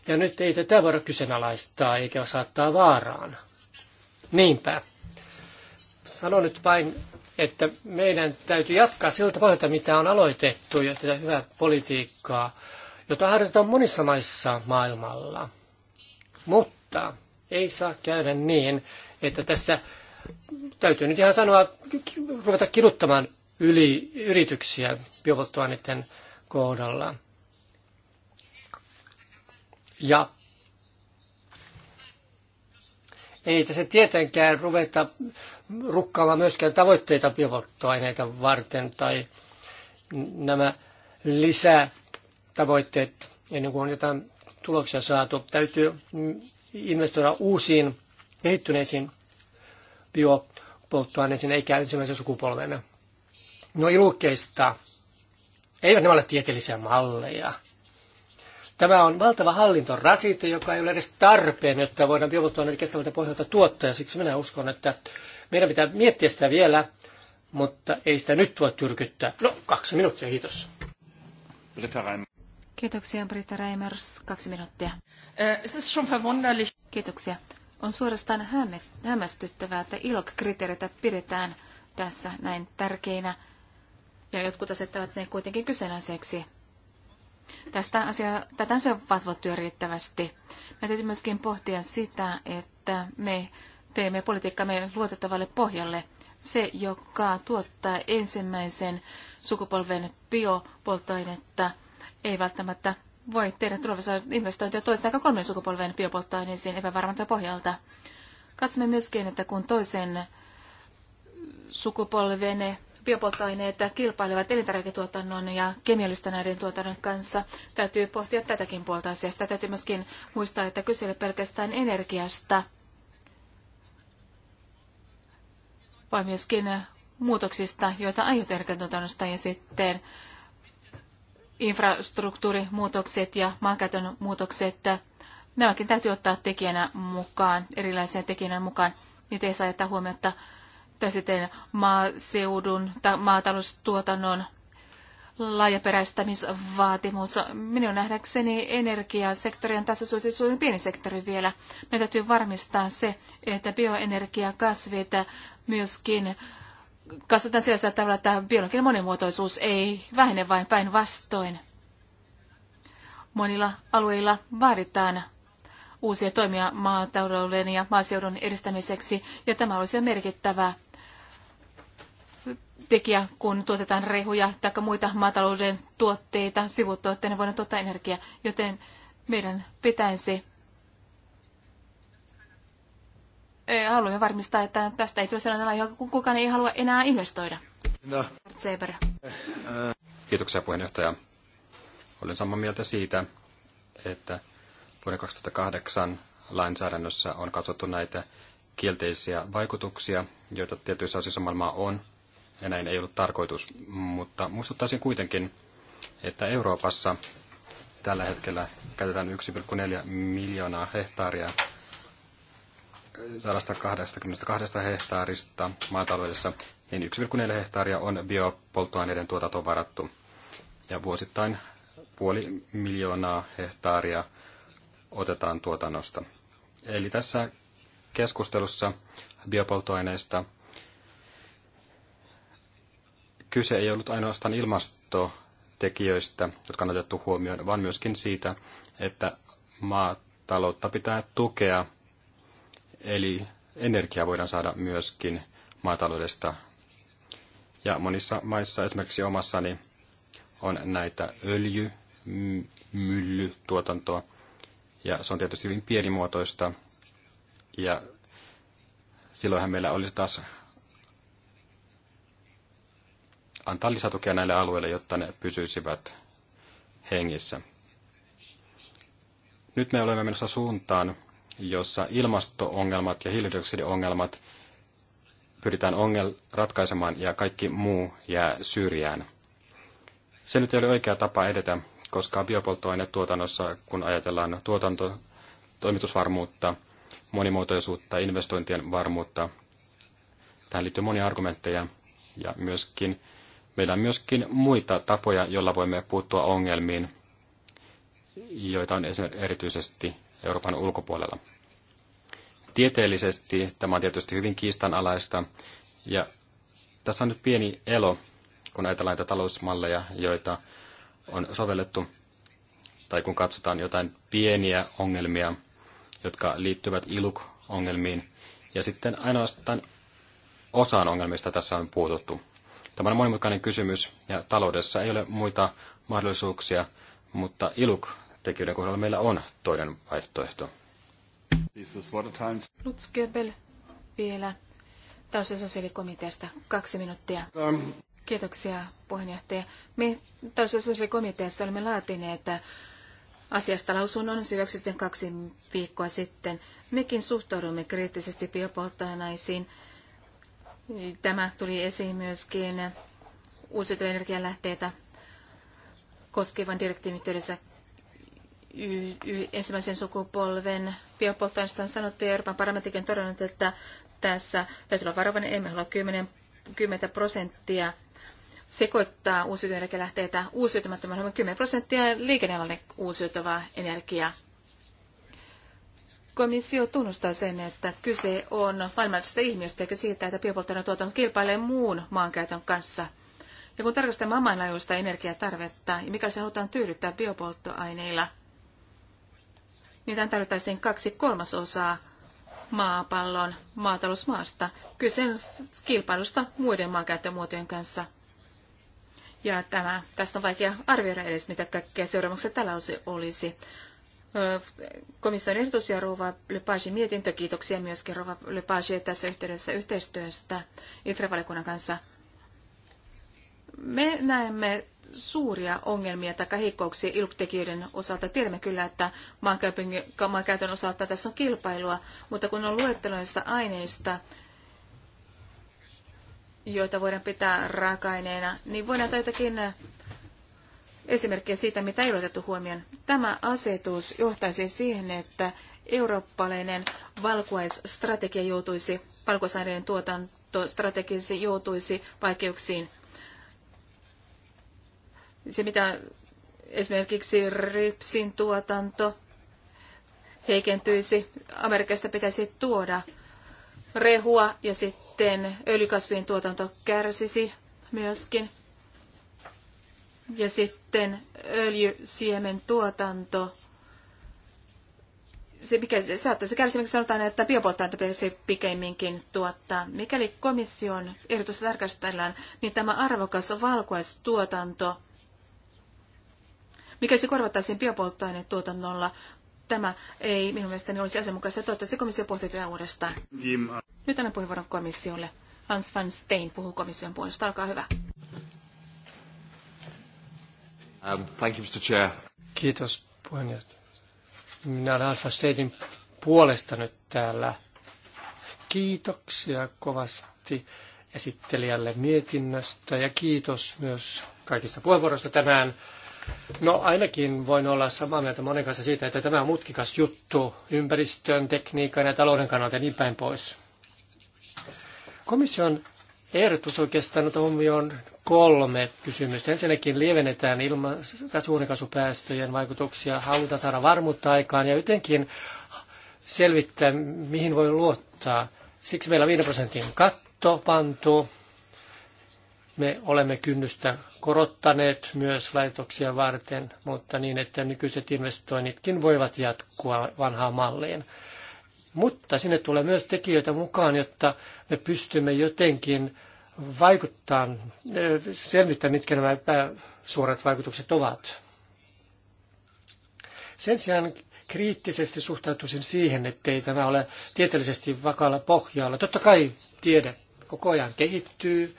ja nyt ei tätä voida kyseenalaistaa eikä saattaa vaaraan. Niinpä. Sanon nyt vain, että meidän täytyy jatkaa siltä pohjalta, mitä on aloitettu, ja tätä hyvää politiikkaa, jota harjoitetaan monissa maissa maailmalla. Mutta ei saa käydä niin, että tässä täytyy nyt ihan sanoa, ruveta kiduttamaan yli yrityksiä biopolttoaineiden kohdalla. Ja ei tässä tietenkään ruveta rukkaamaan myöskään tavoitteita biopolttoaineita varten tai nämä lisätavoitteet ennen kuin on jotain tuloksia saatu. Täytyy investoida uusiin kehittyneisiin biopolttoaineisiin eikä ensimmäisen sukupolven. No ilukeista. Eivät nämä ole tieteellisiä malleja. Tämä on valtava hallintorasite, joka ei ole edes tarpeen, jotta voidaan biopolttoaineita kestävältä pohjalta tuottaa. Ja siksi minä uskon, että meidän pitää miettiä sitä vielä, mutta ei sitä nyt voi tyrkyttää. No, kaksi minuuttia, kiitos. Kiitoksia, Britta Reimers. Kaksi minuuttia. Siis Kiitoksia. On suorastaan hämmästyttävää, että ILOC-kriteereitä pidetään tässä näin tärkeinä, ja jotkut asettavat ne kuitenkin kyseenalaiseksi. Tästä asiaa, tätä se vatvottyö riittävästi. Me täytyy myöskin pohtia sitä, että me teemme meidän luotettavalle pohjalle. Se, joka tuottaa ensimmäisen sukupolven biopolttoainetta – ei välttämättä voi tehdä tulevaisuuden investointia toisen aika kolmen sukupolven biopolttoaineisiin epävarmalta pohjalta. Katsomme myöskin, että kun toisen sukupolven biopolttoaineet kilpailevat elintarviketuotannon ja kemiallisten näiden tuotannon kanssa, täytyy pohtia tätäkin puolta asiasta. Täytyy myöskin muistaa, että kyse ei pelkästään energiasta, vaan myöskin muutoksista, joita aiheutuu energiantuotannosta ja sitten infrastruktuurimuutokset ja maankäytön muutokset, nämäkin täytyy ottaa tekijänä mukaan, erilaisia tekijänä mukaan. Niitä ei saa jättää huomiota tai sitten maaseudun tai maataloustuotannon laajaperäistämisvaatimus. Minun nähdäkseni energiasektori on tässä suhteessa suurin pieni sektori vielä. Meidän täytyy varmistaa se, että bioenergiakasvit myöskin kasvatetaan sillä tavalla, että biologinen monimuotoisuus ei vähene vain päinvastoin. Monilla alueilla vaaditaan uusia toimia maatalouden ja maaseudun edistämiseksi, ja tämä olisi merkittävä tekijä, kun tuotetaan rehuja tai muita maatalouden tuotteita, ne voidaan tuottaa energiaa, joten meidän pitäisi haluamme varmistaa, että tästä ei tule sellainen laiho, kun kukaan ei halua enää investoida. No. Kiitoksia puheenjohtaja. Olen samaa mieltä siitä, että vuoden 2008 lainsäädännössä on katsottu näitä kielteisiä vaikutuksia, joita tietyissä osissa maailmaa on, ja näin ei ollut tarkoitus. Mutta muistuttaisin kuitenkin, että Euroopassa tällä hetkellä käytetään 1,4 miljoonaa hehtaaria 122 hehtaarista maataloudessa, niin 1,4 hehtaaria on biopolttoaineiden tuotantoon varattu. Ja vuosittain puoli miljoonaa hehtaaria otetaan tuotannosta. Eli tässä keskustelussa biopolttoaineista kyse ei ollut ainoastaan ilmastotekijöistä, jotka on otettu huomioon, vaan myöskin siitä, että maataloutta pitää tukea Eli energiaa voidaan saada myöskin maataloudesta. Ja monissa maissa, esimerkiksi omassani, on näitä öljymyllytuotantoa. Ja se on tietysti hyvin pienimuotoista. Ja silloinhan meillä olisi taas antaa lisätukea näille alueille, jotta ne pysyisivät hengissä. Nyt me olemme menossa suuntaan, jossa ilmastoongelmat ja hiilidioksidiongelmat pyritään ongel- ratkaisemaan ja kaikki muu jää syrjään. Se nyt ei ole oikea tapa edetä, koska biopolttoainetuotannossa, kun ajatellaan tuotanto, toimitusvarmuutta, monimuotoisuutta, investointien varmuutta, tähän liittyy monia argumentteja ja myöskin meillä on myöskin muita tapoja, joilla voimme puuttua ongelmiin, joita on erityisesti Euroopan ulkopuolella. Tieteellisesti tämä on tietysti hyvin kiistanalaista, ja tässä on nyt pieni elo, kun ajatellaan näitä talousmalleja, joita on sovellettu, tai kun katsotaan jotain pieniä ongelmia, jotka liittyvät iluk-ongelmiin, ja sitten ainoastaan osaan ongelmista tässä on puututtu. Tämä on monimutkainen kysymys, ja taloudessa ei ole muita mahdollisuuksia, mutta iluk tekijöiden kohdalla meillä on toinen vaihtoehto. Lutz Göbel vielä taustan sosiaalikomiteasta kaksi minuuttia. Um. Kiitoksia puheenjohtaja. Me taustan sosiaalikomiteassa olemme laatineet asiasta lausunnon, se kaksi viikkoa sitten. Mekin suhtaudumme kriittisesti biopolttoaineisiin. Tämä tuli esiin myöskin uusiutuvia energialähteitä koskevan direktiivin yhteydessä y- y- ensimmäisen sukupolven biopolttoaineista on sanottu, ja Euroopan parlamenttikin todennut, että tässä täytyy olla varovainen, emme halua 10, 10 prosenttia sekoittaa uusiutuvia energialähteitä vaan 10 prosenttia liikennealalle uusiutuvaa energiaa. Komissio tunnustaa sen, että kyse on maailmallisesta ilmiöstä eikä siitä, että biopolttoaineen tuotanto kilpailee muun maankäytön kanssa. Ja kun tarkastamme maailmanlaajuista energiatarvetta ja niin mikä se halutaan tyydyttää biopolttoaineilla – Niitä tarvittaisiin kaksi kolmasosaa maapallon maatalousmaasta. Kyse kilpailusta muiden maankäyttömuotojen kanssa. Ja tämä, tästä on vaikea arvioida edes, mitä kaikkea seuraamuksia tällä olisi. Komission ehdotus ja Rouva Lepage mietintö. Kiitoksia myöskin Rouva Lepage tässä yhteydessä yhteistyöstä itre kanssa. Me näemme suuria ongelmia tai heikkouksia iluktekijöiden osalta. Tiedämme kyllä, että maankäytön osalta tässä on kilpailua, mutta kun on luettelo näistä aineista, joita voidaan pitää raaka-aineena, niin voidaan ottaa jotakin esimerkkejä siitä, mitä ei ole otettu huomioon. Tämä asetus johtaisi siihen, että eurooppalainen valkuaisstrategia joutuisi, valkuaisaineen tuotantostrategiasi joutuisi vaikeuksiin se, mitä esimerkiksi rypsin tuotanto heikentyisi, Amerikasta pitäisi tuoda rehua ja sitten öljykasvien tuotanto kärsisi myöskin. Ja sitten öljysiemen tuotanto se, mikä se saattaisi mikä sanotaan, että biopolttoainetta pitäisi pikemminkin tuottaa. Mikäli komission ehdotus tarkastellaan, niin tämä arvokas valkuaistuotanto mikä se korvattaisiin biopolttoaineen tuotannolla, tämä ei minun mielestäni olisi asianmukaista. Toivottavasti komissio pohtii tätä uudestaan. Nyt annan puheenvuoron komissiolle. Hans van Stein puhuu komission puolesta. Olkaa hyvä. Um, thank you, Mr. Chair. Kiitos puheenjohtaja. Minä olen Alfa Steinin puolesta nyt täällä. Kiitoksia kovasti esittelijälle mietinnöstä ja kiitos myös kaikista puheenvuoroista tänään. No ainakin voin olla samaa mieltä monen kanssa siitä, että tämä on mutkikas juttu ympäristön, tekniikan ja talouden kannalta ja niin päin pois. Komission ehdotus oikeastaan on huomioon kolme kysymystä. Ensinnäkin lievennetään ilman vaikutuksia, halutaan saada varmuutta aikaan ja jotenkin selvittää, mihin voi luottaa. Siksi meillä on 5 prosentin katto pantu me olemme kynnystä korottaneet myös laitoksia varten, mutta niin, että nykyiset investoinnitkin voivat jatkua vanhaan malliin. Mutta sinne tulee myös tekijöitä mukaan, jotta me pystymme jotenkin vaikuttaa, eh, selvittää, mitkä nämä suorat vaikutukset ovat. Sen sijaan kriittisesti suhtautuisin siihen, ettei tämä ole tieteellisesti vakaalla pohjalla. Totta kai tiede koko ajan kehittyy,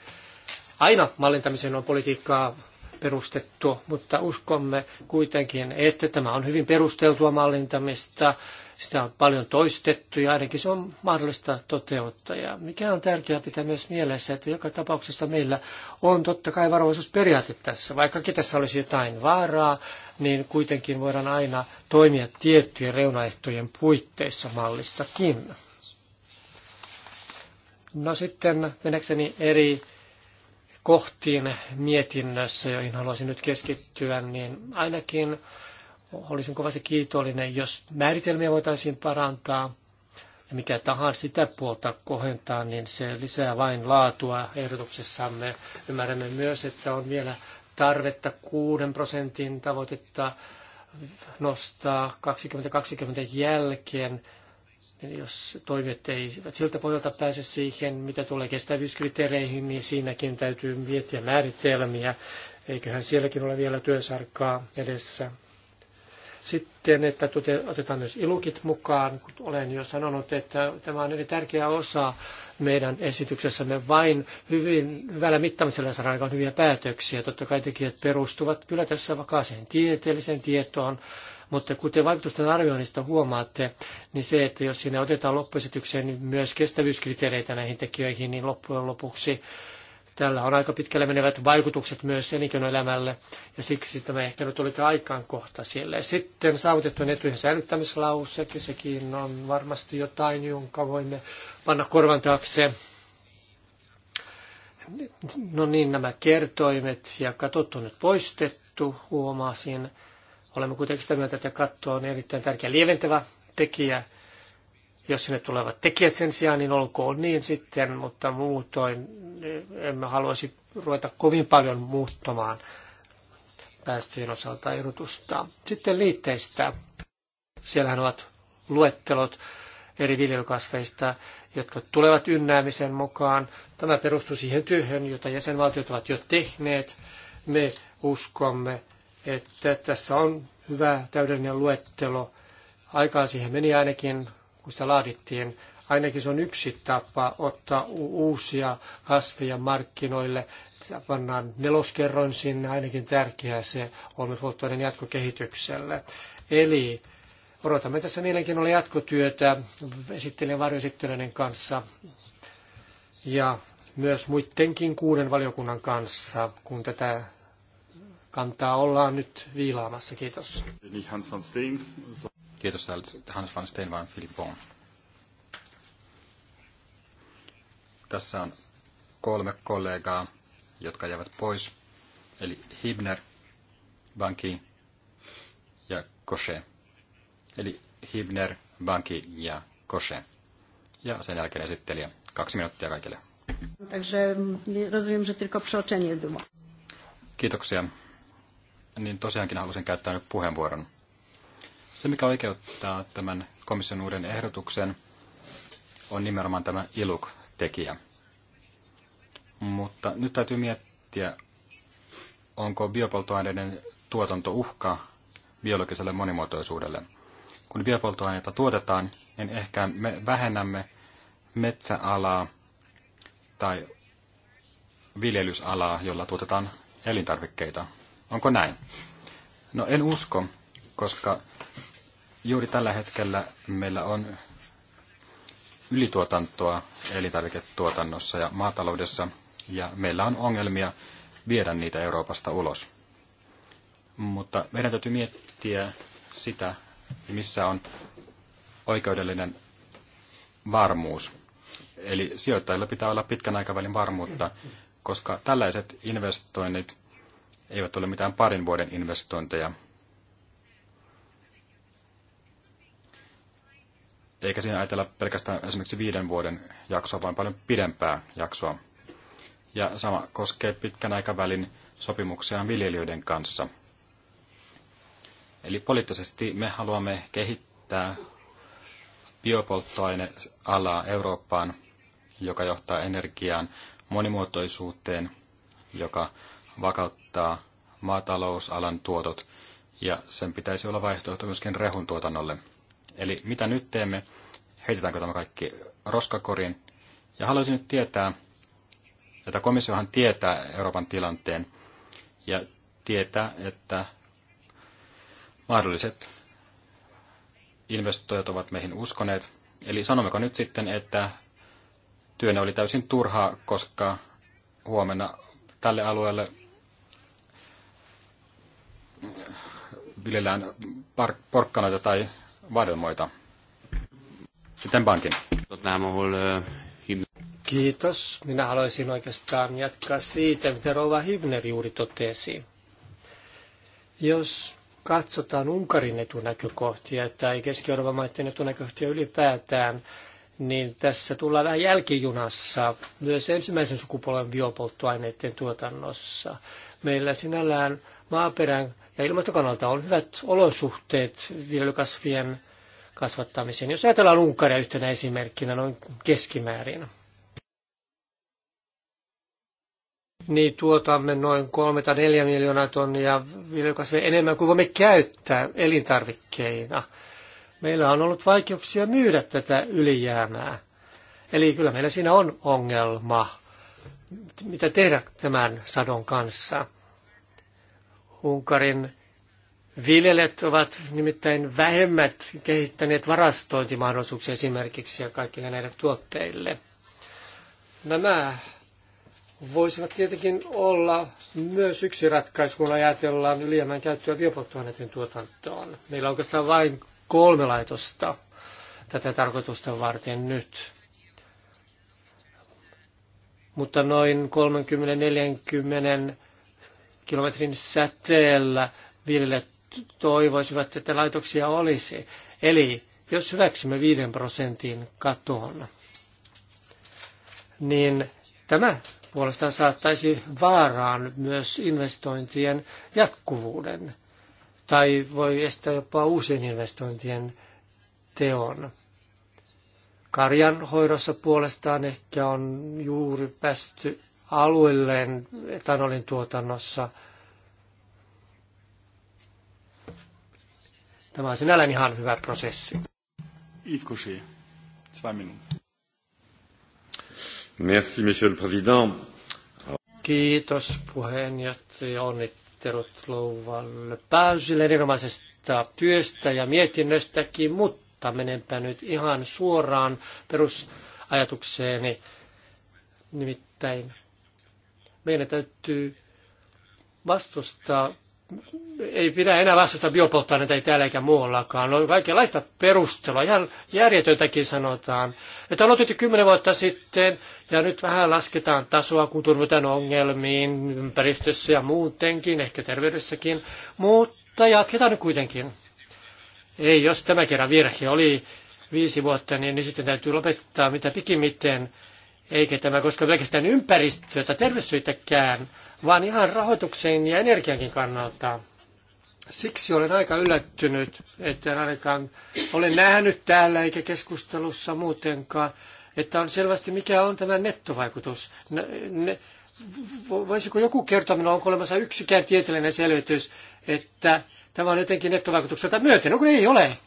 Aina mallintamiseen on politiikkaa perustettu, mutta uskomme kuitenkin, että tämä on hyvin perusteltua mallintamista. Sitä on paljon toistettu ja ainakin se on mahdollista toteuttaa. Ja mikä on tärkeää pitää myös mielessä, että joka tapauksessa meillä on totta kai varovaisuusperiaate tässä. Vaikkakin tässä olisi jotain vaaraa, niin kuitenkin voidaan aina toimia tiettyjen reunaehtojen puitteissa mallissakin. No sitten menekseni eri kohtiin mietinnössä, joihin haluaisin nyt keskittyä, niin ainakin olisin kovasti kiitollinen, jos määritelmiä voitaisiin parantaa ja mikä tahansa sitä puolta kohentaa, niin se lisää vain laatua ehdotuksessamme. Ymmärrämme myös, että on vielä tarvetta 6 prosentin tavoitetta nostaa 2020 jälkeen jos toimet eivät siltä pohjalta pääse siihen, mitä tulee kestävyyskriteereihin, niin siinäkin täytyy miettiä määritelmiä. Eiköhän sielläkin ole vielä työsarkaa edessä. Sitten, että otetaan myös ilukit mukaan, kun olen jo sanonut, että tämä on erittäin tärkeä osa meidän esityksessämme vain hyvin hyvällä mittaamisella saadaan aikaan hyviä päätöksiä. Totta kai tekijät perustuvat kyllä tässä vakaaseen tieteelliseen tietoon, mutta kuten vaikutusten arvioinnista huomaatte, niin se, että jos siinä otetaan loppuesitykseen myös kestävyyskriteereitä näihin tekijöihin, niin loppujen lopuksi tällä on aika pitkälle menevät vaikutukset myös elinkeinoelämälle, ja siksi tämä ehkä nyt olikin aikaan kohta siellä. Sitten saavutettujen etujen säilyttämislauseke, sekin on varmasti jotain, jonka voimme panna korvan taakse. No niin, nämä kertoimet ja katot on nyt poistettu, huomasin. Olemme kuitenkin sitä mieltä, että katto on erittäin tärkeä lieventävä tekijä. Jos sinne tulevat tekijät sen sijaan, niin olkoon niin sitten, mutta muutoin eh, emme haluaisi ruveta kovin paljon muuttamaan päästöjen osalta erotusta. Sitten liitteistä. Siellähän ovat luettelot eri viljelykasveista, jotka tulevat ynnäämisen mukaan. Tämä perustuu siihen työhön, jota jäsenvaltiot ovat jo tehneet. Me uskomme, että tässä on hyvä täydellinen luettelo. Aikaa siihen meni ainakin, kun sitä laadittiin. Ainakin se on yksi tapa ottaa uusia kasveja markkinoille. Pannaan neloskerron sinne, ainakin tärkeää se on myös polttoaineen jatkokehitykselle. Eli odotamme tässä mielenkiinnolla jatkotyötä esittelijän varjoesittelijöiden kanssa ja myös muidenkin kuuden valiokunnan kanssa, kun tätä kantaa ollaan nyt viilaamassa. Kiitos. Hans van Steen. Kiitos Hans van Steen, vaan Filippon. Tässä on kolme kollegaa, jotka jäävät pois. Eli Hibner, Banki ja Koshe. Eli Hibner, Banki ja Koshe. Ja sen jälkeen esittelijä. Kaksi minuuttia kaikille. Także mm, rozumiem, że tylko przeoczenie było. Kiitoksia niin tosiaankin halusin käyttää nyt puheenvuoron. Se, mikä oikeuttaa tämän komission uuden ehdotuksen, on nimenomaan tämä ILUK-tekijä. Mutta nyt täytyy miettiä, onko biopolttoaineiden tuotanto uhka biologiselle monimuotoisuudelle. Kun biopolttoaineita tuotetaan, niin ehkä me vähennämme metsäalaa tai viljelysalaa, jolla tuotetaan elintarvikkeita Onko näin? No en usko, koska juuri tällä hetkellä meillä on ylituotantoa elintarviketuotannossa ja maataloudessa, ja meillä on ongelmia viedä niitä Euroopasta ulos. Mutta meidän täytyy miettiä sitä, missä on oikeudellinen varmuus. Eli sijoittajilla pitää olla pitkän aikavälin varmuutta, koska tällaiset investoinnit eivät ole mitään parin vuoden investointeja. Eikä siinä ajatella pelkästään esimerkiksi viiden vuoden jaksoa, vaan paljon pidempää jaksoa. Ja sama koskee pitkän aikavälin sopimuksia viljelijöiden kanssa. Eli poliittisesti me haluamme kehittää biopolttoainealaa Eurooppaan, joka johtaa energiaan, monimuotoisuuteen, joka vakauttaa maatalousalan tuotot, ja sen pitäisi olla vaihtoehto myöskin rehun tuotannolle. Eli mitä nyt teemme? Heitetäänkö tämä kaikki roskakoriin? Ja haluaisin nyt tietää, että komissiohan tietää Euroopan tilanteen ja tietää, että mahdolliset investoijat ovat meihin uskoneet. Eli sanommeko nyt sitten, että työnne oli täysin turhaa, koska huomenna tälle alueelle viljellään porkkanoita tai vadelmoita. Sitten pankin. Kiitos. Minä haluaisin oikeastaan jatkaa siitä, mitä Rova Hibner juuri totesi. Jos katsotaan Unkarin etunäkökohtia tai Keski-Euroopan maiden etunäkökohtia ylipäätään, niin tässä tullaan vähän jälkijunassa myös ensimmäisen sukupolven biopolttoaineiden tuotannossa. Meillä sinällään maaperän ja ilmastokannalta on hyvät olosuhteet viljelykasvien kasvattamiseen. Jos ajatellaan Unkaria yhtenä esimerkkinä noin keskimäärin, niin tuotamme noin 3 tai 4 miljoonaa tonnia viljelykasveja enemmän kuin voimme käyttää elintarvikkeina. Meillä on ollut vaikeuksia myydä tätä ylijäämää. Eli kyllä meillä siinä on ongelma, mitä tehdä tämän sadon kanssa. Unkarin viljelijät ovat nimittäin vähemmät kehittäneet varastointimahdollisuuksia esimerkiksi ja kaikille näille tuotteille. Nämä voisivat tietenkin olla myös yksi ratkaisu, kun ajatellaan ylijäämän käyttöä biopolttoaineiden tuotantoon. Meillä on oikeastaan vain kolme laitosta tätä tarkoitusta varten nyt. Mutta noin 30-40 kilometrin säteellä viljelijät toivoisivat, että laitoksia olisi. Eli jos hyväksymme 5 prosentin katon, niin tämä puolestaan saattaisi vaaraan myös investointien jatkuvuuden tai voi estää jopa uusien investointien teon. Karjan hoidossa puolestaan ehkä on juuri päästy alueelleen etanolin tuotannossa. Tämä on sinällään ihan hyvä prosessi. Yves zwei minuuttia. Merci, monsieur le président. Kiitos puheenjohtaja. Onnittelut Louvalle pääsille erinomaisesta työstä ja mietinnöstäkin, mutta menenpä nyt ihan suoraan perusajatukseeni, nimittäin meidän täytyy vastustaa, ei pidä enää vastustaa biopolttoaineita ei täällä eikä muuallakaan. On kaikenlaista perustelua, ihan järjetöntäkin sanotaan. Että on otettu kymmenen vuotta sitten ja nyt vähän lasketaan tasoa, kun turvataan ongelmiin ympäristössä ja muutenkin, ehkä terveydessäkin, mutta jatketaan nyt kuitenkin. Ei, jos tämä kerran virhe oli viisi vuotta, niin, niin sitten täytyy lopettaa mitä pikimiten eikä tämä koska pelkästään ympäristöä terveyssyitäkään, vaan ihan rahoituksen ja energiankin kannalta. Siksi olen aika yllättynyt, että en ainakaan ole nähnyt täällä eikä keskustelussa muutenkaan, että on selvästi mikä on tämä nettovaikutus. Ne, voisiko joku kertoa minulle, onko olemassa yksikään tieteellinen selvitys, että tämä on jotenkin nettovaikutukselta myöten, no kun ei ole.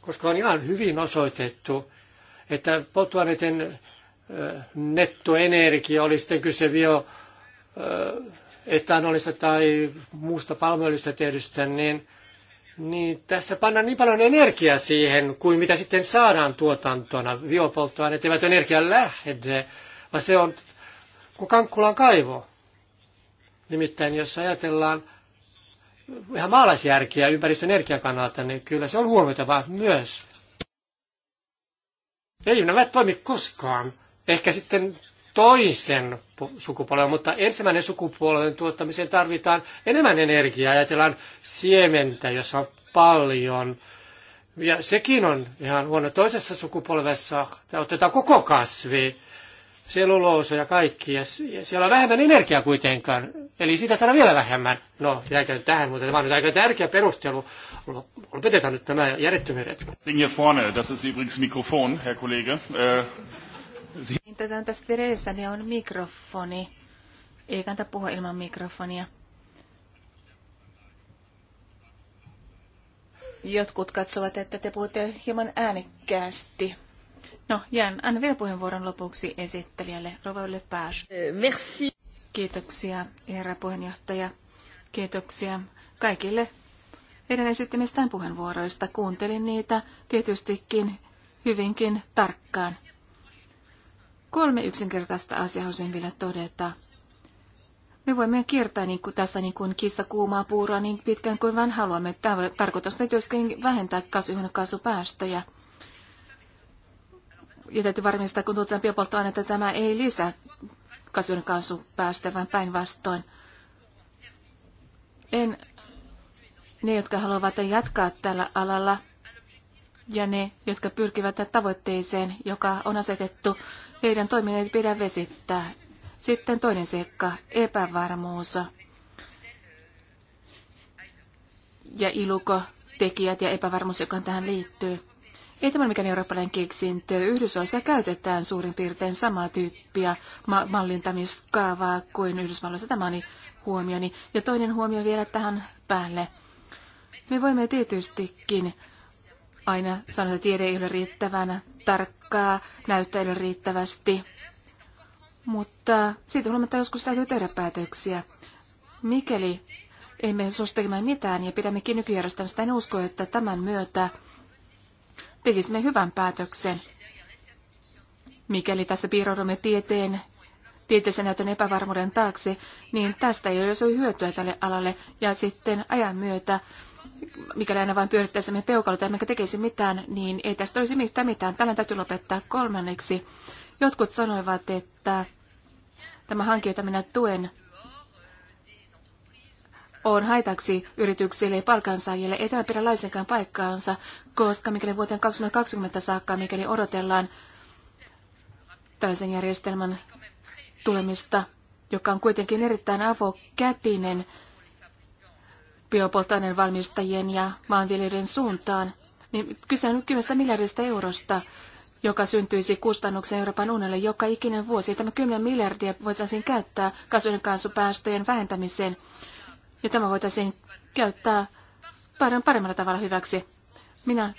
Koska on ihan hyvin osoitettu, että polttoaineiden nettoenergia, oli sitten kyse bio etanolista tai muusta palmuöljystä tehdystä, niin, niin tässä pannaan niin paljon energiaa siihen, kuin mitä sitten saadaan tuotantona. Biopolttoaineet eivät energian lähde, vaan se on kuin Kankkulan kaivo. Nimittäin jos ajatellaan ihan maalaisjärkiä ympäristön energiakannalta, niin kyllä se on huomioitava myös. Ei nämä toimi koskaan. Ehkä sitten toisen sukupolven, mutta ensimmäinen sukupolven tuottamiseen tarvitaan enemmän energiaa. Ajatellaan siementä, jossa on paljon. Ja sekin on ihan huono. Toisessa sukupolvessa otetaan koko kasvi seluloosa ja kaikki. Ja siellä on vähemmän energiaa kuitenkaan, eli siitä saadaan vielä vähemmän. No, jääkö tähän, mutta tämä on nyt aika tärkeä perustelu. Lopetetaan nyt nämä järjettömyydet. Ding hier vorne, das ist übrigens Mikrofon, Herr Kollege. Äh, niin, Tätä on on mikrofoni. Ei kannata puhua ilman mikrofonia. Jotkut katsovat, että te puhutte hieman äänekkäästi. No, jään. Anna vielä puheenvuoron lopuksi esittelijälle Rova Lepage. Eh, merci. Kiitoksia, herra puheenjohtaja. Kiitoksia kaikille heidän esittämistään puheenvuoroista. Kuuntelin niitä tietystikin hyvinkin tarkkaan. Kolme yksinkertaista asiaa haluaisin vielä todeta. Me voimme kiertää niin kuin tässä niin kuin kissa kuumaa puuroa niin pitkään kuin vain haluamme. Tämä tarkoitus tietysti vähentää kasvihuonekaasupäästöjä ja täytyy varmistaa, kun tuotetaan biopolttoainetta, tämä ei lisää kasvihuonekaasupäästöjä, vaan päinvastoin. En ne, jotka haluavat jatkaa tällä alalla, ja ne, jotka pyrkivät tavoitteeseen, joka on asetettu, heidän toiminnan ei pidä vesittää. Sitten toinen seikka, epävarmuus. Ja ilukotekijät tekijät ja epävarmuus, joka tähän liittyy. Ei tämä mikään eurooppalainen keksintö. Yhdysvalloissa käytetään suurin piirtein samaa tyyppiä ma- mallintamiskaavaa kuin Yhdysvalloissa. Tämä on niin huomioni. Ja toinen huomio vielä tähän päälle. Me voimme tietystikin aina sanoa, että tiede ei ole riittävän tarkkaa, näyttää ei ole riittävästi. Mutta siitä huolimatta joskus täytyy tehdä päätöksiä. Mikäli emme suostu tekemään mitään ja pidämme nykyjärjestelmästä, en usko, että tämän myötä tekisimme hyvän päätöksen, mikäli tässä piiroudumme tieteen tieteessä näytön epävarmuuden taakse, niin tästä ei olisi hyötyä tälle alalle. Ja sitten ajan myötä, mikäli aina vain pyörittäisimme peukaluta, emmekä tekisi mitään, niin ei tästä olisi mitään mitään. Tällä täytyy lopettaa kolmanneksi. Jotkut sanoivat, että tämä hanke, minä tuen, on haitaksi yrityksille ja palkansaajille, ei tämä pidä laisenkaan paikkaansa, koska mikäli vuoteen 2020 saakka, mikäli odotellaan tällaisen järjestelmän tulemista, joka on kuitenkin erittäin avokätinen biopolttoaineen valmistajien ja maanviljelijöiden suuntaan, niin kyse on 10 miljardista eurosta, joka syntyisi kustannuksen Euroopan unionille joka ikinen vuosi. Tämä 10 miljardia voitaisiin käyttää kasvihuonekaasupäästöjen vähentämiseen ja tämä voitaisiin käyttää paremmalla tavalla hyväksi. Minä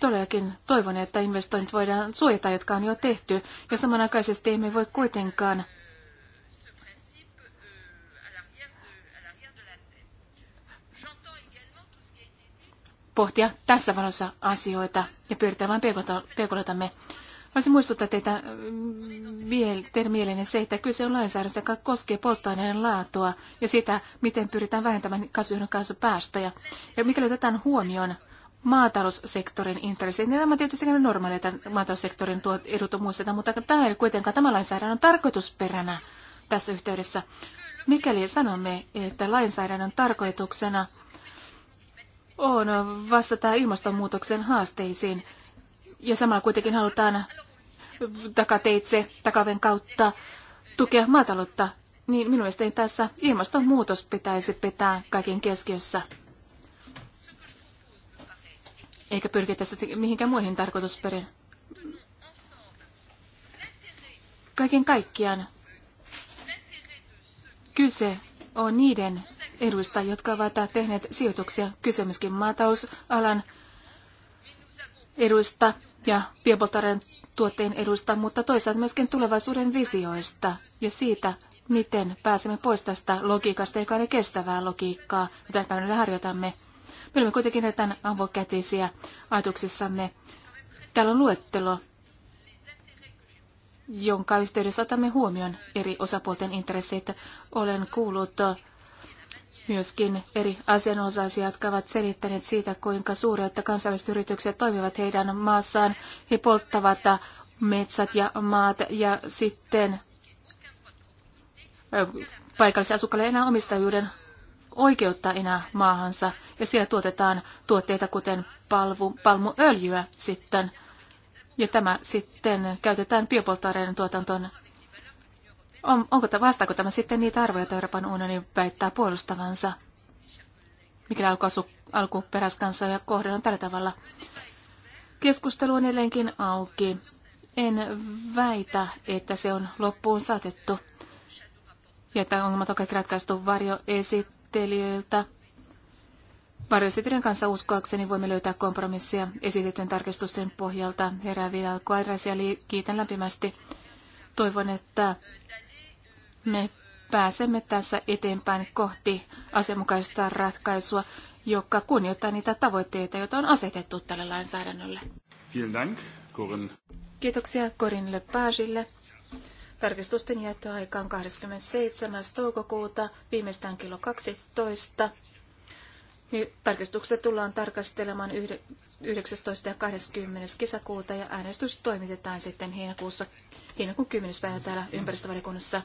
todellakin toivon, että investoinnit voidaan suojata, jotka on jo tehty, ja samanaikaisesti emme voi kuitenkaan pohtia tässä valossa asioita ja pyörittää vain peukalotamme. Pelkota, Haluaisin muistuttaa teitä äh, teidän mielenne se, että kyse on lainsäädäntö, joka koskee polttoaineiden laatua ja sitä, miten pyritään vähentämään kasvihuonekaasupäästöjä. Ja mikäli otetaan huomioon maataloussektorin intressit, niin nämä on tietysti on että maataloussektorin tuot edut muisteta, mutta tämä ei kuitenkaan tämä lainsäädännön tarkoitusperänä tässä yhteydessä. Mikäli sanomme, että lainsäädännön tarkoituksena on vastata ilmastonmuutoksen haasteisiin, ja samalla kuitenkin halutaan takateitse, takaven kautta tukea maataloutta, niin minun mielestäni tässä ilmastonmuutos pitäisi pitää kaiken keskiössä. Eikä pyrkiä tässä mihinkään muihin tarkoitusperiin. Kaiken kaikkiaan kyse on niiden eduista, jotka ovat tehneet sijoituksia. Kyse myöskin maatalousalan eduista ja biopolttoaineiden tuotteen edusta, mutta toisaalta myöskin tulevaisuuden visioista ja siitä, miten pääsemme pois tästä logiikasta, joka oli kestävää logiikkaa, mitä päivänä harjoitamme. Me olemme kuitenkin tämän avokätisiä ajatuksissamme. Täällä on luettelo, jonka yhteydessä otamme huomioon eri osapuolten intressit. Olen kuullut Myöskin eri asianosaisia, jotka ovat selittäneet siitä, kuinka suuret kansainväliset yritykset toimivat heidän maassaan. He polttavat metsät ja maat ja sitten paikallisia asukkaille enää omistajuuden oikeutta enää maahansa ja siellä tuotetaan tuotteita kuten palvu, palmuöljyä sitten ja tämä sitten käytetään biopolttoaineiden tuotantoon on, onko tämä, vastaako tämä sitten niitä arvoja, joita Euroopan unioni väittää puolustavansa? Mikä alkuasu, alkuperäiskansa ja kohdella tällä tavalla? Keskustelu on edelleenkin auki. En väitä, että se on loppuun saatettu ja että ongelmat on kaikki ratkaistu varjoesittelijöiltä. Varjoesittelijän kanssa uskoakseni voimme löytää kompromissia esitettyjen tarkistusten pohjalta. Herää vielä Quadrasia kiitän lämpimästi. Toivon, että me pääsemme tässä eteenpäin kohti asianmukaista ratkaisua, joka kunnioittaa niitä tavoitteita, joita on asetettu tälle lainsäädännölle. Dank, Corin. Kiitoksia Korin Lepagille. Tarkistusten jättöaika on 27. toukokuuta viimeistään kello 12. Niin tarkistukset tullaan tarkastelemaan 19. ja 20. kesäkuuta ja äänestys toimitetaan sitten heinäkuussa, heinäkuun 10. päivä täällä ympäristövaliokunnassa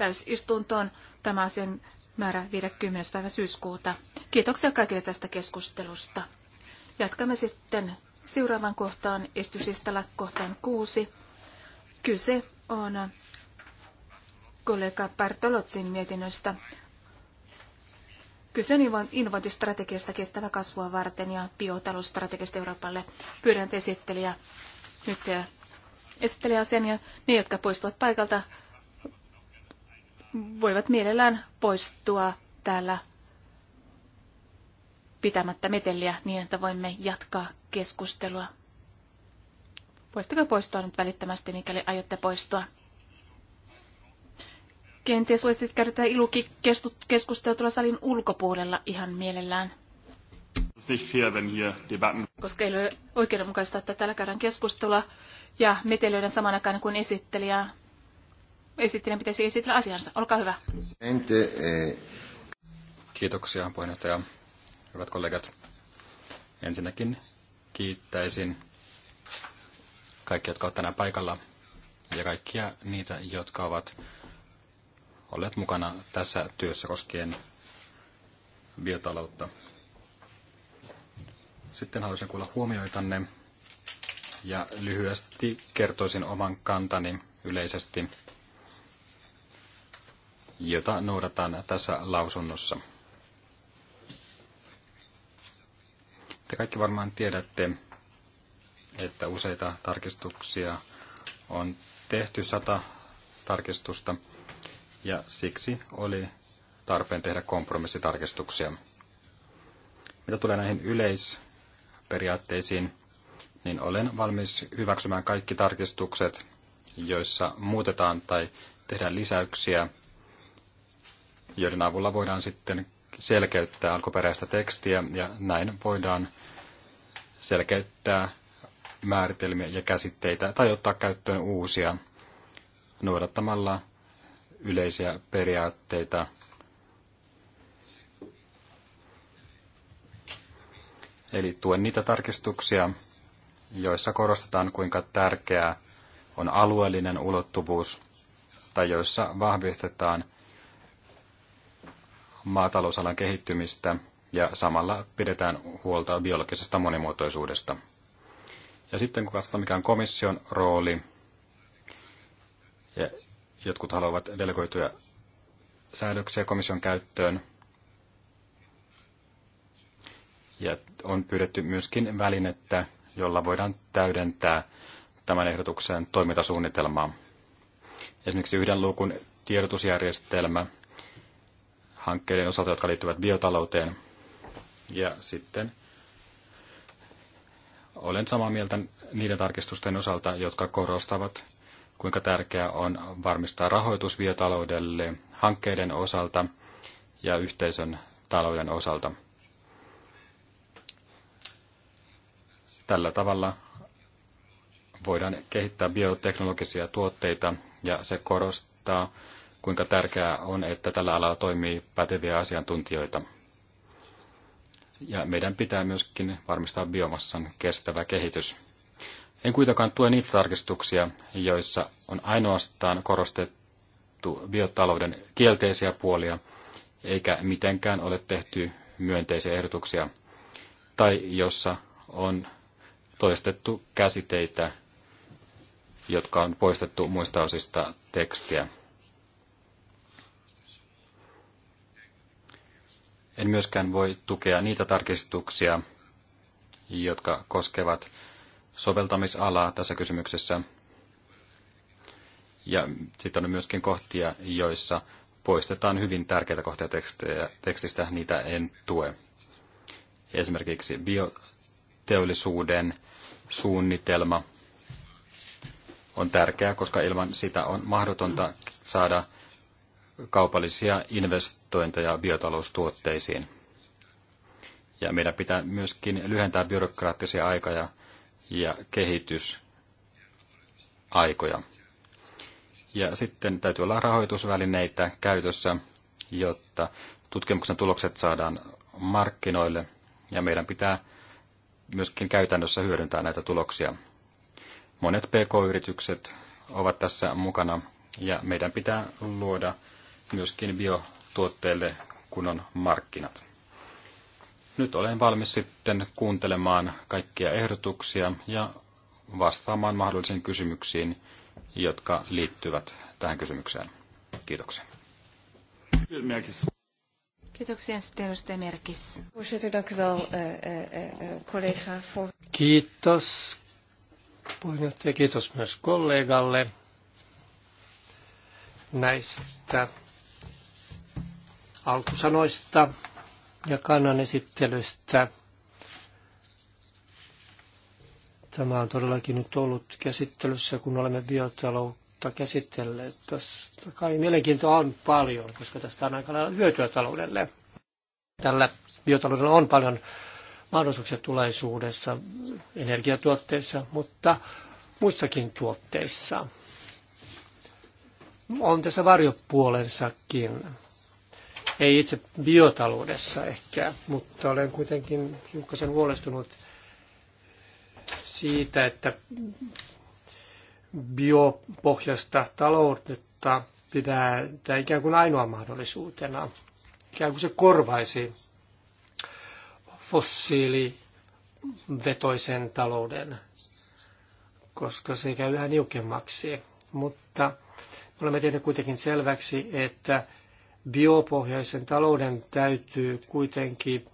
täysistuntoon tämä asian määrä 50. päivä syyskuuta. Kiitoksia kaikille tästä keskustelusta. Jatkamme sitten seuraavan kohtaan estysistalla kohtaan kuusi. Kyse on kollega Bartolotsin mietinnöstä. Kyse on innovointistrategiasta kestävä kasvua varten ja biotalousstrategiasta Euroopalle. Pyydän esittelijä nyt esittelijä asian ja ne, jotka poistuvat paikalta, voivat mielellään poistua täällä pitämättä meteliä niin, että voimme jatkaa keskustelua. Voisitteko poistua nyt välittömästi, mikäli aiotte poistua? Kenties voisit käydä tätä iluki keskustelua salin ulkopuolella ihan mielellään. Koska ei ole oikeudenmukaista, että täällä käydään keskustelua ja metelöiden samanaikainen kuin esittelijää esittelijän pitäisi esitellä asiansa. Olkaa hyvä. Eh, Kiitoksia puheenjohtaja. Hyvät kollegat, ensinnäkin kiittäisin kaikkia, jotka ovat tänään paikalla ja kaikkia niitä, jotka ovat olleet mukana tässä työssä koskien biotaloutta. Sitten haluaisin kuulla huomioitanne ja lyhyesti kertoisin oman kantani yleisesti jota noudataan tässä lausunnossa. Te kaikki varmaan tiedätte, että useita tarkistuksia on tehty sata tarkistusta, ja siksi oli tarpeen tehdä kompromissitarkistuksia. Mitä tulee näihin yleisperiaatteisiin, niin olen valmis hyväksymään kaikki tarkistukset, joissa muutetaan tai tehdään lisäyksiä joiden avulla voidaan sitten selkeyttää alkuperäistä tekstiä ja näin voidaan selkeyttää määritelmiä ja käsitteitä tai ottaa käyttöön uusia noudattamalla yleisiä periaatteita. Eli tuen niitä tarkistuksia, joissa korostetaan kuinka tärkeää on alueellinen ulottuvuus tai joissa vahvistetaan – maatalousalan kehittymistä ja samalla pidetään huolta biologisesta monimuotoisuudesta. Ja sitten kun katsotaan, mikä on komission rooli, ja jotkut haluavat delegoituja säädöksiä komission käyttöön, ja on pyydetty myöskin välinettä, jolla voidaan täydentää tämän ehdotuksen toimintasuunnitelmaa. Esimerkiksi yhden luukun tiedotusjärjestelmä – hankkeiden osalta, jotka liittyvät biotalouteen. Ja sitten olen samaa mieltä niiden tarkistusten osalta, jotka korostavat, kuinka tärkeää on varmistaa rahoitus biotaloudelle hankkeiden osalta ja yhteisön talouden osalta. Tällä tavalla voidaan kehittää bioteknologisia tuotteita ja se korostaa kuinka tärkeää on, että tällä alalla toimii päteviä asiantuntijoita. Ja meidän pitää myöskin varmistaa biomassan kestävä kehitys. En kuitenkaan tue niitä tarkistuksia, joissa on ainoastaan korostettu biotalouden kielteisiä puolia, eikä mitenkään ole tehty myönteisiä ehdotuksia, tai jossa on toistettu käsiteitä, jotka on poistettu muista osista tekstiä. En myöskään voi tukea niitä tarkistuksia, jotka koskevat soveltamisalaa tässä kysymyksessä. Ja sitten on myöskin kohtia, joissa poistetaan hyvin tärkeitä kohtia tekstistä, niitä en tue. Esimerkiksi bioteollisuuden suunnitelma on tärkeä, koska ilman sitä on mahdotonta saada – kaupallisia investointeja biotaloustuotteisiin. Ja meidän pitää myöskin lyhentää byrokraattisia aikoja ja kehitysaikoja. Ja sitten täytyy olla rahoitusvälineitä käytössä, jotta tutkimuksen tulokset saadaan markkinoille. Ja meidän pitää myöskin käytännössä hyödyntää näitä tuloksia. Monet PK-yritykset ovat tässä mukana ja meidän pitää luoda myöskin biotuotteille kunnon markkinat. Nyt olen valmis sitten kuuntelemaan kaikkia ehdotuksia ja vastaamaan mahdollisiin kysymyksiin, jotka liittyvät tähän kysymykseen. Kiitoksia. Kiitoksia sitten edustaja Merkis. Kiitos puheenjohtaja, kiitos myös kollegalle näistä alkusanoista ja kannan esittelystä. Tämä on todellakin nyt ollut käsittelyssä, kun olemme biotaloutta käsitelleet. Tästä kai mielenkiintoa on paljon, koska tästä on aika lailla hyötyä taloudelle. Tällä biotaloudella on paljon mahdollisuuksia tulevaisuudessa energiatuotteissa, mutta muissakin tuotteissa. On tässä varjopuolensakin ei itse biotaloudessa ehkä, mutta olen kuitenkin hiukkasen huolestunut siitä, että biopohjasta taloutta pitää ikään kuin ainoa mahdollisuutena. Ikään kuin se korvaisi fossiilivetoisen talouden, koska se käy yhä niukemmaksi. Mutta olemme tehneet kuitenkin selväksi, että Biopohjaisen talouden täytyy kuitenkin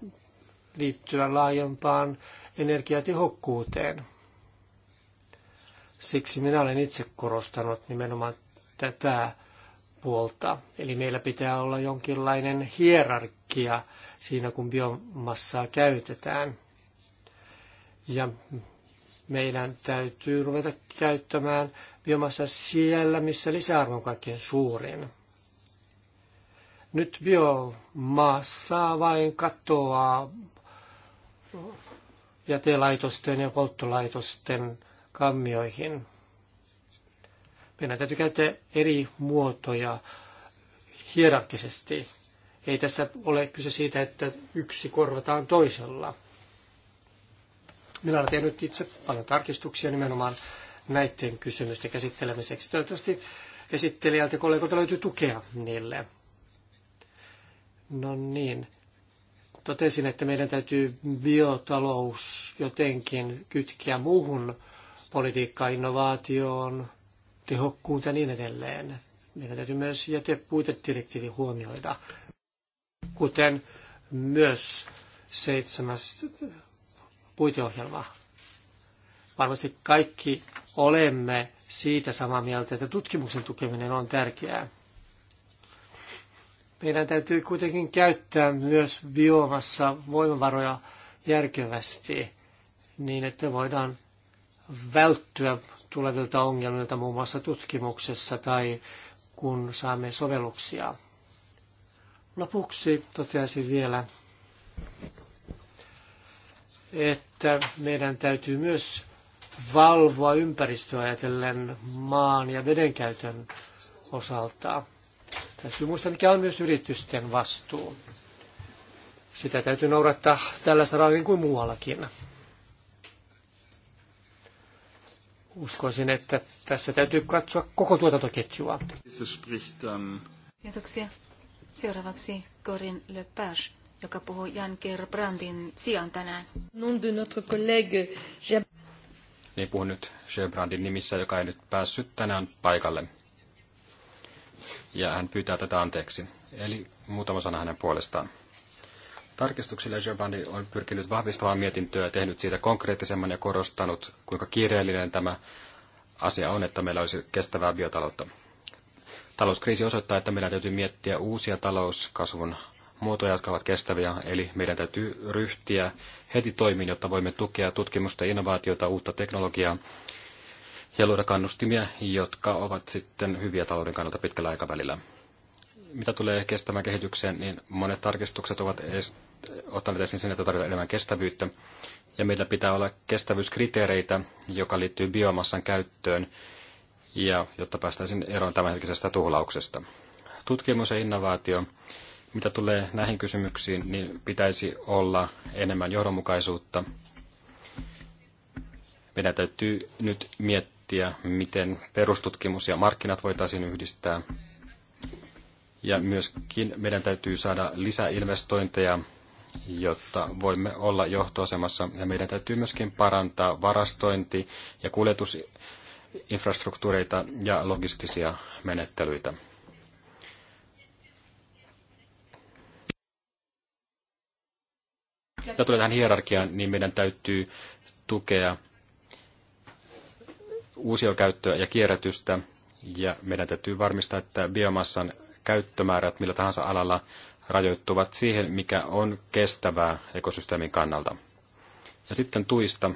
liittyä laajempaan energiatehokkuuteen. Siksi minä olen itse korostanut nimenomaan tätä puolta. Eli meillä pitää olla jonkinlainen hierarkia siinä, kun biomassaa käytetään. Ja meidän täytyy ruveta käyttämään biomassa siellä, missä lisäarvo on kaikkein suurin. Nyt biomassaa vain katoaa jätelaitosten ja polttolaitosten kammioihin. Meidän täytyy käyttää eri muotoja hierarkkisesti. Ei tässä ole kyse siitä, että yksi korvataan toisella. Minä olen tehnyt itse paljon tarkistuksia nimenomaan näiden kysymysten käsittelemiseksi. Toivottavasti esittelijältä kollegoilta löytyy tukea niille. No niin. Totesin, että meidän täytyy biotalous jotenkin kytkeä muuhun politiikkaan, innovaatioon, tehokkuuteen ja niin edelleen. Meidän täytyy myös jätepuitedirektiivi huomioida, kuten myös seitsemäs puiteohjelma. Varmasti kaikki olemme siitä samaa mieltä, että tutkimuksen tukeminen on tärkeää meidän täytyy kuitenkin käyttää myös biomassa voimavaroja järkevästi niin, että voidaan välttyä tulevilta ongelmilta muun muassa tutkimuksessa tai kun saamme sovelluksia. Lopuksi toteaisin vielä, että meidän täytyy myös valvoa ympäristöä ajatellen maan ja vedenkäytön osalta. Täytyy muistaa, mikä on myös yritysten vastuu. Sitä täytyy noudattaa tällä saralla niin kuin muuallakin. Uskoisin, että tässä täytyy katsoa koko tuotantoketjua. Ähm, Kiitoksia. Seuraavaksi Corin Lepage, joka puhuu Jan Gerbrandin sijaan tänään. Niin puhun nyt Gerbrandin nimissä, joka ei nyt päässyt tänään paikalle ja hän pyytää tätä anteeksi. Eli muutama sana hänen puolestaan. Tarkistuksilla Giovanni on pyrkinyt vahvistamaan mietintöä ja tehnyt siitä konkreettisemman ja korostanut, kuinka kiireellinen tämä asia on, että meillä olisi kestävää biotaloutta. Talouskriisi osoittaa, että meidän täytyy miettiä uusia talouskasvun muotoja, jotka ovat kestäviä, eli meidän täytyy ryhtiä heti toimiin, jotta voimme tukea tutkimusta, innovaatiota, uutta teknologiaa ja luoda kannustimia, jotka ovat sitten hyviä talouden kannalta pitkällä aikavälillä. Mitä tulee kestämään kehitykseen, niin monet tarkistukset ovat ottaneet esiin sen, että tarvitaan enemmän kestävyyttä. Ja meillä pitää olla kestävyyskriteereitä, joka liittyy biomassan käyttöön, ja jotta päästäisiin eroon tämänhetkisestä tuhlauksesta. Tutkimus ja innovaatio. Mitä tulee näihin kysymyksiin, niin pitäisi olla enemmän johdonmukaisuutta. Meidän täytyy nyt miettiä, miettiä, miten perustutkimus ja markkinat voitaisiin yhdistää. Ja myöskin meidän täytyy saada lisäinvestointeja, jotta voimme olla johtoasemassa. Ja meidän täytyy myöskin parantaa varastointi- ja kuljetusinfrastruktuureita ja logistisia menettelyitä. Ja tulee tähän hierarkiaan, niin meidän täytyy tukea uusiokäyttöä ja kierrätystä, ja meidän täytyy varmistaa, että biomassan käyttömäärät millä tahansa alalla rajoittuvat siihen, mikä on kestävää ekosysteemin kannalta. Ja sitten tuista.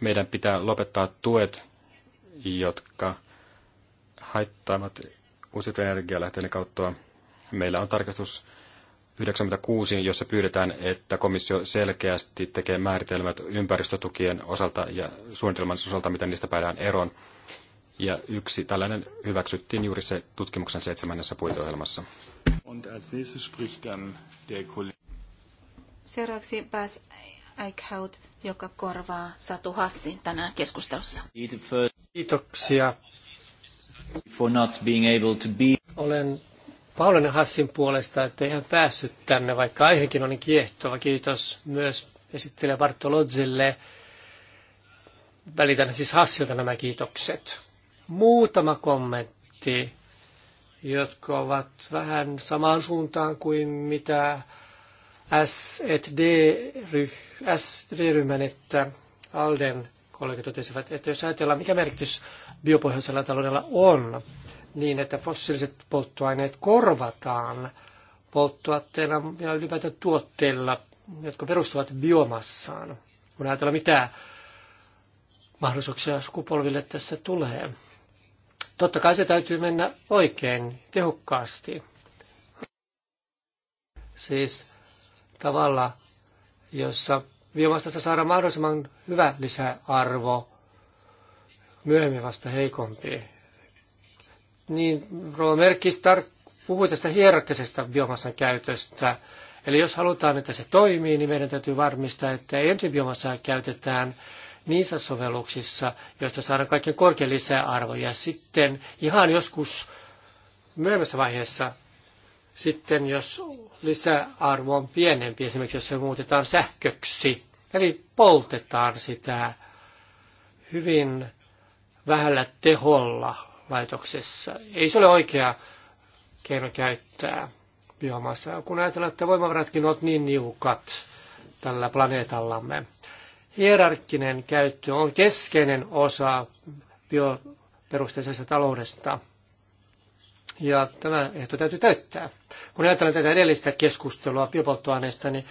Meidän pitää lopettaa tuet, jotka haittaavat uusiutuvien energialähteiden kautta. Meillä on tarkastus 96, jossa pyydetään, että komissio selkeästi tekee määritelmät ympäristötukien osalta ja suunnitelman osalta, miten niistä päädään eroon. Ja yksi tällainen hyväksyttiin juuri se tutkimuksen seitsemännessä puiteohjelmassa. Seuraavaksi pääs Eichhout, joka korvaa Satu Hassin tänään keskustelussa. Kiitoksia. For not being able to be. Olen Paulen Hassin puolesta, että ihan päässyt tänne, vaikka aihekin on niin kiehtova. Kiitos myös esittelijä Bartolodzille. Välitän siis Hassilta nämä kiitokset. Muutama kommentti, jotka ovat vähän samaan suuntaan kuin mitä SD-ryhmän että Alden kollegat totesivat, että jos ajatellaan, mikä merkitys biopohjaisella taloudella on, niin, että fossiiliset polttoaineet korvataan polttoatteilla ja ylipäätään tuotteilla, jotka perustuvat biomassaan. Kun ajatellaan, mitä mahdollisuuksia sukupolville tässä tulee. Totta kai se täytyy mennä oikein, tehokkaasti. Siis tavalla, jossa biomassasta saadaan mahdollisimman hyvä lisäarvo, myöhemmin vasta heikompi. Niin, Rova Merkis puhui tästä hierarkkisesta biomassan käytöstä. Eli jos halutaan, että se toimii, niin meidän täytyy varmistaa, että ensin biomassaa käytetään niissä sovelluksissa, joista saadaan kaikkein korkein lisäarvo. Ja sitten ihan joskus myöhemmässä vaiheessa, sitten jos lisäarvo on pienempi, esimerkiksi jos se muutetaan sähköksi, eli poltetaan sitä hyvin vähällä teholla laitoksessa. Ei se ole oikea keino käyttää biomassaa, kun ajatellaan, että voimavaratkin ovat niin niukat tällä planeetallamme. Hierarkkinen käyttö on keskeinen osa bioperusteisesta taloudesta. Ja tämä ehto täytyy täyttää. Kun ajatellaan tätä edellistä keskustelua biopolttoaineista, niin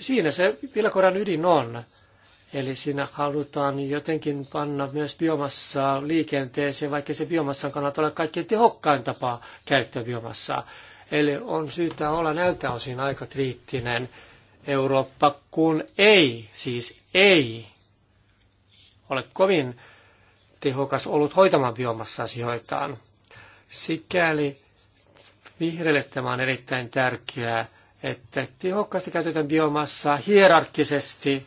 siinä se vilkoran ydin on. Eli siinä halutaan jotenkin panna myös biomassaa liikenteeseen, vaikka se biomassan kannalta ole kaikkein tehokkain tapa käyttää biomassaa. Eli on syytä olla näiltä osin aika kriittinen Eurooppa, kun ei, siis ei ole kovin tehokas ollut hoitamaan biomassa-asioitaan. Sikäli vihreille tämä on erittäin tärkeää, että tehokkaasti käytetään biomassaa hierarkkisesti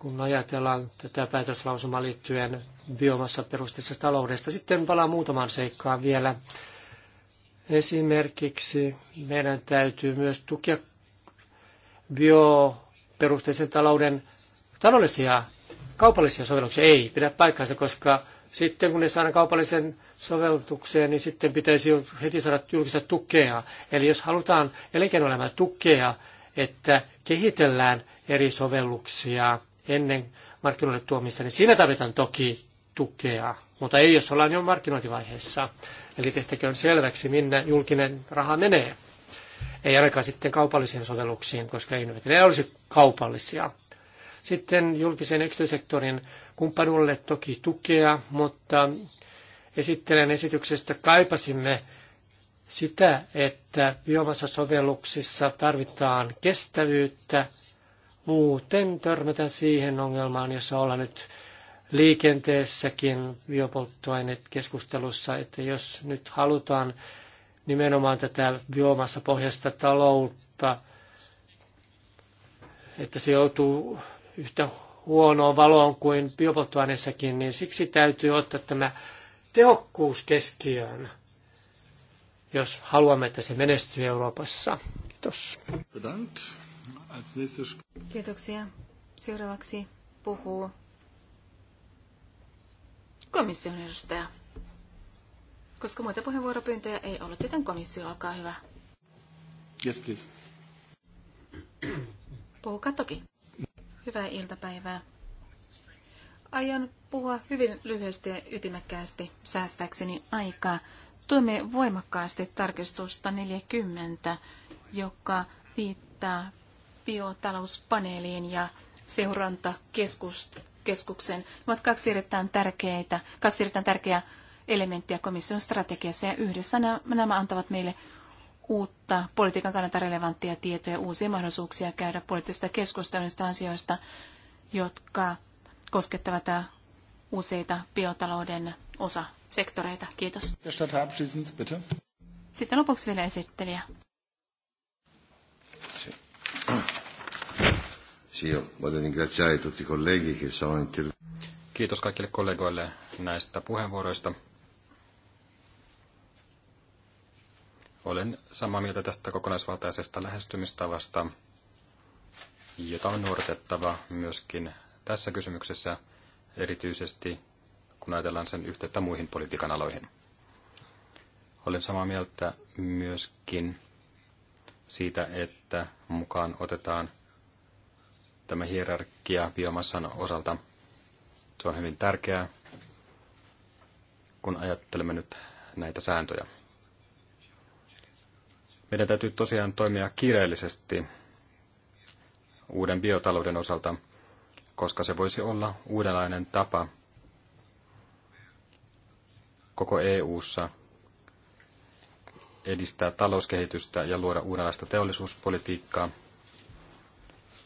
kun ajatellaan tätä päätöslausumaa liittyen biomassa perusteessa taloudesta. Sitten palaa muutamaan seikkaan vielä. Esimerkiksi meidän täytyy myös tukea bioperusteisen talouden taloudellisia kaupallisia sovelluksia. Ei pidä paikkaansa, koska sitten kun ne saadaan kaupallisen sovellukseen, niin sitten pitäisi heti saada julkista tukea. Eli jos halutaan elinkeinoelämää tukea, että kehitellään eri sovelluksia, ennen markkinoille tuomista, niin siinä tarvitaan toki tukea, mutta ei jos ollaan jo markkinointivaiheessa. Eli tehtäköön selväksi, minne julkinen raha menee. Ei ainakaan sitten kaupallisiin sovelluksiin, koska ei ne olisi kaupallisia. Sitten julkisen yksityissektorin kumppanuille toki tukea, mutta esittelen esityksestä kaipasimme sitä, että biomassasovelluksissa tarvitaan kestävyyttä Muuten törmätä siihen ongelmaan, jossa ollaan nyt liikenteessäkin biopolttoaineet keskustelussa, että jos nyt halutaan nimenomaan tätä biomassa pohjasta taloutta, että se joutuu yhtä huonoon valoon kuin biopolttoaineessakin, niin siksi täytyy ottaa tämä tehokkuus keskiöön, jos haluamme, että se menestyy Euroopassa. Kiitos. Kiitoksia. Seuraavaksi puhuu komission edustaja. Koska muita puheenvuoropyyntöjä ei ole, joten komissio, olkaa hyvä. Yes, please. Puhukaa toki. Hyvää iltapäivää. Aion puhua hyvin lyhyesti ja ytimekkäästi säästäkseni aikaa. Tuemme voimakkaasti tarkistusta 40, joka viittaa biotalouspaneeliin ja seurantakeskuksen. Ne ovat kaksi erittäin, tärkeitä, kaksi erittäin tärkeää elementtiä komission strategiassa ja yhdessä nämä antavat meille uutta politiikan kannalta relevanttia tietoja, uusia mahdollisuuksia käydä poliittista keskusteluista asioista, jotka koskettavat useita biotalouden osasektoreita. Kiitos. Sitten lopuksi vielä esittelijä. Kiitos kaikille kollegoille näistä puheenvuoroista. Olen samaa mieltä tästä kokonaisvaltaisesta lähestymistavasta, jota on noudatettava myöskin tässä kysymyksessä, erityisesti kun ajatellaan sen yhteyttä muihin politiikan aloihin. Olen samaa mieltä myöskin siitä, että mukaan otetaan tämä hierarkia biomassan osalta. Se on hyvin tärkeää, kun ajattelemme nyt näitä sääntöjä. Meidän täytyy tosiaan toimia kiireellisesti uuden biotalouden osalta, koska se voisi olla uudenlainen tapa koko EU:ssa edistää talouskehitystä ja luoda uudenlaista teollisuuspolitiikkaa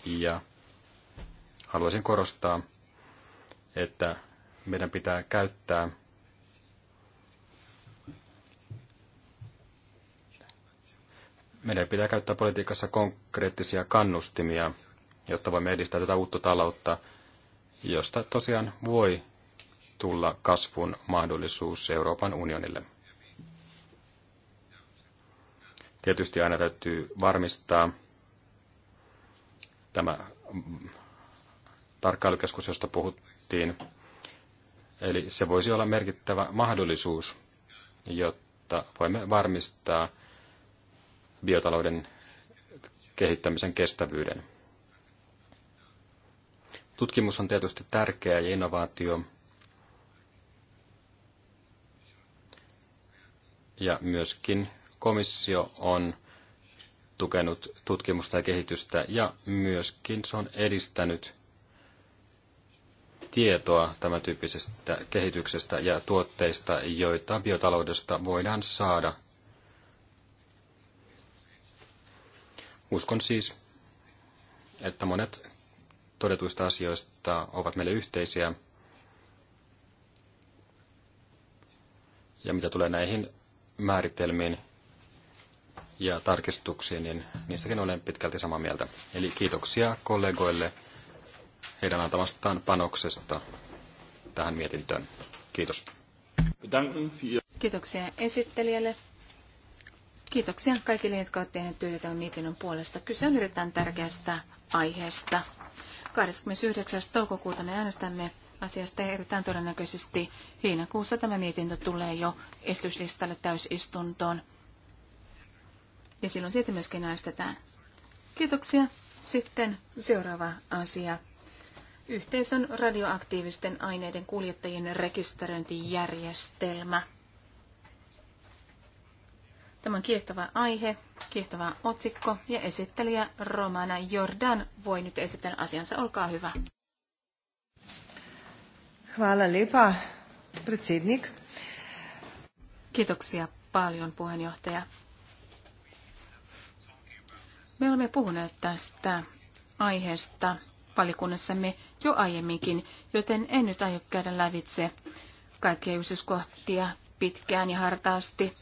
ja haluaisin korostaa, että meidän pitää käyttää meidän pitää käyttää politiikassa konkreettisia kannustimia, jotta voimme edistää tätä uutta taloutta, josta tosiaan voi tulla kasvun mahdollisuus Euroopan unionille. Tietysti aina täytyy varmistaa tämä tarkkailukeskus, josta puhuttiin. Eli se voisi olla merkittävä mahdollisuus, jotta voimme varmistaa biotalouden kehittämisen kestävyyden. Tutkimus on tietysti tärkeää ja innovaatio. Ja myöskin komissio on tukenut tutkimusta ja kehitystä ja myöskin se on edistänyt tietoa tämän tyyppisestä kehityksestä ja tuotteista, joita biotaloudesta voidaan saada. Uskon siis, että monet todetuista asioista ovat meille yhteisiä. Ja mitä tulee näihin määritelmiin ja tarkistuksiin, niin niistäkin olen pitkälti samaa mieltä. Eli kiitoksia kollegoille heidän antamastaan panoksesta tähän mietintöön. Kiitos. Kiitoksia esittelijälle. Kiitoksia kaikille, jotka ovat tehneet työtä tämän mietinnön puolesta. Kyse on erittäin tärkeästä aiheesta. 29. toukokuuta me äänestämme asiasta ja erittäin todennäköisesti heinäkuussa tämä mietintö tulee jo esityslistalle täysistuntoon. Ja silloin siitä myöskin äänestetään. Kiitoksia. Sitten seuraava asia yhteisön radioaktiivisten aineiden kuljettajien rekisteröintijärjestelmä. Tämä on kiehtova aihe, kiehtova otsikko ja esittelijä Romana Jordan voi nyt esitellä asiansa. Olkaa hyvä. Hvala lepa, predsednik. Kiitoksia paljon, puheenjohtaja. Me olemme puhuneet tästä aiheesta valikunnassamme jo aiemminkin, joten en nyt aio käydä lävitse kaikkia yksityiskohtia pitkään ja hartaasti.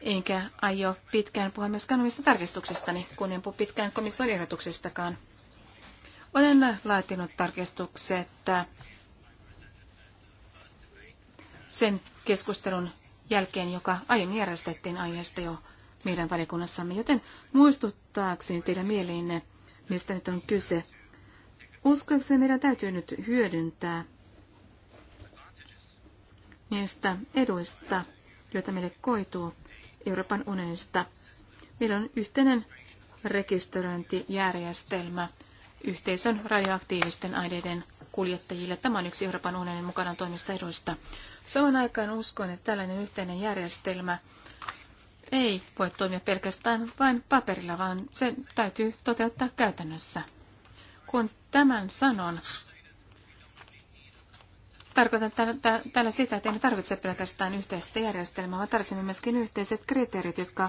Enkä aio pitkään puhua myöskään omista tarkistuksistani, kun en puhu pitkään komission ehdotuksestakaan. Olen laatinut tarkistukset äh, sen keskustelun jälkeen, joka aiemmin järjestettiin aiheesta jo meidän valikunnassamme, joten muistuttaakseni teidän mieliinne, mistä nyt on kyse – Uskoakseni meidän täytyy nyt hyödyntää niistä eduista, joita meille koituu Euroopan unionista. Meillä on yhteinen rekisteröintijärjestelmä yhteisön radioaktiivisten aineiden kuljettajille. Tämä on yksi Euroopan unionin mukana toimista eduista. Samaan aikaan uskon, että tällainen yhteinen järjestelmä ei voi toimia pelkästään vain paperilla, vaan se täytyy toteuttaa käytännössä. Kun tämän sanon, tarkoitan tällä sitä, että emme tarvitse pelkästään yhteistä järjestelmää, vaan tarvitsemme myöskin yhteiset kriteerit, jotka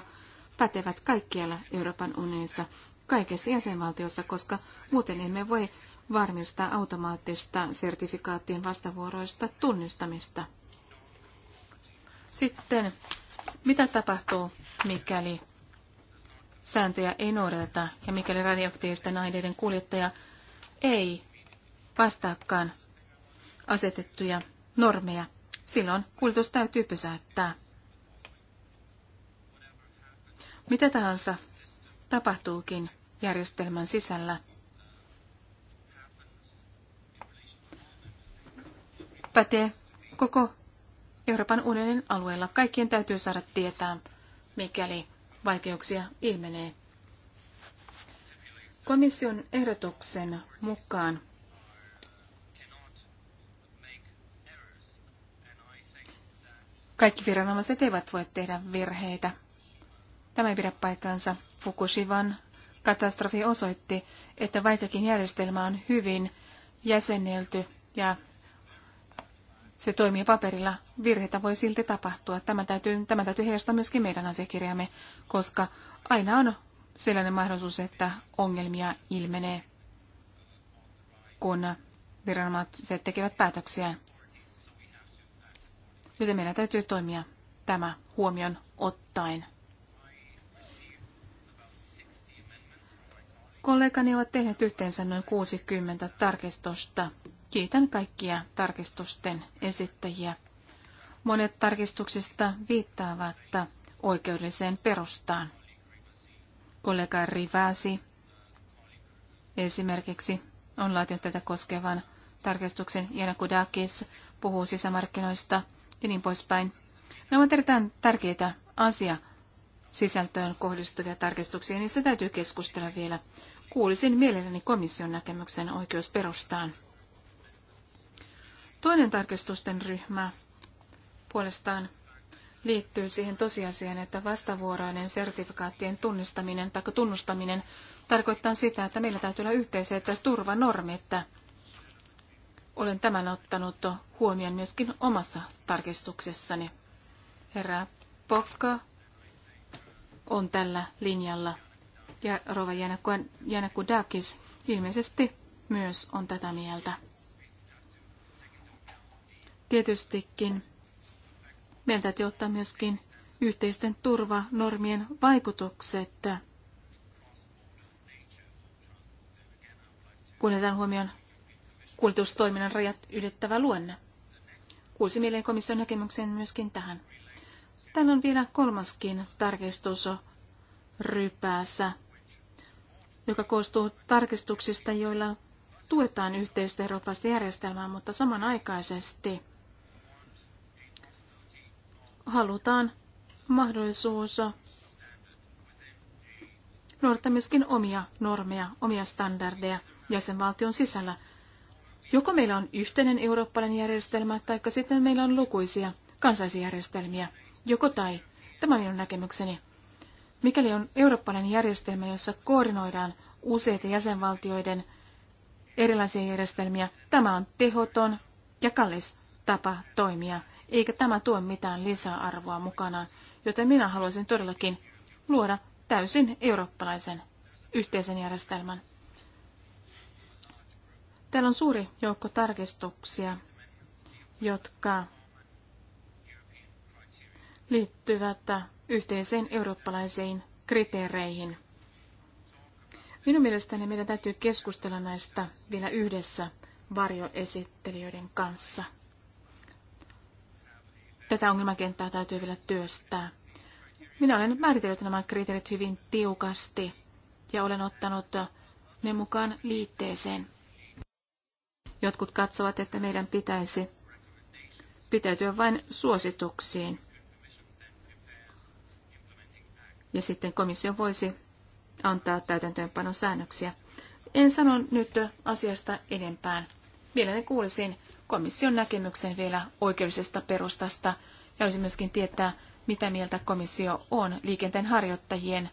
pätevät kaikkialla Euroopan unionissa, kaikessa jäsenvaltiossa, koska muuten emme voi varmistaa automaattista sertifikaattien vastavuoroista tunnistamista. Sitten, mitä tapahtuu, mikäli sääntöjä ei noudata ja mikäli radioaktiivisten aineiden kuljettaja ei vastaakaan asetettuja normeja, silloin kuljetus täytyy pysäyttää. Mitä tahansa tapahtuukin järjestelmän sisällä, pätee koko Euroopan unionin alueella. Kaikkien täytyy saada tietää, mikäli vaikeuksia ilmenee. Komission ehdotuksen mukaan kaikki viranomaiset eivät voi tehdä virheitä. Tämä ei pidä paikkaansa. Fukushivan katastrofi osoitti, että vaikkakin järjestelmä on hyvin jäsennelty ja se toimii paperilla, virheitä voi silti tapahtua. Tämä täytyy, tämä täytyy heijastaa myöskin meidän asiakirjamme, koska aina on sellainen mahdollisuus, että ongelmia ilmenee, kun viranomaiset tekevät päätöksiä. Joten meidän täytyy toimia tämä huomion ottaen. Kollegani ovat tehneet yhteensä noin 60 tarkistusta. Kiitän kaikkia tarkistusten esittäjiä. Monet tarkistuksista viittaavat oikeudelliseen perustaan. Kollega Rivasi esimerkiksi on laatinut tätä koskevan tarkastuksen Kudakis puhuu sisämarkkinoista ja niin poispäin. Ne ovat erittäin tärkeitä asia sisältöön kohdistuvia tarkistuksia, niistä täytyy keskustella vielä. Kuulisin mielelläni komission näkemyksen oikeusperustaan. Toinen tarkistusten ryhmä puolestaan liittyy siihen tosiasiaan, että vastavuoroinen sertifikaattien tunnistaminen tai tunnustaminen tarkoittaa sitä, että meillä täytyy olla turvanormi, että Olen tämän ottanut huomioon myöskin omassa tarkistuksessani. Herra Pokka on tällä linjalla ja Rova Dakis ilmeisesti myös on tätä mieltä. Tietystikin meidän täytyy ottaa myöskin yhteisten turvanormien vaikutukset. Kun huomioon kuljetustoiminnan rajat ylittävä luonne. Kuusi mieleen komission näkemykseen myöskin tähän. Täällä on vielä kolmaskin tarkistus rypäässä, joka koostuu tarkistuksista, joilla tuetaan yhteistä eurooppalaista järjestelmää, mutta samanaikaisesti – halutaan mahdollisuus noudattaa myöskin omia normeja, omia standardeja jäsenvaltion sisällä. Joko meillä on yhteinen eurooppalainen järjestelmä, tai sitten meillä on lukuisia kansallisia järjestelmiä. Joko tai. Tämä on minun näkemykseni. Mikäli on eurooppalainen järjestelmä, jossa koordinoidaan useita jäsenvaltioiden erilaisia järjestelmiä, tämä on tehoton ja kallis tapa toimia eikä tämä tuo mitään lisäarvoa mukanaan, joten minä haluaisin todellakin luoda täysin eurooppalaisen yhteisen järjestelmän. Täällä on suuri joukko tarkistuksia, jotka liittyvät yhteiseen eurooppalaisiin kriteereihin. Minun mielestäni meidän täytyy keskustella näistä vielä yhdessä varjoesittelijöiden kanssa. Tätä ongelmakenttää täytyy vielä työstää. Minä olen määritellyt nämä kriteerit hyvin tiukasti ja olen ottanut ne mukaan liitteeseen. Jotkut katsovat, että meidän pitäisi pitäytyä vain suosituksiin. Ja sitten komissio voisi antaa täytäntöönpanon säännöksiä. En sano nyt asiasta enempää. Mielelläni kuulisin komission näkemyksen vielä oikeudellisesta perustasta ja olisi myöskin tietää, mitä mieltä komissio on liikenteen harjoittajien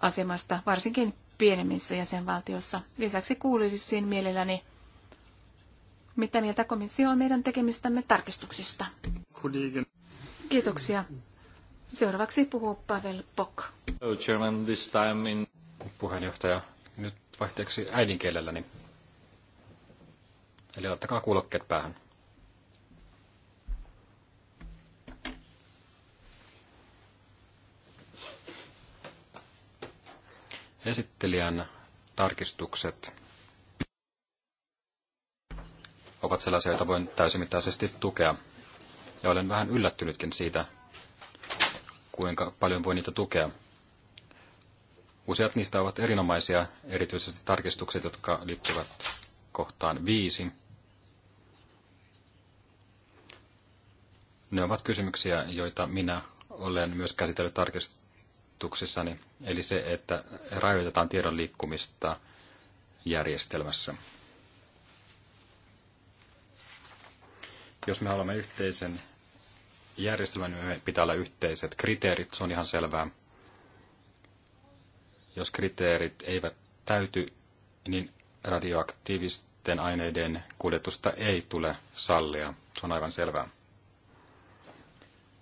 asemasta, varsinkin pienemmissä jäsenvaltioissa. Lisäksi kuulisin mielelläni, mitä mieltä komissio on meidän tekemistämme tarkistuksista. Kiitoksia. Seuraavaksi puhuu Pavel Pok. chairman, this Puheenjohtaja, nyt vaihteeksi äidinkielelläni. Niin Eli ottakaa kuulokkeet päähän. Esittelijän tarkistukset ovat sellaisia, joita voin täysimittaisesti tukea. Ja olen vähän yllättynytkin siitä, kuinka paljon voi niitä tukea. Useat niistä ovat erinomaisia, erityisesti tarkistukset, jotka liittyvät kohtaan viisi. Ne ovat kysymyksiä, joita minä olen myös käsitellyt tarkistuksissani, eli se, että rajoitetaan tiedon liikkumista järjestelmässä. Jos me haluamme yhteisen järjestelmän, niin me pitää olla yhteiset kriteerit, se on ihan selvää. Jos kriteerit eivät täyty, niin radioaktiivisten aineiden kuljetusta ei tule sallia. Se on aivan selvää.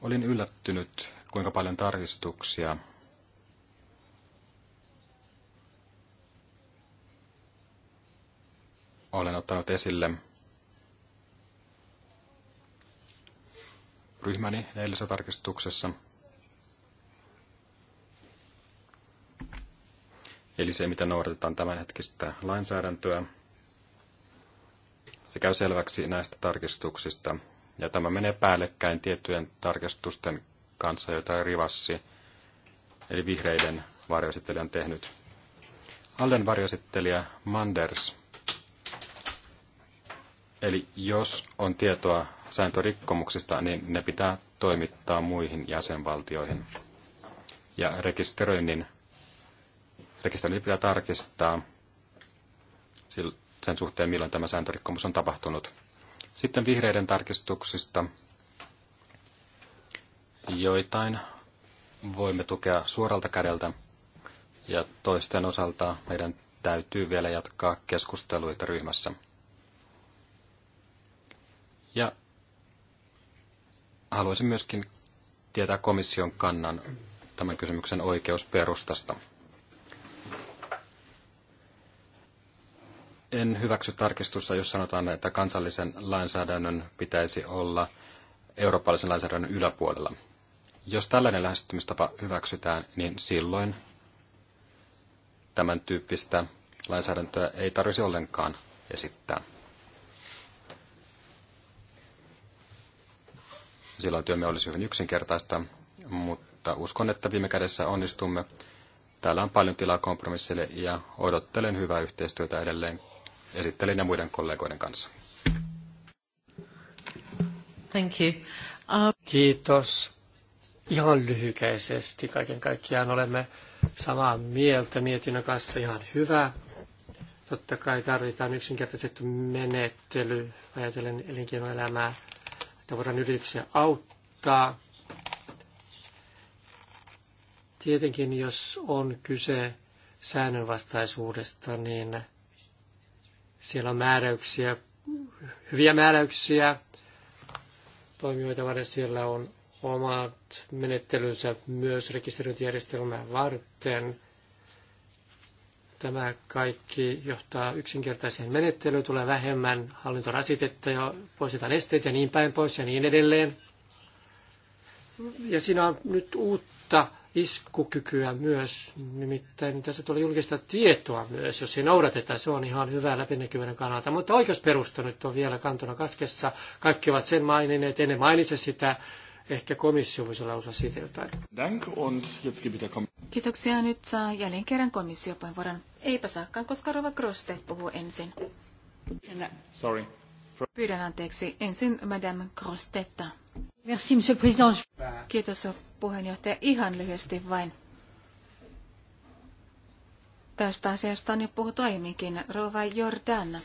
Olin yllättynyt, kuinka paljon tarkistuksia olen ottanut esille ryhmäni eilisessä tarkistuksessa. Eli se, miten noudatetaan tämänhetkistä lainsäädäntöä. Se käy selväksi näistä tarkistuksista, ja tämä menee päällekkäin tiettyjen tarkistusten kanssa, joita Rivassi, eli vihreiden varjoesittelijä on tehnyt. Alden varjoesittelijä Manders, eli jos on tietoa sääntörikkomuksista, niin ne pitää toimittaa muihin jäsenvaltioihin. Ja rekisteröinnin rekisteröinnin pitää tarkistaa sen suhteen, milloin tämä sääntörikkomus on tapahtunut. Sitten vihreiden tarkistuksista. Joitain voimme tukea suoralta kädeltä ja toisten osalta meidän täytyy vielä jatkaa keskusteluita ryhmässä. Ja haluaisin myöskin tietää komission kannan tämän kysymyksen oikeusperustasta. En hyväksy tarkistusta, jos sanotaan, että kansallisen lainsäädännön pitäisi olla eurooppalaisen lainsäädännön yläpuolella. Jos tällainen lähestymistapa hyväksytään, niin silloin tämän tyyppistä lainsäädäntöä ei tarvitsisi ollenkaan esittää. Silloin työmme olisi hyvin yksinkertaista, mutta uskon, että viime kädessä onnistumme. Täällä on paljon tilaa kompromissille ja odottelen hyvää yhteistyötä edelleen esittelin ja muiden kollegoiden kanssa. Thank you. Uh... Kiitos. Ihan lyhykäisesti kaiken kaikkiaan olemme samaa mieltä mietinnön kanssa ihan hyvä. Totta kai tarvitaan yksinkertaistettu menettely, ajatellen elinkeinoelämää, että voidaan yrityksiä auttaa. Tietenkin, jos on kyse säännönvastaisuudesta, niin siellä on määräyksiä, hyviä määräyksiä toimijoita varten. Siellä on omat menettelynsä myös rekisteröintijärjestelmää varten. Tämä kaikki johtaa yksinkertaiseen menettelyyn, tulee vähemmän hallintorasitetta ja poistetaan esteet ja niin päin pois ja niin edelleen. Ja siinä on nyt uutta iskukykyä myös, nimittäin tässä tulee julkista tietoa myös, jos ei noudateta, se on ihan hyvä läpinäkyvyyden kannalta. Mutta oikeusperusta nyt on vielä kantona kaskessa, kaikki ovat sen maininneet, ennen mainitse sitä, ehkä komissio voisi lausua siitä jotain. Dank und jetzt gebe Kiitoksia, nyt saa jälleen kerran komissiopuheenvuoron. Eipä saakaan, koska Rova Kroste puhuu ensin. Sorry. Pyydän anteeksi ensin Madame Crostetta. Merci, Monsieur le Président. Kiitos puheenjohtaja, ihan lyhyesti vain. Tästä asiasta on jo puhuttu aiemminkin. Rova Jordan.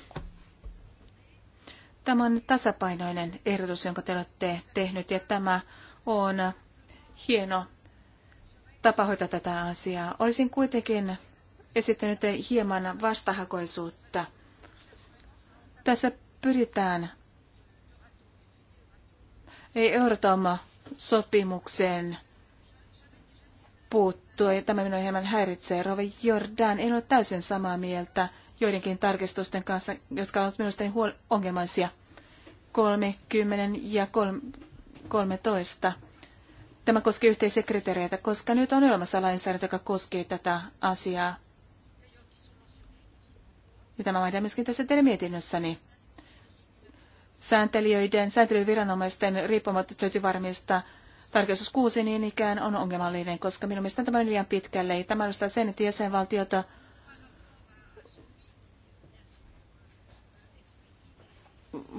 Tämä on tasapainoinen ehdotus, jonka te olette tehnyt, ja tämä on hieno tapa hoitaa tätä asiaa. Olisin kuitenkin esittänyt hieman vastahakoisuutta. Tässä pyritään ei Eurotoma-sopimukseen puuttua, ja tämä minua hieman häiritsee. Rovi Jordan, en ole täysin samaa mieltä joidenkin tarkistusten kanssa, jotka ovat niin huol- ongelmaisia. 30 ja 13. Tämä koskee yhteisiä kriteereitä, koska nyt on olemassa lainsäädäntö, joka koskee tätä asiaa. Ja tämä mainitaan myöskin tässä teidän mietinnössäni. Sääntelijöiden, sääntelyviranomaisten riippumatta täytyy varmistaa, Tarkastus kuusi niin ikään on ongelmallinen, koska minun mielestäni tämä on liian pitkälle. Tämä edustaa sen, että jäsenvaltiota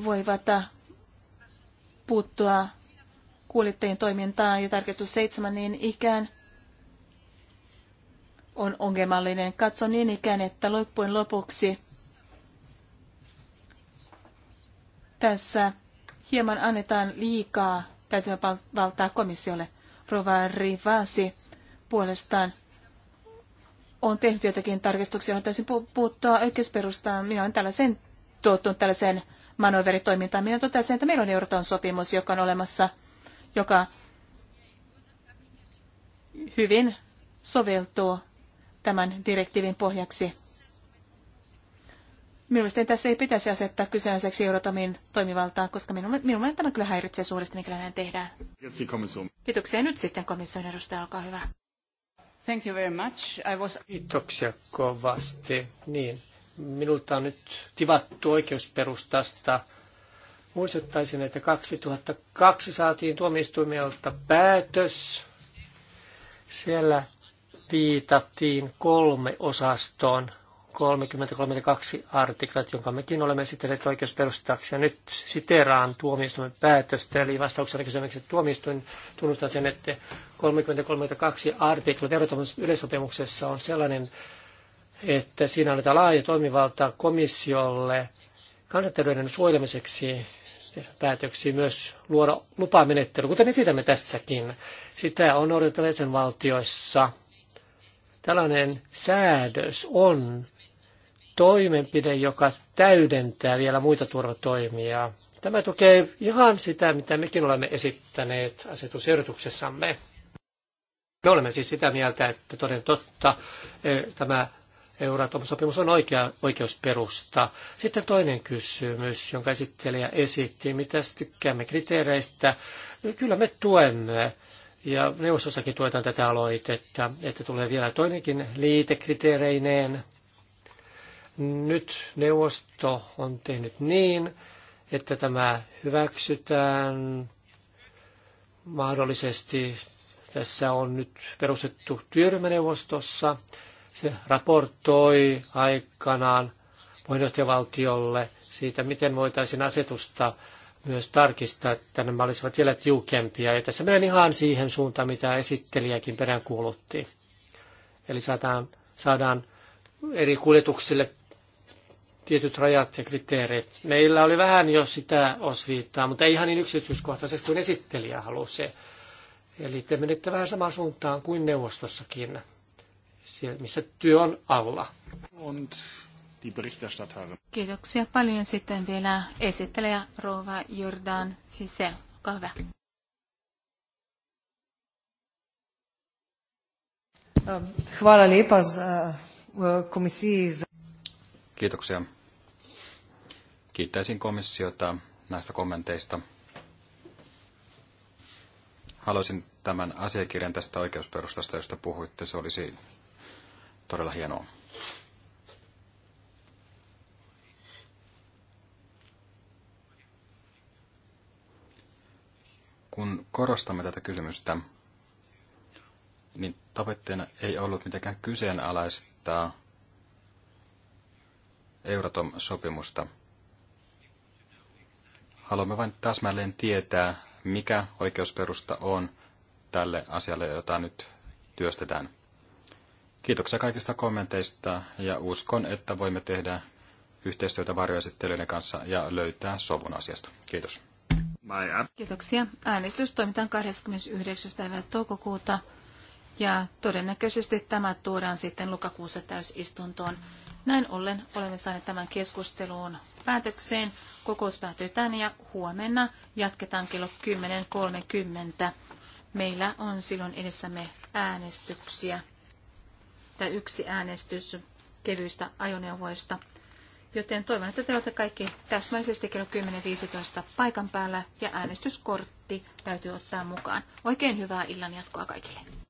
voivat puuttua kuulittajien toimintaan ja tarkistus seitsemän niin ikään on ongelmallinen. Katso niin ikään, että loppujen lopuksi tässä hieman annetaan liikaa täytyy valtaa komissiolle. Rova Rivasi puolestaan on tehnyt joitakin tarkistuksia, on täysin puuttua oikeusperustaan. Minä olen tällaisen tuottunut tällaiseen manööveritoimintaan. Minä totesin, että meillä on Euroopan sopimus, joka on olemassa, joka hyvin soveltuu tämän direktiivin pohjaksi. Minun mielestäni tässä ei pitäisi asettaa kyseenalaiseksi Eurotomin toimivaltaa, koska minun, minun tämä kyllä häiritsee suuresti, mikä näin tehdään. Kiitoksia. Nyt sitten komission edustaja, olkaa hyvä. Thank you very much. I was... Kiitoksia kovasti. Niin, minulta on nyt tivattu oikeusperustasta. Muistuttaisin, että 2002 saatiin tuomioistuimelta päätös. Siellä viitattiin kolme osastoon 30 artiklat, jonka mekin olemme esitelleet oikeusperustaksi. Ja nyt siteraan tuomioistuimen päätöstä, eli vastauksena kysymykseen, että tuomioistuin tunnustaa sen, että 30-32 artiklat yleissopimuksessa on sellainen, että siinä annetaan laaja toimivalta komissiolle kansanterveyden suojelemiseksi päätöksiä myös luoda lupamenettely, kuten esitämme tässäkin. Sitä on noudatettava jäsenvaltioissa. Tällainen säädös on toimenpide, joka täydentää vielä muita turvatoimia. Tämä tukee ihan sitä, mitä mekin olemme esittäneet asetusehdotuksessamme. Me olemme siis sitä mieltä, että toden totta e, tämä Euratom-sopimus on oikea oikeusperusta. Sitten toinen kysymys, jonka esittelijä esitti, mitä tykkäämme kriteereistä. Kyllä me tuemme, ja neuvostossakin tuetaan tätä aloitetta, että tulee vielä toinenkin liite kriteereineen, nyt neuvosto on tehnyt niin, että tämä hyväksytään mahdollisesti. Tässä on nyt perustettu työryhmäneuvostossa. Se raportoi aikanaan puheenjohtajavaltiolle siitä, miten voitaisiin asetusta myös tarkistaa, että nämä olisivat vielä tiukempia. Ja tässä mennään ihan siihen suuntaan, mitä esittelijäkin peräänkuulutti. Eli saadaan, saadaan eri kuljetuksille tietyt rajat ja kriteerit. Meillä oli vähän jo sitä osviittaa, mutta ei ihan niin yksityiskohtaisesti kuin esittelijä halusi. Eli te menette vähän samaan suuntaan kuin neuvostossakin, siellä, missä työ on alla. Und die Kiitoksia paljon sitten vielä esittelijä Rova Jordan Sisel. Olkaa hyvä. Hvala lepa eh, komisiji. Kiitoksia Kiittäisin komissiota näistä kommenteista. Haluaisin tämän asiakirjan tästä oikeusperustasta, josta puhuitte. Se olisi todella hienoa. Kun korostamme tätä kysymystä, niin tavoitteena ei ollut mitenkään kyseenalaistaa Euratom-sopimusta – Haluamme vain täsmälleen tietää, mikä oikeusperusta on tälle asialle, jota nyt työstetään. Kiitoksia kaikista kommenteista ja uskon, että voimme tehdä yhteistyötä varjoesittelyiden kanssa ja löytää sovun asiasta. Kiitos. Kiitoksia. Äänestys toimitaan 29. päivä toukokuuta ja todennäköisesti tämä tuodaan sitten lokakuussa täysistuntoon. Näin ollen olemme saaneet tämän keskusteluun päätökseen. Kokous päätyy tänne ja huomenna jatketaan kello 10.30. Meillä on silloin edessämme äänestyksiä tai yksi äänestys kevyistä ajoneuvoista. Joten toivon, että te olette kaikki täsmällisesti kello 10.15 paikan päällä ja äänestyskortti täytyy ottaa mukaan. Oikein hyvää illanjatkoa kaikille.